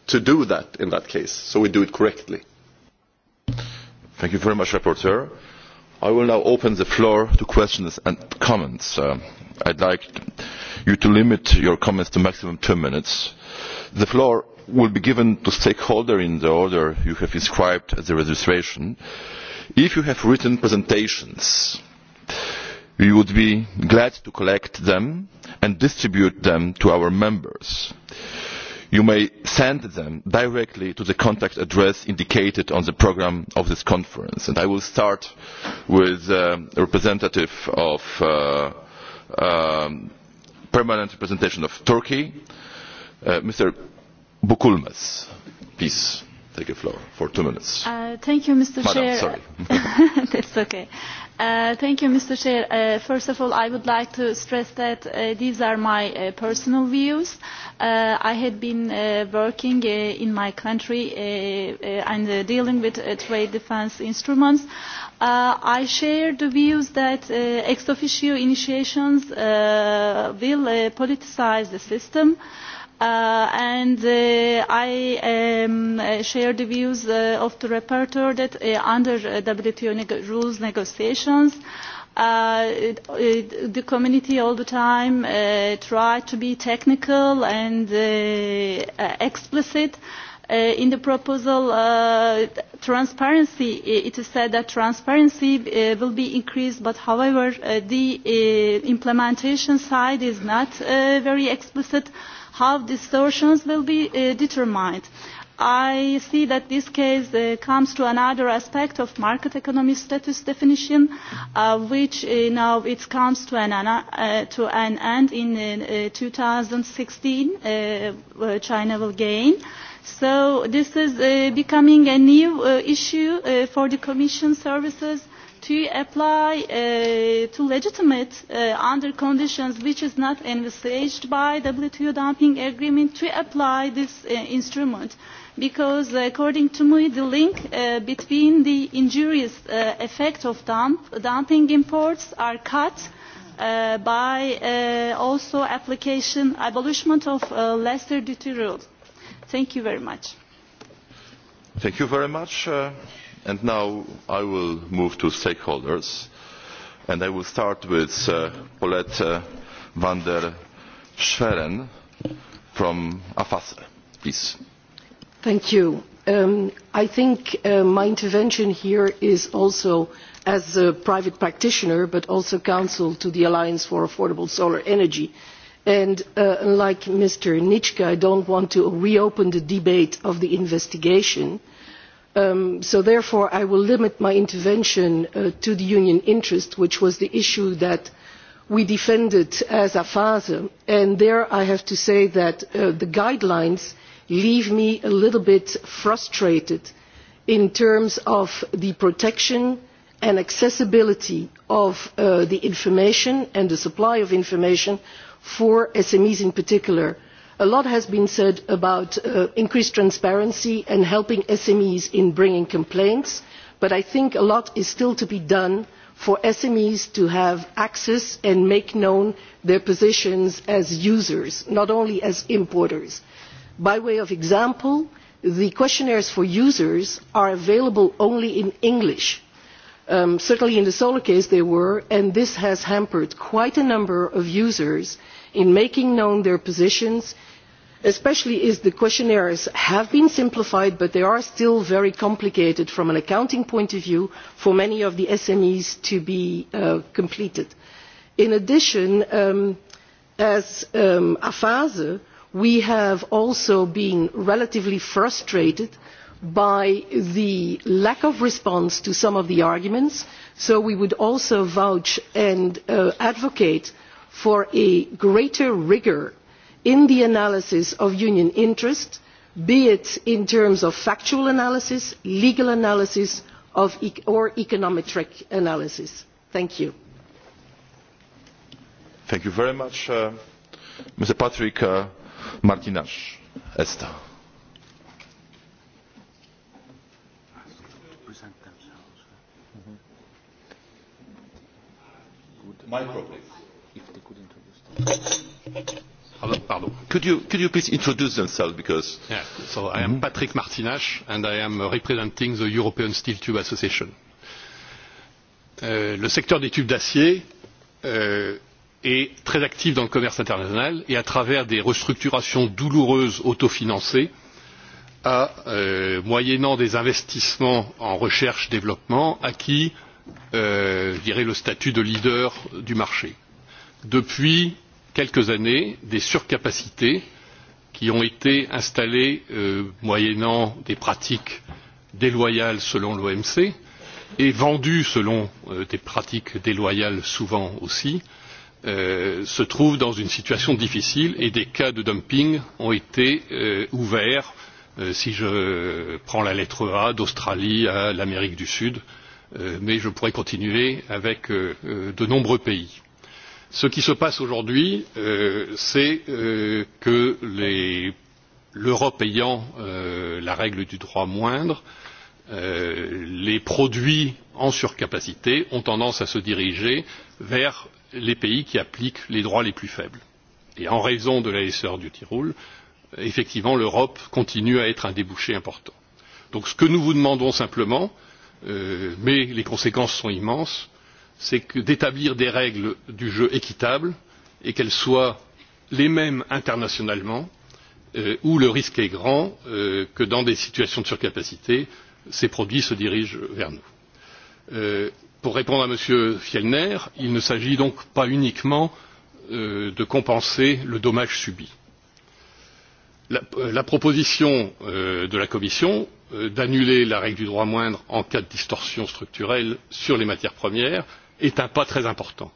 to do that in that case, so we do it correctly. Thank you very much, Rapporteur. I will now open the floor to questions and comments. Uh, I'd like you to limit your comments to maximum two minutes. The floor will be given to stakeholder in the order you have inscribed at the registration. If you have written presentations, we would be glad to collect them and distribute them to our members you may send them directly to the contact address indicated on the programme of this conference. And i will start with the uh, representative of uh, um, permanent representation of turkey uh, mr bukulmas. please take the floor for two minutes. Uh, thank you mr Madam, chair. sorry. that's okay. Uh, thank you, Mr. Chair. Uh, first of all, I would like to stress that uh, these are my personal views. I had been working in my country and dealing with trade defence instruments. I share the views that ex officio initiations will politicise the system. Uh, and uh, I um, share the views uh, of the rapporteur that uh, under uh, WTO neg rules negotiations, uh, it, it, the community all the time uh, to be technical and uh, uh, explicit. Uh, in the proposal, uh, transparency, it is said that transparency uh, will be increased, but however, uh, the uh, implementation side is not uh, very explicit. Uh, how distortions will be uh, determined. I see that this case uh, comes to another aspect of market economy status definition, uh, which uh, now it comes to an, uh, to an end in uh, 2016, uh, China will gain. So this is uh, becoming a new uh, issue uh, for the Commission services to apply uh, to legitimate uh, under conditions which is not envisaged by WTO dumping agreement to apply this uh, instrument because according to me the link uh, between the injurious uh, effect of dump, dumping imports are cut uh, by uh, also application abolition of uh, lesser duty rule. Thank you very much. Thank you very much. Uh And now I will move to stakeholders, and I will start with uh, Paulette uh, van der Schweren from AFASE. Please. Um, I think uh, my intervention here is also as a private practitioner, but also as counsel to the Alliance for Affordable Solar Energy. And uh, like Mr. Nitschke, I do not want to reopen the debate of the investigation uh, Um, so therefore i will limit my intervention uh, to the union interest which was the issue that we defended as a afase and there i have to say that uh, the guidelines leave me a little bit frustrated in terms of the protection and accessibility of uh, the information and the supply of information for smes in particular a lot has been said about uh, increased transparency and helping smes in bringing complaints but i think a lot is still to be done for smes to have access and make known their positions as users not only as importers. by way of example the questionnaires for users are available only in english. Um, certainly in the solar case they were and this has hampered quite a number of users in making known their positions especially as the questionnaires have been simplified but they are still very complicated from an accounting point of view for many of the smes to be uh, completed. in addition um, as um, afase we have also been relatively frustrated by the lack of response to some of the arguments so we would also vouch and uh, advocate for a greater rigour in the analysis of union interest be it in terms of factual analysis legal analysis or econometric analysis. thank you. thank you very much uh, mr patrick uh, martinez esta. If they could introduce them. Hello, could, you, could you please introduce yourself? because yeah, so I am mm-hmm. Patrick Martinache and I am representing the European Steel Tube Association. Euh, le secteur des tubes d'acier euh, est très actif dans le commerce international et à travers des restructurations douloureuses autofinancées a, euh, moyennant des investissements en recherche développement acquis uh, je dirais le statut de leader du marché. depuis quelques années des surcapacités qui ont été installées euh, moyennant des pratiques déloyales selon l'omc et vendues selon euh, des pratiques déloyales souvent aussi euh, se trouvent dans une situation difficile et des cas de dumping ont été ouverts si je prends la lettre A d'Australie à l'Amérique du Sud mais je pourrais continuer avec de nombreux pays ce qui se passe aujourd'hui euh, c'est euh, que l'europe ayant euh, la règle du droit moindre les produits en surcapacité ont tendance à se diriger vers les pays qui appliquent les droits les plus faibles et en raison de la essor du tyrol effectivement l'europe continue à être un débouché important. donc ce que nous vous demandons simplement mais les conséquences sont immenses c'est d'établir des règles du jeu équitables et qu'elles soient les mêmes internationalement euh, où le risque est grand euh, que dans des situations de surcapacité ces produits se dirigent vers nous. Euh, pour répondre à m. fjellner il ne s'agit donc pas uniquement de compenser le dommage subi. la proposition de la commission d'annuler la règle du droit moindre en cas de distorsion structurelle sur les matières premières est un pas très important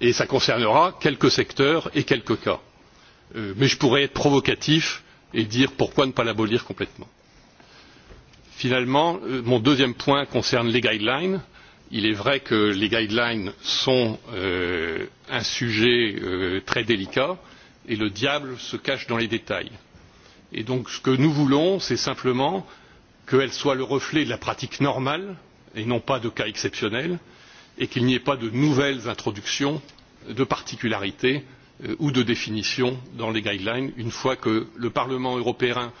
et cela concernera quelques secteurs et quelques cas euh, mais je pourrais être provocatif et dire pourquoi ne pas l'abolir complètement? finalement euh, mon deuxième point concerne les guidelines. il est vrai que les guidelines sont euh, un sujet très délicat et le diable se cache dans les détails. ce que nous voulons c'est simplement qu'elles soient le reflet de la pratique normale et non pas de cas exceptionnels et qu'il n'y ait pas de nouvelles introductions de particularités euh, ou de définitions dans les guidelines une fois que le parlement européen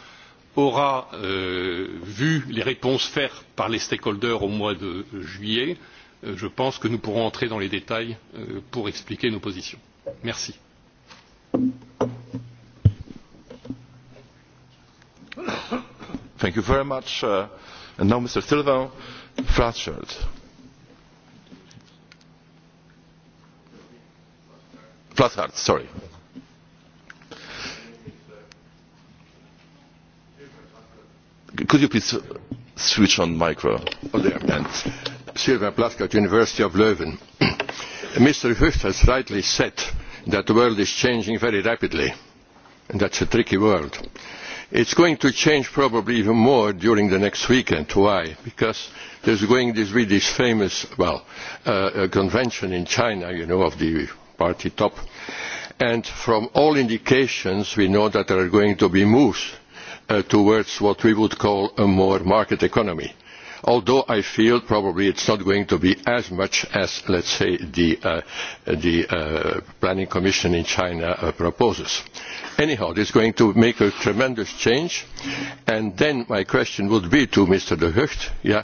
aura euh, vu les réponses faites par les stakeholders au mois de juillet euh, je pense que nous pourrons entrer dans les détails pour expliquer nos positions. merci. Thank you very much. Uh, and now Mr. Sylvain Fratchard. Plathard, sorry. Could you please switch on micro? Oh, there. University of Leuven. Mr. Hucht has rightly said that the world is changing very rapidly. And that's a tricky world. It's going to change probably even more during the next weekend. Why? Because there's going to be this famous, well, uh, uh convention in China, you know, of the party top. And from all indications, we know that there are going to be moves uh, towards what we would call a more market economy. Although I feel probably it's not going to be as much as, let's say, the, uh, uh, Planning Commission in China proposes. Anyhow, this is going to make a tremendous change. And then my question would be to Mr. De Gucht, yeah,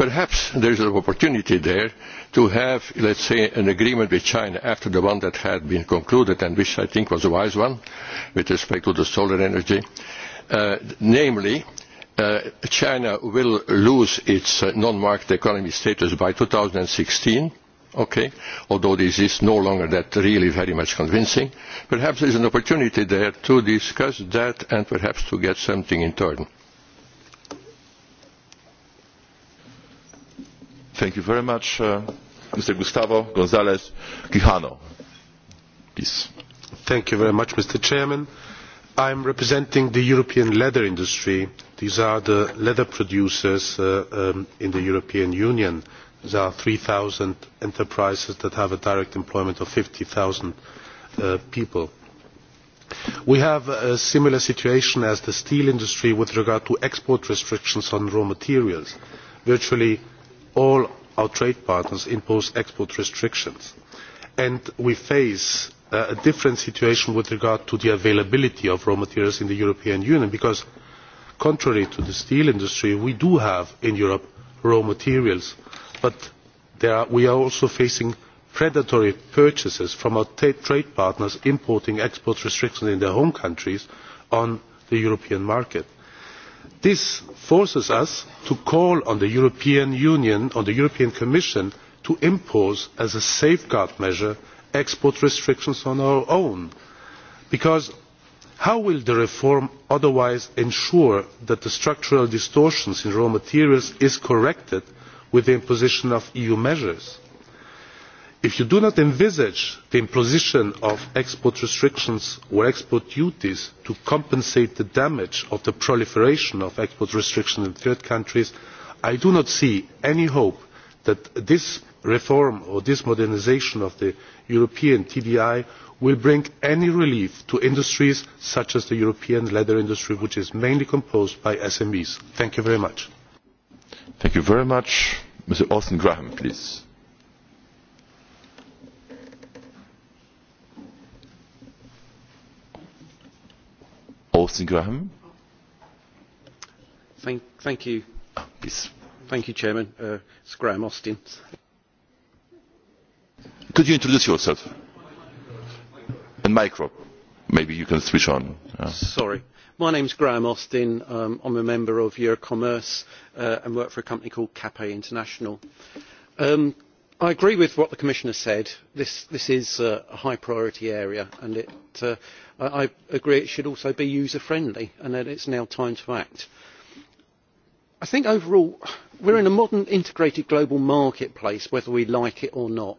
Perhaps there is an opportunity there to have, let us say, an agreement with China after the one that had been concluded and which I think was a wise one with respect to the solar energy. Uh, namely, Uh, China will lose its uh, non-market economy status by 2016, okay, although this is no longer that really very much convincing. Perhaps there is an opportunity there to discuss that and perhaps to get something in turn. Thank you very much, uh, Mr. Gustavo González Quijano. Peace. Thank you very much, Mr. Chairman. I am representing the European leather industry. These are the leather producers uh, um, in the European Union. There are 3,000 enterprises that have a direct employment of 50,000 uh, people. We have a similar situation as the steel industry with regard to export restrictions on raw materials. Virtually all our trade partners impose export restrictions and we face uh, a different situation with regard to the availability of raw materials in the european union because contrary to the steel industry we do have in europe raw materials but are, we are also facing predatory purchases from our trade partners importing export restrictions in their home countries on the european market this forces us to call on the european union on the european commission to impose as a safeguard measure export restrictions on our own because how will the reform otherwise ensure that the structural distortions in raw materials are corrected with the imposition of eu measures? if you do not envisage the imposition of export restrictions or export duties to compensate the damage of the proliferation of export restrictions in third countries i do not see any hope that this reform or this modernisation of the european tdi will bring any relief to industries such as the european leather industry which is mainly composed of smes. thank you very much. Austin Graham. Thank, thank you. Oh, please. Thank you, Chairman. Uh, it's Graham Austin. Could you introduce yourself? And micro, maybe you can switch on. Uh. Sorry. My name's Graham Austin. Um, I'm a member of Eurocommerce uh, and work for a company called Cape International. Um, i agree with what the commissioner said this, is a high priority area and uh, I, i agree it should also be user friendly and that it is now time to act. i think overall we are in a modern integrated global marketplace whether we like it or not.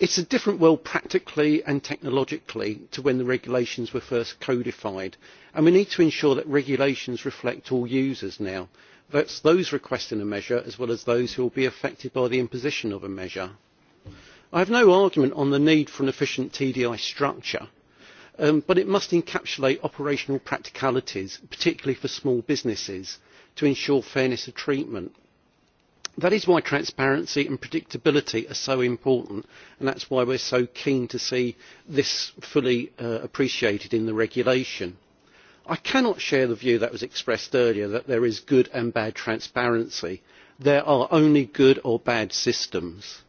it is a different world practically and technologically to when the regulations were first codified and we need to ensure that regulations reflect all users now that those requesting a measure as well as those who will be affected by the imposition of a measure. i have no argument on the need for an efficient tdi structure um, but it must encapsulate operational practicalities particularly for small businesses to ensure fairness of treatment. that is why transparency and predictability are so important and that is why we are so keen to see this fully uh, appreciated in the regulation i cannot share the view that was expressed earlier that there is good and bad transparency. there are only good or bad systems.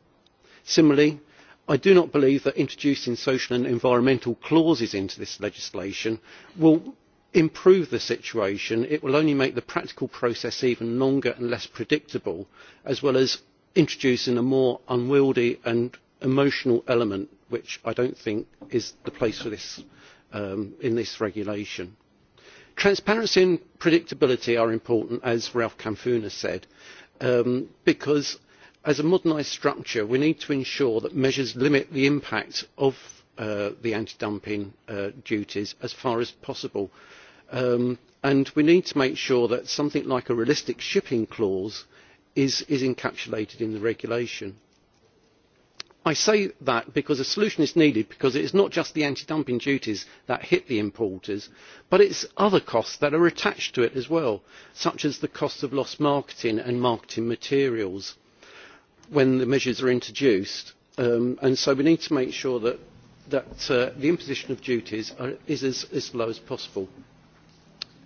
similarly i do not believe that introducing social and environmental clauses into this legislation will improve the situation. it will only make the practical process even longer and less predictable as well as introducing a more unwieldy and emotional element which i do not think is the place for this um, in this regulation transparency and predictability are important as ralph kamfuna said um, because as a modernised structure we need to ensure that measures limit the impact of uh, the anti dumping uh, duties as far as possible um, and we need to make sure that something like a realistic shipping clause is, is encapsulated in the regulation i say that because a solution is needed because it is not just the anti dumping duties that hit the importers but it is other costs that are attached to it as well such as the cost of lost marketing and marketing materials when the measures are introduced um, and so we need to make sure that, that uh, the imposition of duties are, is as, as low as possible.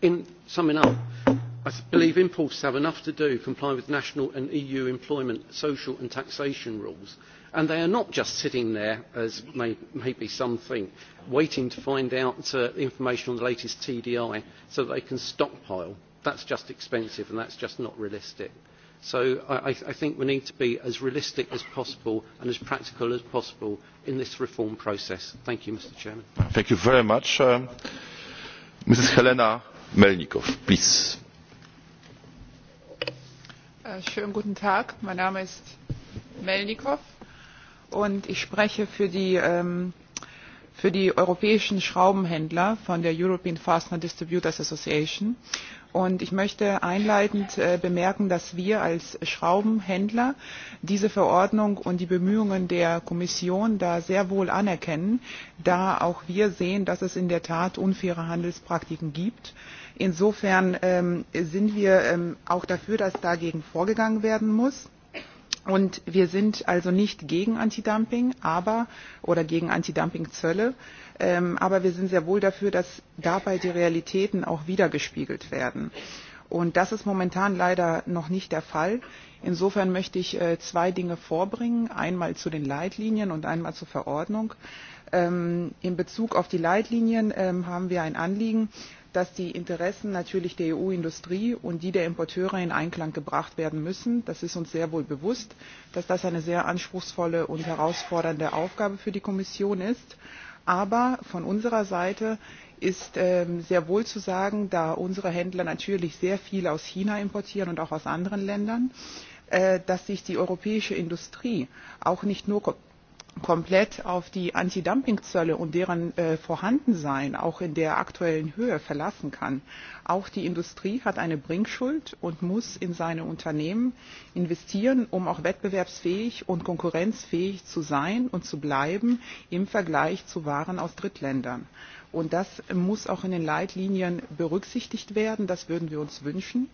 In summing up, I believe importers have enough to do complying with national and EU employment, social and taxation rules and they are not just sitting there, as may, maybe some think, waiting to find out uh, information on the latest TDI so that they can stockpile. That's just expensive and that's just not realistic. So I, I think we need to be as realistic as possible and as practical as possible in this reform process. Thank you, Mr. Chairman. Thank you very much. Um, Mrs. Helena Melnikov, please. Äh, schönen guten Tag. Mein Name ist Melnikov und ich spreche für die, ähm, für die europäischen Schraubenhändler von der European Fastener Distributors Association. Und ich möchte einleitend äh, bemerken, dass wir als Schraubenhändler diese Verordnung und die Bemühungen der Kommission da sehr wohl anerkennen, da auch wir sehen, dass es in der Tat unfaire Handelspraktiken gibt. Insofern ähm, sind wir ähm, auch dafür, dass dagegen vorgegangen werden muss Und wir sind also nicht gegen Antidumping, aber oder gegen Antidumpingzölle, ähm, aber wir sind sehr wohl dafür, dass dabei die Realitäten auch wiedergespiegelt werden. Und das ist momentan leider noch nicht der Fall. Insofern möchte ich äh, zwei Dinge vorbringen, einmal zu den Leitlinien und einmal zur Verordnung. Ähm, in Bezug auf die Leitlinien ähm, haben wir ein Anliegen, dass die Interessen natürlich der EU-Industrie und die der Importeure in Einklang gebracht werden müssen. Das ist uns sehr wohl bewusst, dass das eine sehr anspruchsvolle und herausfordernde Aufgabe für die Kommission ist. Aber von unserer Seite ist ähm, sehr wohl zu sagen, da unsere Händler natürlich sehr viel aus China importieren und auch aus anderen Ländern, äh, dass sich die europäische Industrie auch nicht nur komplett auf die Anti-Dumping-Zölle und deren äh, Vorhandensein auch in der aktuellen Höhe verlassen kann. Auch die Industrie hat eine Bringschuld und muss in seine Unternehmen investieren, um auch wettbewerbsfähig und konkurrenzfähig zu sein und zu bleiben im Vergleich zu Waren aus Drittländern. Und das muss auch in den Leitlinien berücksichtigt werden. Das würden wir uns wünschen.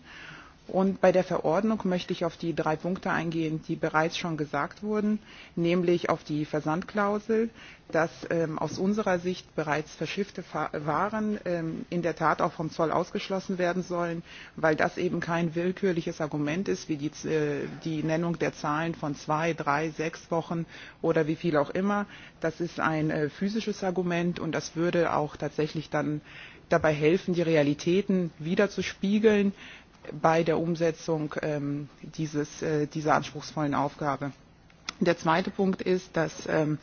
Und bei der Verordnung möchte ich auf die drei Punkte eingehen, die bereits schon gesagt wurden, nämlich auf die Versandklausel, dass ähm, aus unserer Sicht bereits verschiffte Waren ähm, in der Tat auch vom Zoll ausgeschlossen werden sollen, weil das eben kein willkürliches Argument ist, wie die, äh, die Nennung der Zahlen von zwei, drei, sechs Wochen oder wie viel auch immer. Das ist ein äh, physisches Argument und das würde auch tatsächlich dann dabei helfen, die Realitäten wieder zu spiegeln, bei der umsetzung ähm, dieses, äh, dieser anspruchsvollen aufgabe. der zweite punkt ist dass ähm,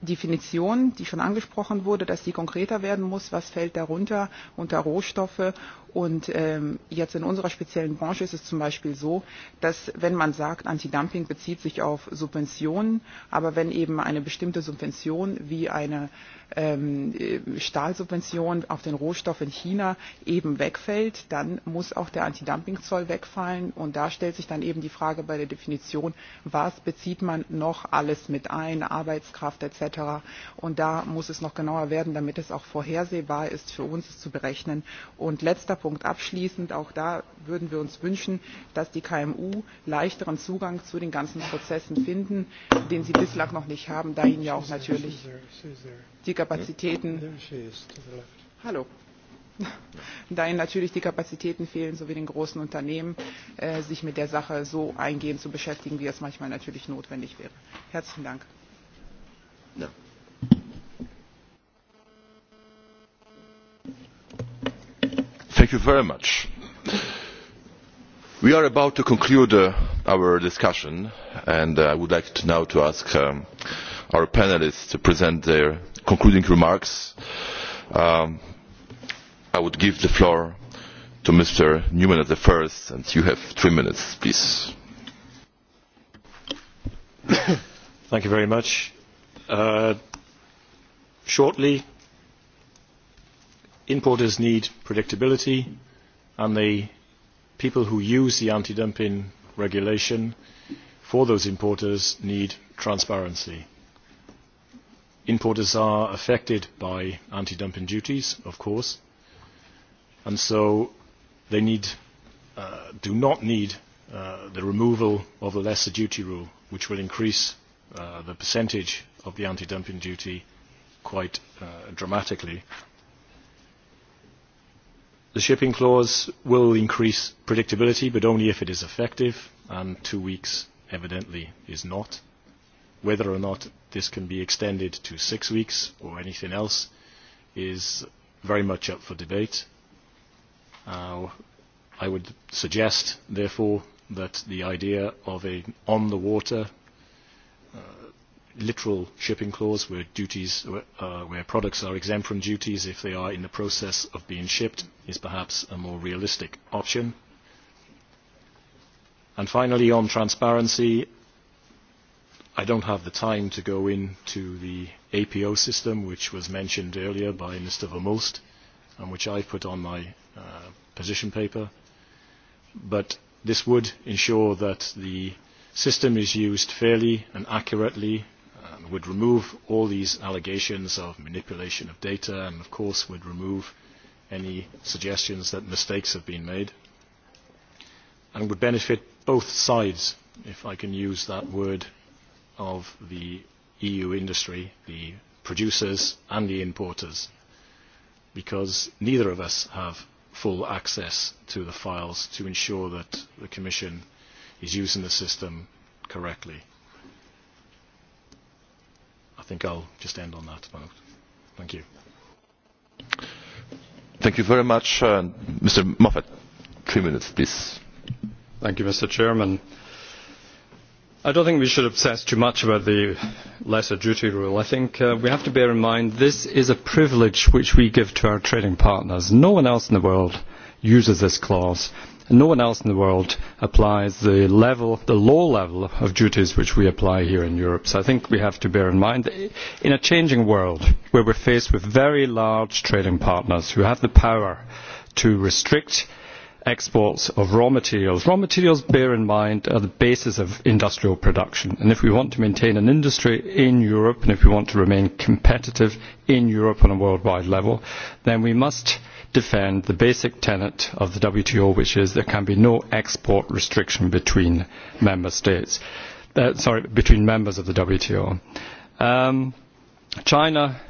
definition die schon angesprochen wurde dass die konkreter werden muss was fällt darunter unter rohstoffe Und ähm, jetzt in unserer speziellen Branche ist es zum Beispiel so, dass wenn man sagt, Antidumping bezieht sich auf Subventionen, aber wenn eben eine bestimmte Subvention wie eine ähm, Stahlsubvention auf den Rohstoff in China eben wegfällt, dann muss auch der Antidumpingzoll wegfallen. Und da stellt sich dann eben die Frage bei der Definition, was bezieht man noch alles mit ein, Arbeitskraft etc. Und da muss es noch genauer werden, damit es auch vorhersehbar ist für uns, es zu berechnen. Und letzter punkt abschließend auch da würden wir uns wünschen dass die kmu leichteren zugang zu den ganzen prozessen finden den sie bislang noch nicht haben da ihnen ja auch natürlich die kapazitäten hallo da ihnen natürlich die kapazitäten fehlen sowie den großen unternehmen äh, sich mit der sache so eingehend zu beschäftigen wie es manchmal natürlich notwendig wäre. herzlichen dank! Thank you very much. We are about to conclude uh, our discussion, and uh, I would like now to ask um, our panelists to present their concluding remarks. Um, I would give the floor to Mr. Newman as the first, and you have three minutes, please. Thank you very much. Uh, shortly, importers need predictability and the people who use the anti dumping regulation for those importers need transparency. Importers are affected by anti dumping duties, of course, and so they need, uh, do not need uh, the removal of the lesser duty rule, which will increase uh, the percentage of the anti dumping duty quite uh, dramatically The shipping clause will increase predictability, but only if it is effective, and two weeks evidently is not. Whether or not this can be extended to six weeks or anything else is very much up for debate. Uh, I would suggest, therefore, that the idea of an on-the-water literal shipping clause where duties uh, where products are exempt from duties if they are in the process of being shipped is perhaps a more realistic option. And finally on transparency I don't have the time to go into the APO system which was mentioned earlier by Mr Vermulst and which I put on my uh, position paper but this would ensure that the system is used fairly and accurately um, would remove all these allegations of manipulation of data and, of course, would remove any suggestions that mistakes have been made and would benefit both sides, if I can use that word, of the EU industry, the producers and the importers, because neither of us have full access to the files to ensure that the Commission is using the system correctly think I'll just end on that note. Thank you. Thank you very much. Uh, Mr. Moffat, three minutes, please. Thank you, Mr. Chairman. I don't think we should obsess too much about the lesser duty rule. I think uh, we have to bear in mind this is a privilege which we give to our trading partners. No one else in the world uses this clause no one else in the world applies the level, the low level of duties which we apply here in Europe. So I think we have to bear in mind that in a changing world where we're faced with very large trading partners who have the power to restrict exports of raw materials. Raw materials, bear in mind, are the basis of industrial production. And if we want to maintain an industry in Europe and if we want to remain competitive in Europe on a worldwide level, then we must defend the basic tenet of the WTO, which is there can be no export restriction between member states, uh, sorry, between members of the WTO. Um, China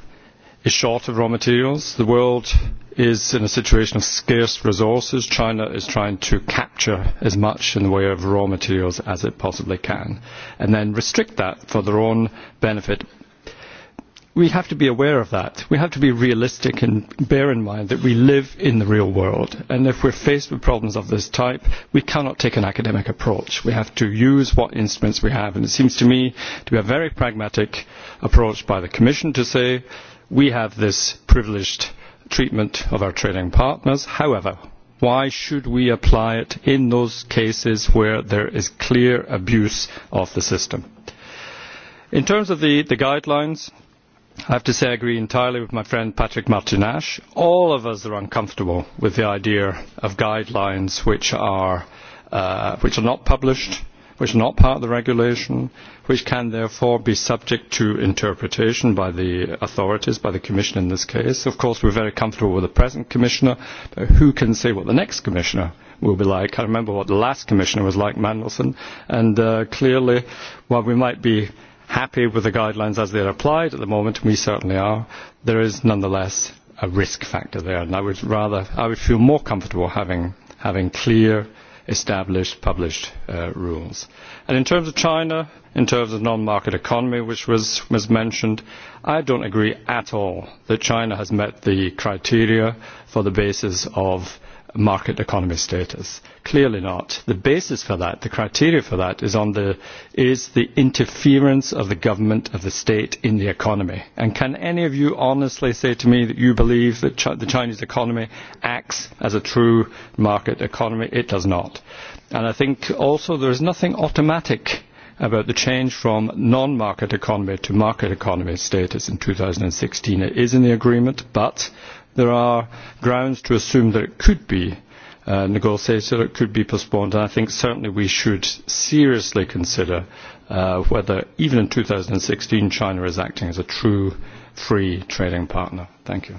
is short of raw materials. The world is in a situation of scarce resources. China is trying to capture as much in the way of raw materials as it possibly can and then restrict that for their own benefit we have to be aware of that. We have to be realistic and bear in mind that we live in the real world. And if we're faced with problems of this type, we cannot take an academic approach. We have to use what instruments we have. And it seems to me to be a very pragmatic approach by the Commission to say, we have this privileged treatment of our trading partners. However, why should we apply it in those cases where there is clear abuse of the system? In terms of the, the guidelines, I have to say I agree entirely with my friend Patrick Martinash. All of us are uncomfortable with the idea of guidelines which are, uh, which are not published, which are not part of the regulation, which can therefore be subject to interpretation by the authorities, by the Commission in this case. Of course, we're very comfortable with the present Commissioner, but who can say what the next Commissioner will be like? I remember what the last Commissioner was like, Mandelson, and uh, clearly, while we might be happy with the guidelines as they are applied at the moment, we certainly are, there is nonetheless a risk factor there. And I would rather, I would feel more comfortable having, having clear, established, published uh, rules. And in terms of China, in terms of non-market economy, which was, was mentioned, I don't agree at all that China has met the criteria for the basis of market economy status. Clearly not. The basis for that, the criteria for that, is, on the, is the interference of the government of the state in the economy. And can any of you honestly say to me that you believe that Ch the Chinese economy acts as a true market economy? It does not. And I think also there is nothing automatic about the change from non-market economy to market economy status in 2016. It is in the agreement, but there are grounds to assume that it could be uh, negotiated, it could be postponed, and I think certainly we should seriously consider uh, whether, even in 2016, China is acting as a true free trading partner. Thank you.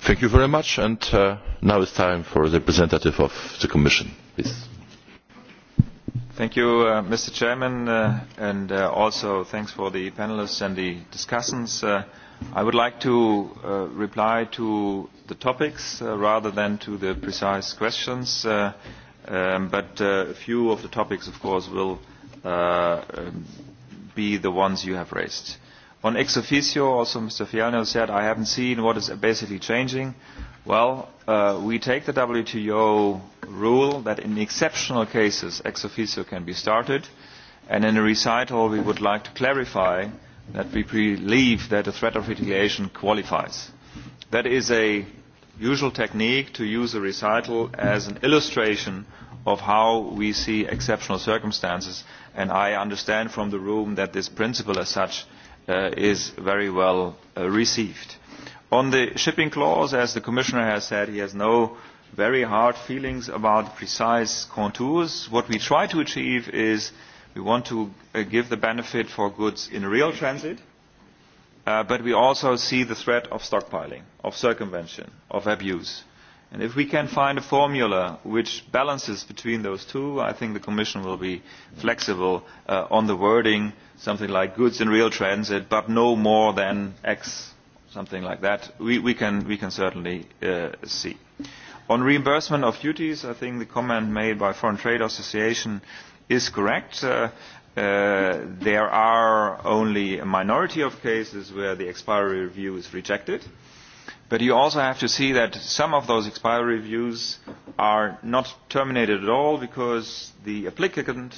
Thank you very much, and uh, now it's time for the representative of the Commission, please. Thank you, uh, Mr. Chairman, uh, and uh, also thanks for the panelists and the discussants. Uh, I would like to uh, reply to the topics uh, rather than to the precise questions, uh, um, but uh, a few of the topics, of course, will uh, um, be the ones you have raised. On ex officio, also Mr. Fialno said, I haven't seen what is basically changing. Well, uh, we take the WTO rule that in exceptional cases ex officio can be started, and in a recital we would like to clarify that we believe that a threat of retaliation qualifies. That is a usual technique to use a recital as an illustration of how we see exceptional circumstances, and I understand from the room that this principle as such uh, is very well uh, received. On the shipping clause, as the Commissioner has said, he has no very hard feelings about the precise contours. What we try to achieve is we want to uh, give the benefit for goods in real transit, uh, but we also see the threat of stockpiling, of circumvention, of abuse. And if we can find a formula which balances between those two, I think the Commission will be flexible uh, on the wording, something like goods in real transit, but no more than X something like that, we, we, can, we can certainly uh, see. On reimbursement of duties, I think the comment made by Foreign Trade Association is correct. Uh, uh, there are only a minority of cases where the expiry review is rejected. But you also have to see that some of those expiry reviews are not terminated at all because the applicant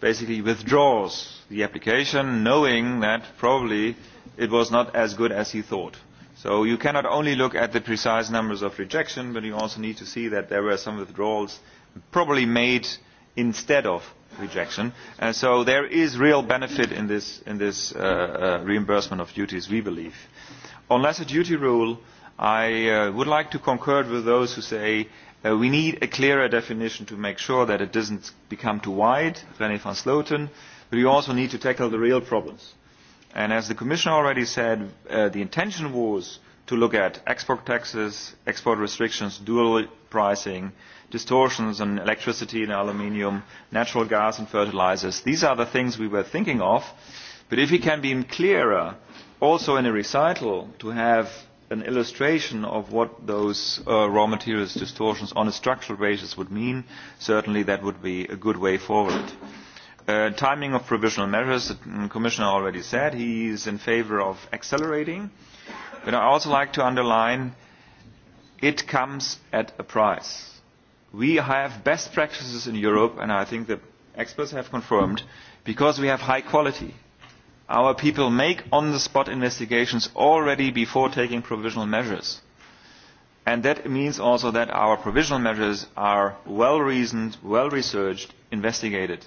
basically withdraws the application knowing that probably it was not as good as he thought. So you cannot only look at the precise numbers of rejection, but you also need to see that there were some withdrawals probably made instead of rejection. And so there is real benefit in this, in this uh, uh, reimbursement of duties, we believe. On lesser duty rule, I uh, would like to concur with those who say uh, we need a clearer definition to make sure that it doesn't become too wide, René van Sloten, but we also need to tackle the real problems as the Commission already said, uh, the intention was to look at export taxes, export restrictions, dual pricing, distortions on electricity and aluminium, natural gas and fertilisers. These are the things we were thinking of. But if we can be clearer, also in a recital, to have an illustration of what those uh, raw materials distortions on a structural basis would mean, certainly that would be a good way forward. Uh, timing of provisional measures, the mm, Commissioner already said he is in favor of accelerating. But I also like to underline it comes at a price. We have best practices in Europe, and I think the experts have confirmed, because we have high quality. Our people make on-the-spot investigations already before taking provisional measures. And that means also that our provisional measures are well-reasoned, well-researched, investigated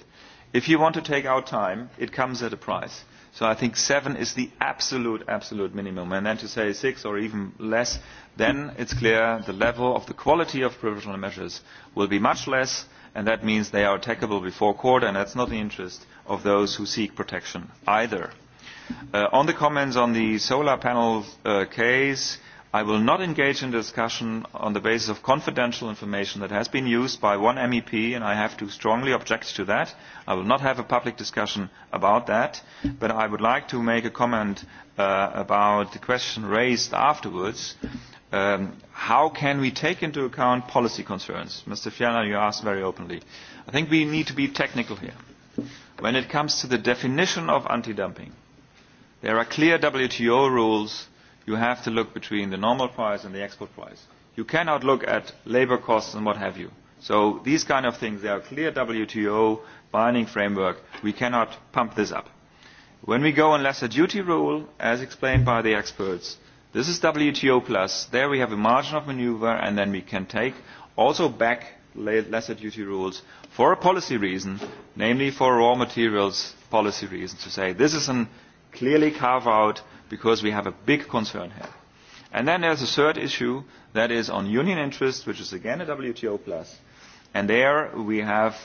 If you want to take out time, it comes at a price. So I think seven is the absolute, absolute minimum. And then to say six or even less, then it's clear the level of the quality of provisional measures will be much less, and that means they are attackable before court, and that's not the interest of those who seek protection either. Uh, on the comments on the solar panel uh, case, I will not engage in discussion on the basis of confidential information that has been used by one MEP, and I have to strongly object to that. I will not have a public discussion about that, but I would like to make a comment uh, about the question raised afterwards. Um, how can we take into account policy concerns? Mr. Fjellner, you asked very openly. I think we need to be technical here. When it comes to the definition of anti-dumping, there are clear WTO rules you have to look between the normal price and the export price. You cannot look at labor costs and what have you. So these kind of things, they are clear WTO binding framework. We cannot pump this up. When we go on lesser duty rule, as explained by the experts, this is WTO plus. There we have a margin of maneuver and then we can take also back lesser duty rules for a policy reason, namely for raw materials policy reasons to say this is a clearly carve out because we have a big concern here. And then there's a third issue that is on union interest, which is again a WTO plus. And there we have,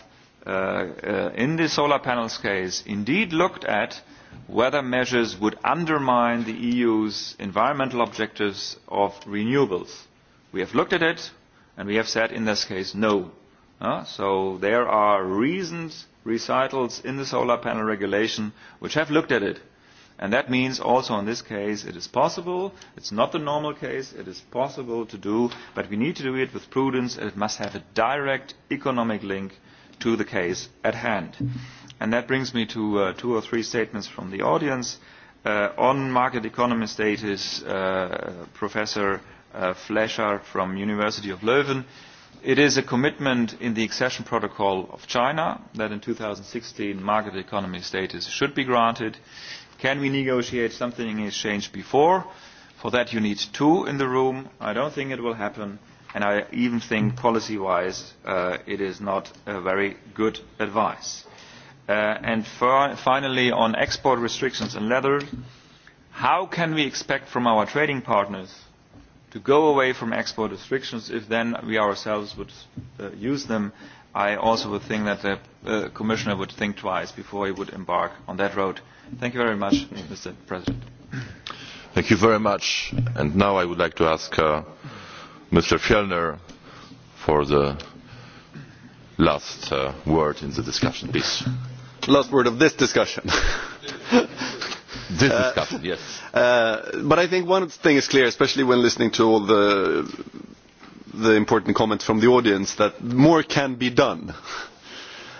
uh, uh, in the solar panels case, indeed looked at whether measures would undermine the EU's environmental objectives of renewables. We have looked at it, and we have said in this case no. Uh, so there are reasons recitals in the solar panel regulation which have looked at it And that means also in this case it is possible, it's not the normal case, it is possible to do, but we need to do it with prudence and it must have a direct economic link to the case at hand. And that brings me to uh, two or three statements from the audience. Uh, on market economy status, uh, Professor uh, Flescher from University of Leuven, it is a commitment in the accession protocol of China that in 2016 market economy status should be granted. Can we negotiate something in exchange before? For that you need two in the room. I don't think it will happen. And I even think policy-wise uh, it is not a very good advice. Uh, and for, finally, on export restrictions and leather, how can we expect from our trading partners to go away from export restrictions if then we ourselves would uh, use them I also would think that the uh, Commissioner would think twice before he would embark on that road. Thank you very much, Mr. President. Thank you very much. And now I would like to ask uh, Mr. Fjellner for the last uh, word in the discussion, please. Last word of this discussion. this discussion, yes. Uh, uh, but I think one thing is clear, especially when listening to all the the important comment from the audience that more can be done.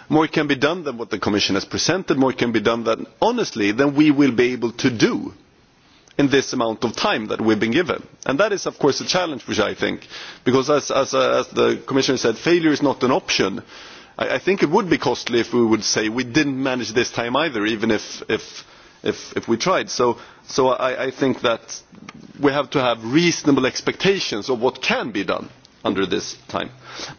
More can be done than what the Commission has presented, more can be done than, honestly, than we will be able to do in this amount of time that we have been given. And that is of course a challenge which i think because as, as, uh, as the commissioner said failure is not an option. I, i think it would be costly if we would say we did not manage this time either even if, if, if, if we tried. so, so I, i think that we have to have reasonable expectations of what can be done under this time.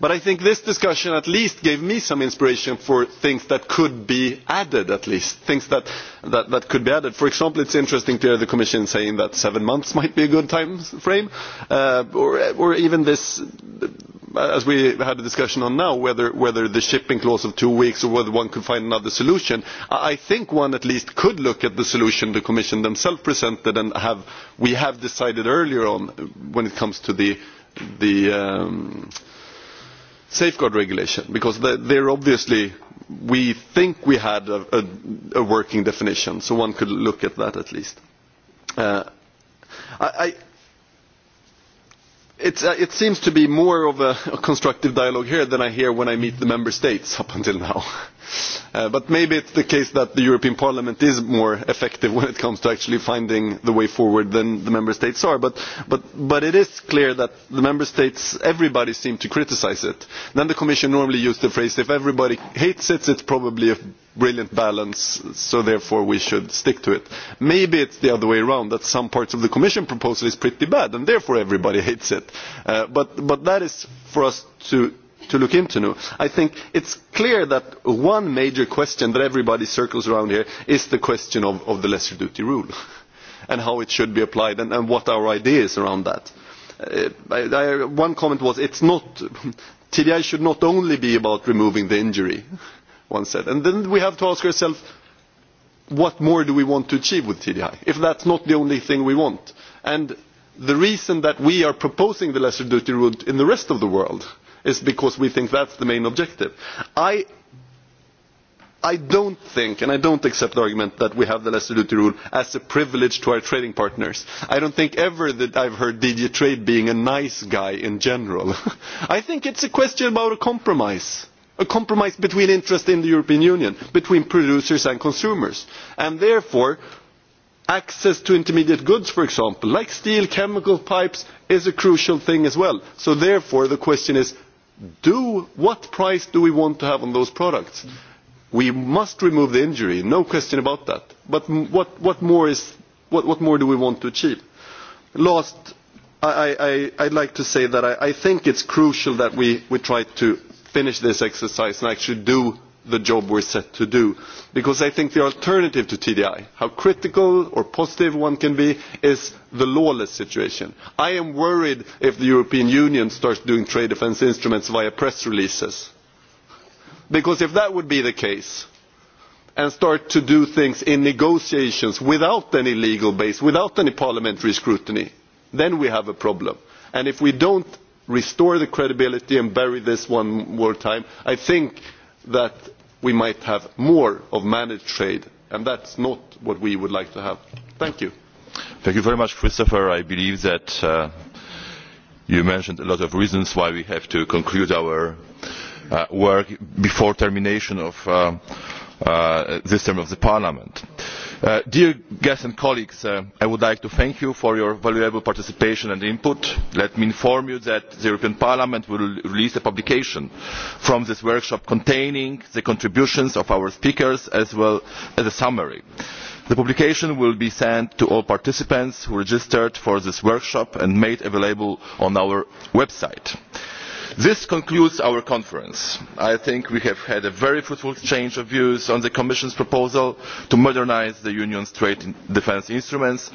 But I think this discussion at least gave me some inspiration for things that could be added at least, things that, that, could be added. For example, it's interesting to hear the Commission saying that seven months might be a good time frame, uh, or, or even this, as we had a discussion on now, whether, whether the shipping clause of two weeks or whether one could find another solution. I think one at least could look at the solution the Commission themselves presented and have, we have decided earlier on when it comes to the the um, safeguard regulation because there obviously we think we had a, a, a working definition so one could look at that at least. Uh, I, I, it's, uh, it seems to be more of a, a constructive dialogue here than I hear when I meet the member states up until now. Uh, but maybe it is the case that the European Parliament is more effective when it comes to actually finding the way forward than the member states are. But, it is clear that the member states, everybody seemed to criticise it. Then the Commission normally uses the phrase, if everybody hates it, it is probably a brilliant balance, so therefore we should stick to it. Maybe it is the other way around, that some parts of the Commission proposal are pretty bad, and therefore everybody hates it. Uh, but, but that is for us to to look into. I think it is clear that one major question that everybody circles around here is the question of, of the lesser duty rule and how it should be applied and, and what our idea is around that. Uh, I, I, one comment was it's not, TDI should not only be about removing the injury, one said. And then we have to ask ourselves, what more do we want to achieve with TDI if that's not the only thing we want? And the reason that we are proposing the lesser duty rule in the rest of the world is because we think that is the main objective. I, do not think, and I do not accept the argument that we have the lesser duty rule as a privilege to our trading partners. I do not think ever that i have heard DG Trade being a nice guy in general. I think it is a question about a compromise a compromise between interests in the European Union, between producers and consumers. And therefore, access to intermediate goods, for example, like steel, chemical pipes, is a crucial thing as well. So therefore, the question is, what price do we want to have on those products? We must remove the injury, no question about that. But what, what, more, is, what, what more do we want to achieve? Last, I, I, I'd like to say that I, I think it's crucial that we, we try to finish this exercise and actually do the job we are set to do because i think the alternative to tdi how critical or positive one can be is the lawless situation. i am worried if the european union starts doing trade defence instruments via press releases because if that were the case and start to do things in negotiations without any legal base without any parliamentary scrutiny then we have a problem and if we do not restore the credibility and bury this one more time i think that we might have more of managed trade and that is not what we would like to have. thank you. thank you very much christopher. i believe that uh, you mentioned a lot of reasons why we have to conclude our uh, work before termination of uh, this term of the parliament. Uh, dear guests and colleagues uh, i would like to thank you for your valuable participation and input. let me inform you that the european parliament will release a publication from this workshop containing the contributions of our speakers as well as a summary. the publication will be sent to all participants who registered for this workshop and made available on our website this concludes our conference. i think we have had a very fruitful exchange of views on the commission's proposal to modernise the union's trade defence instruments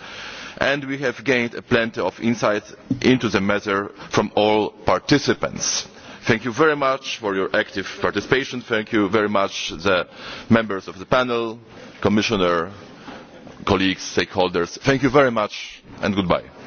and we have gained plenty of insight into the matter from all participants. thank you very much for your active participation. thank you very much to the members of the panel commissioner colleagues stakeholders. thank you very much and goodbye.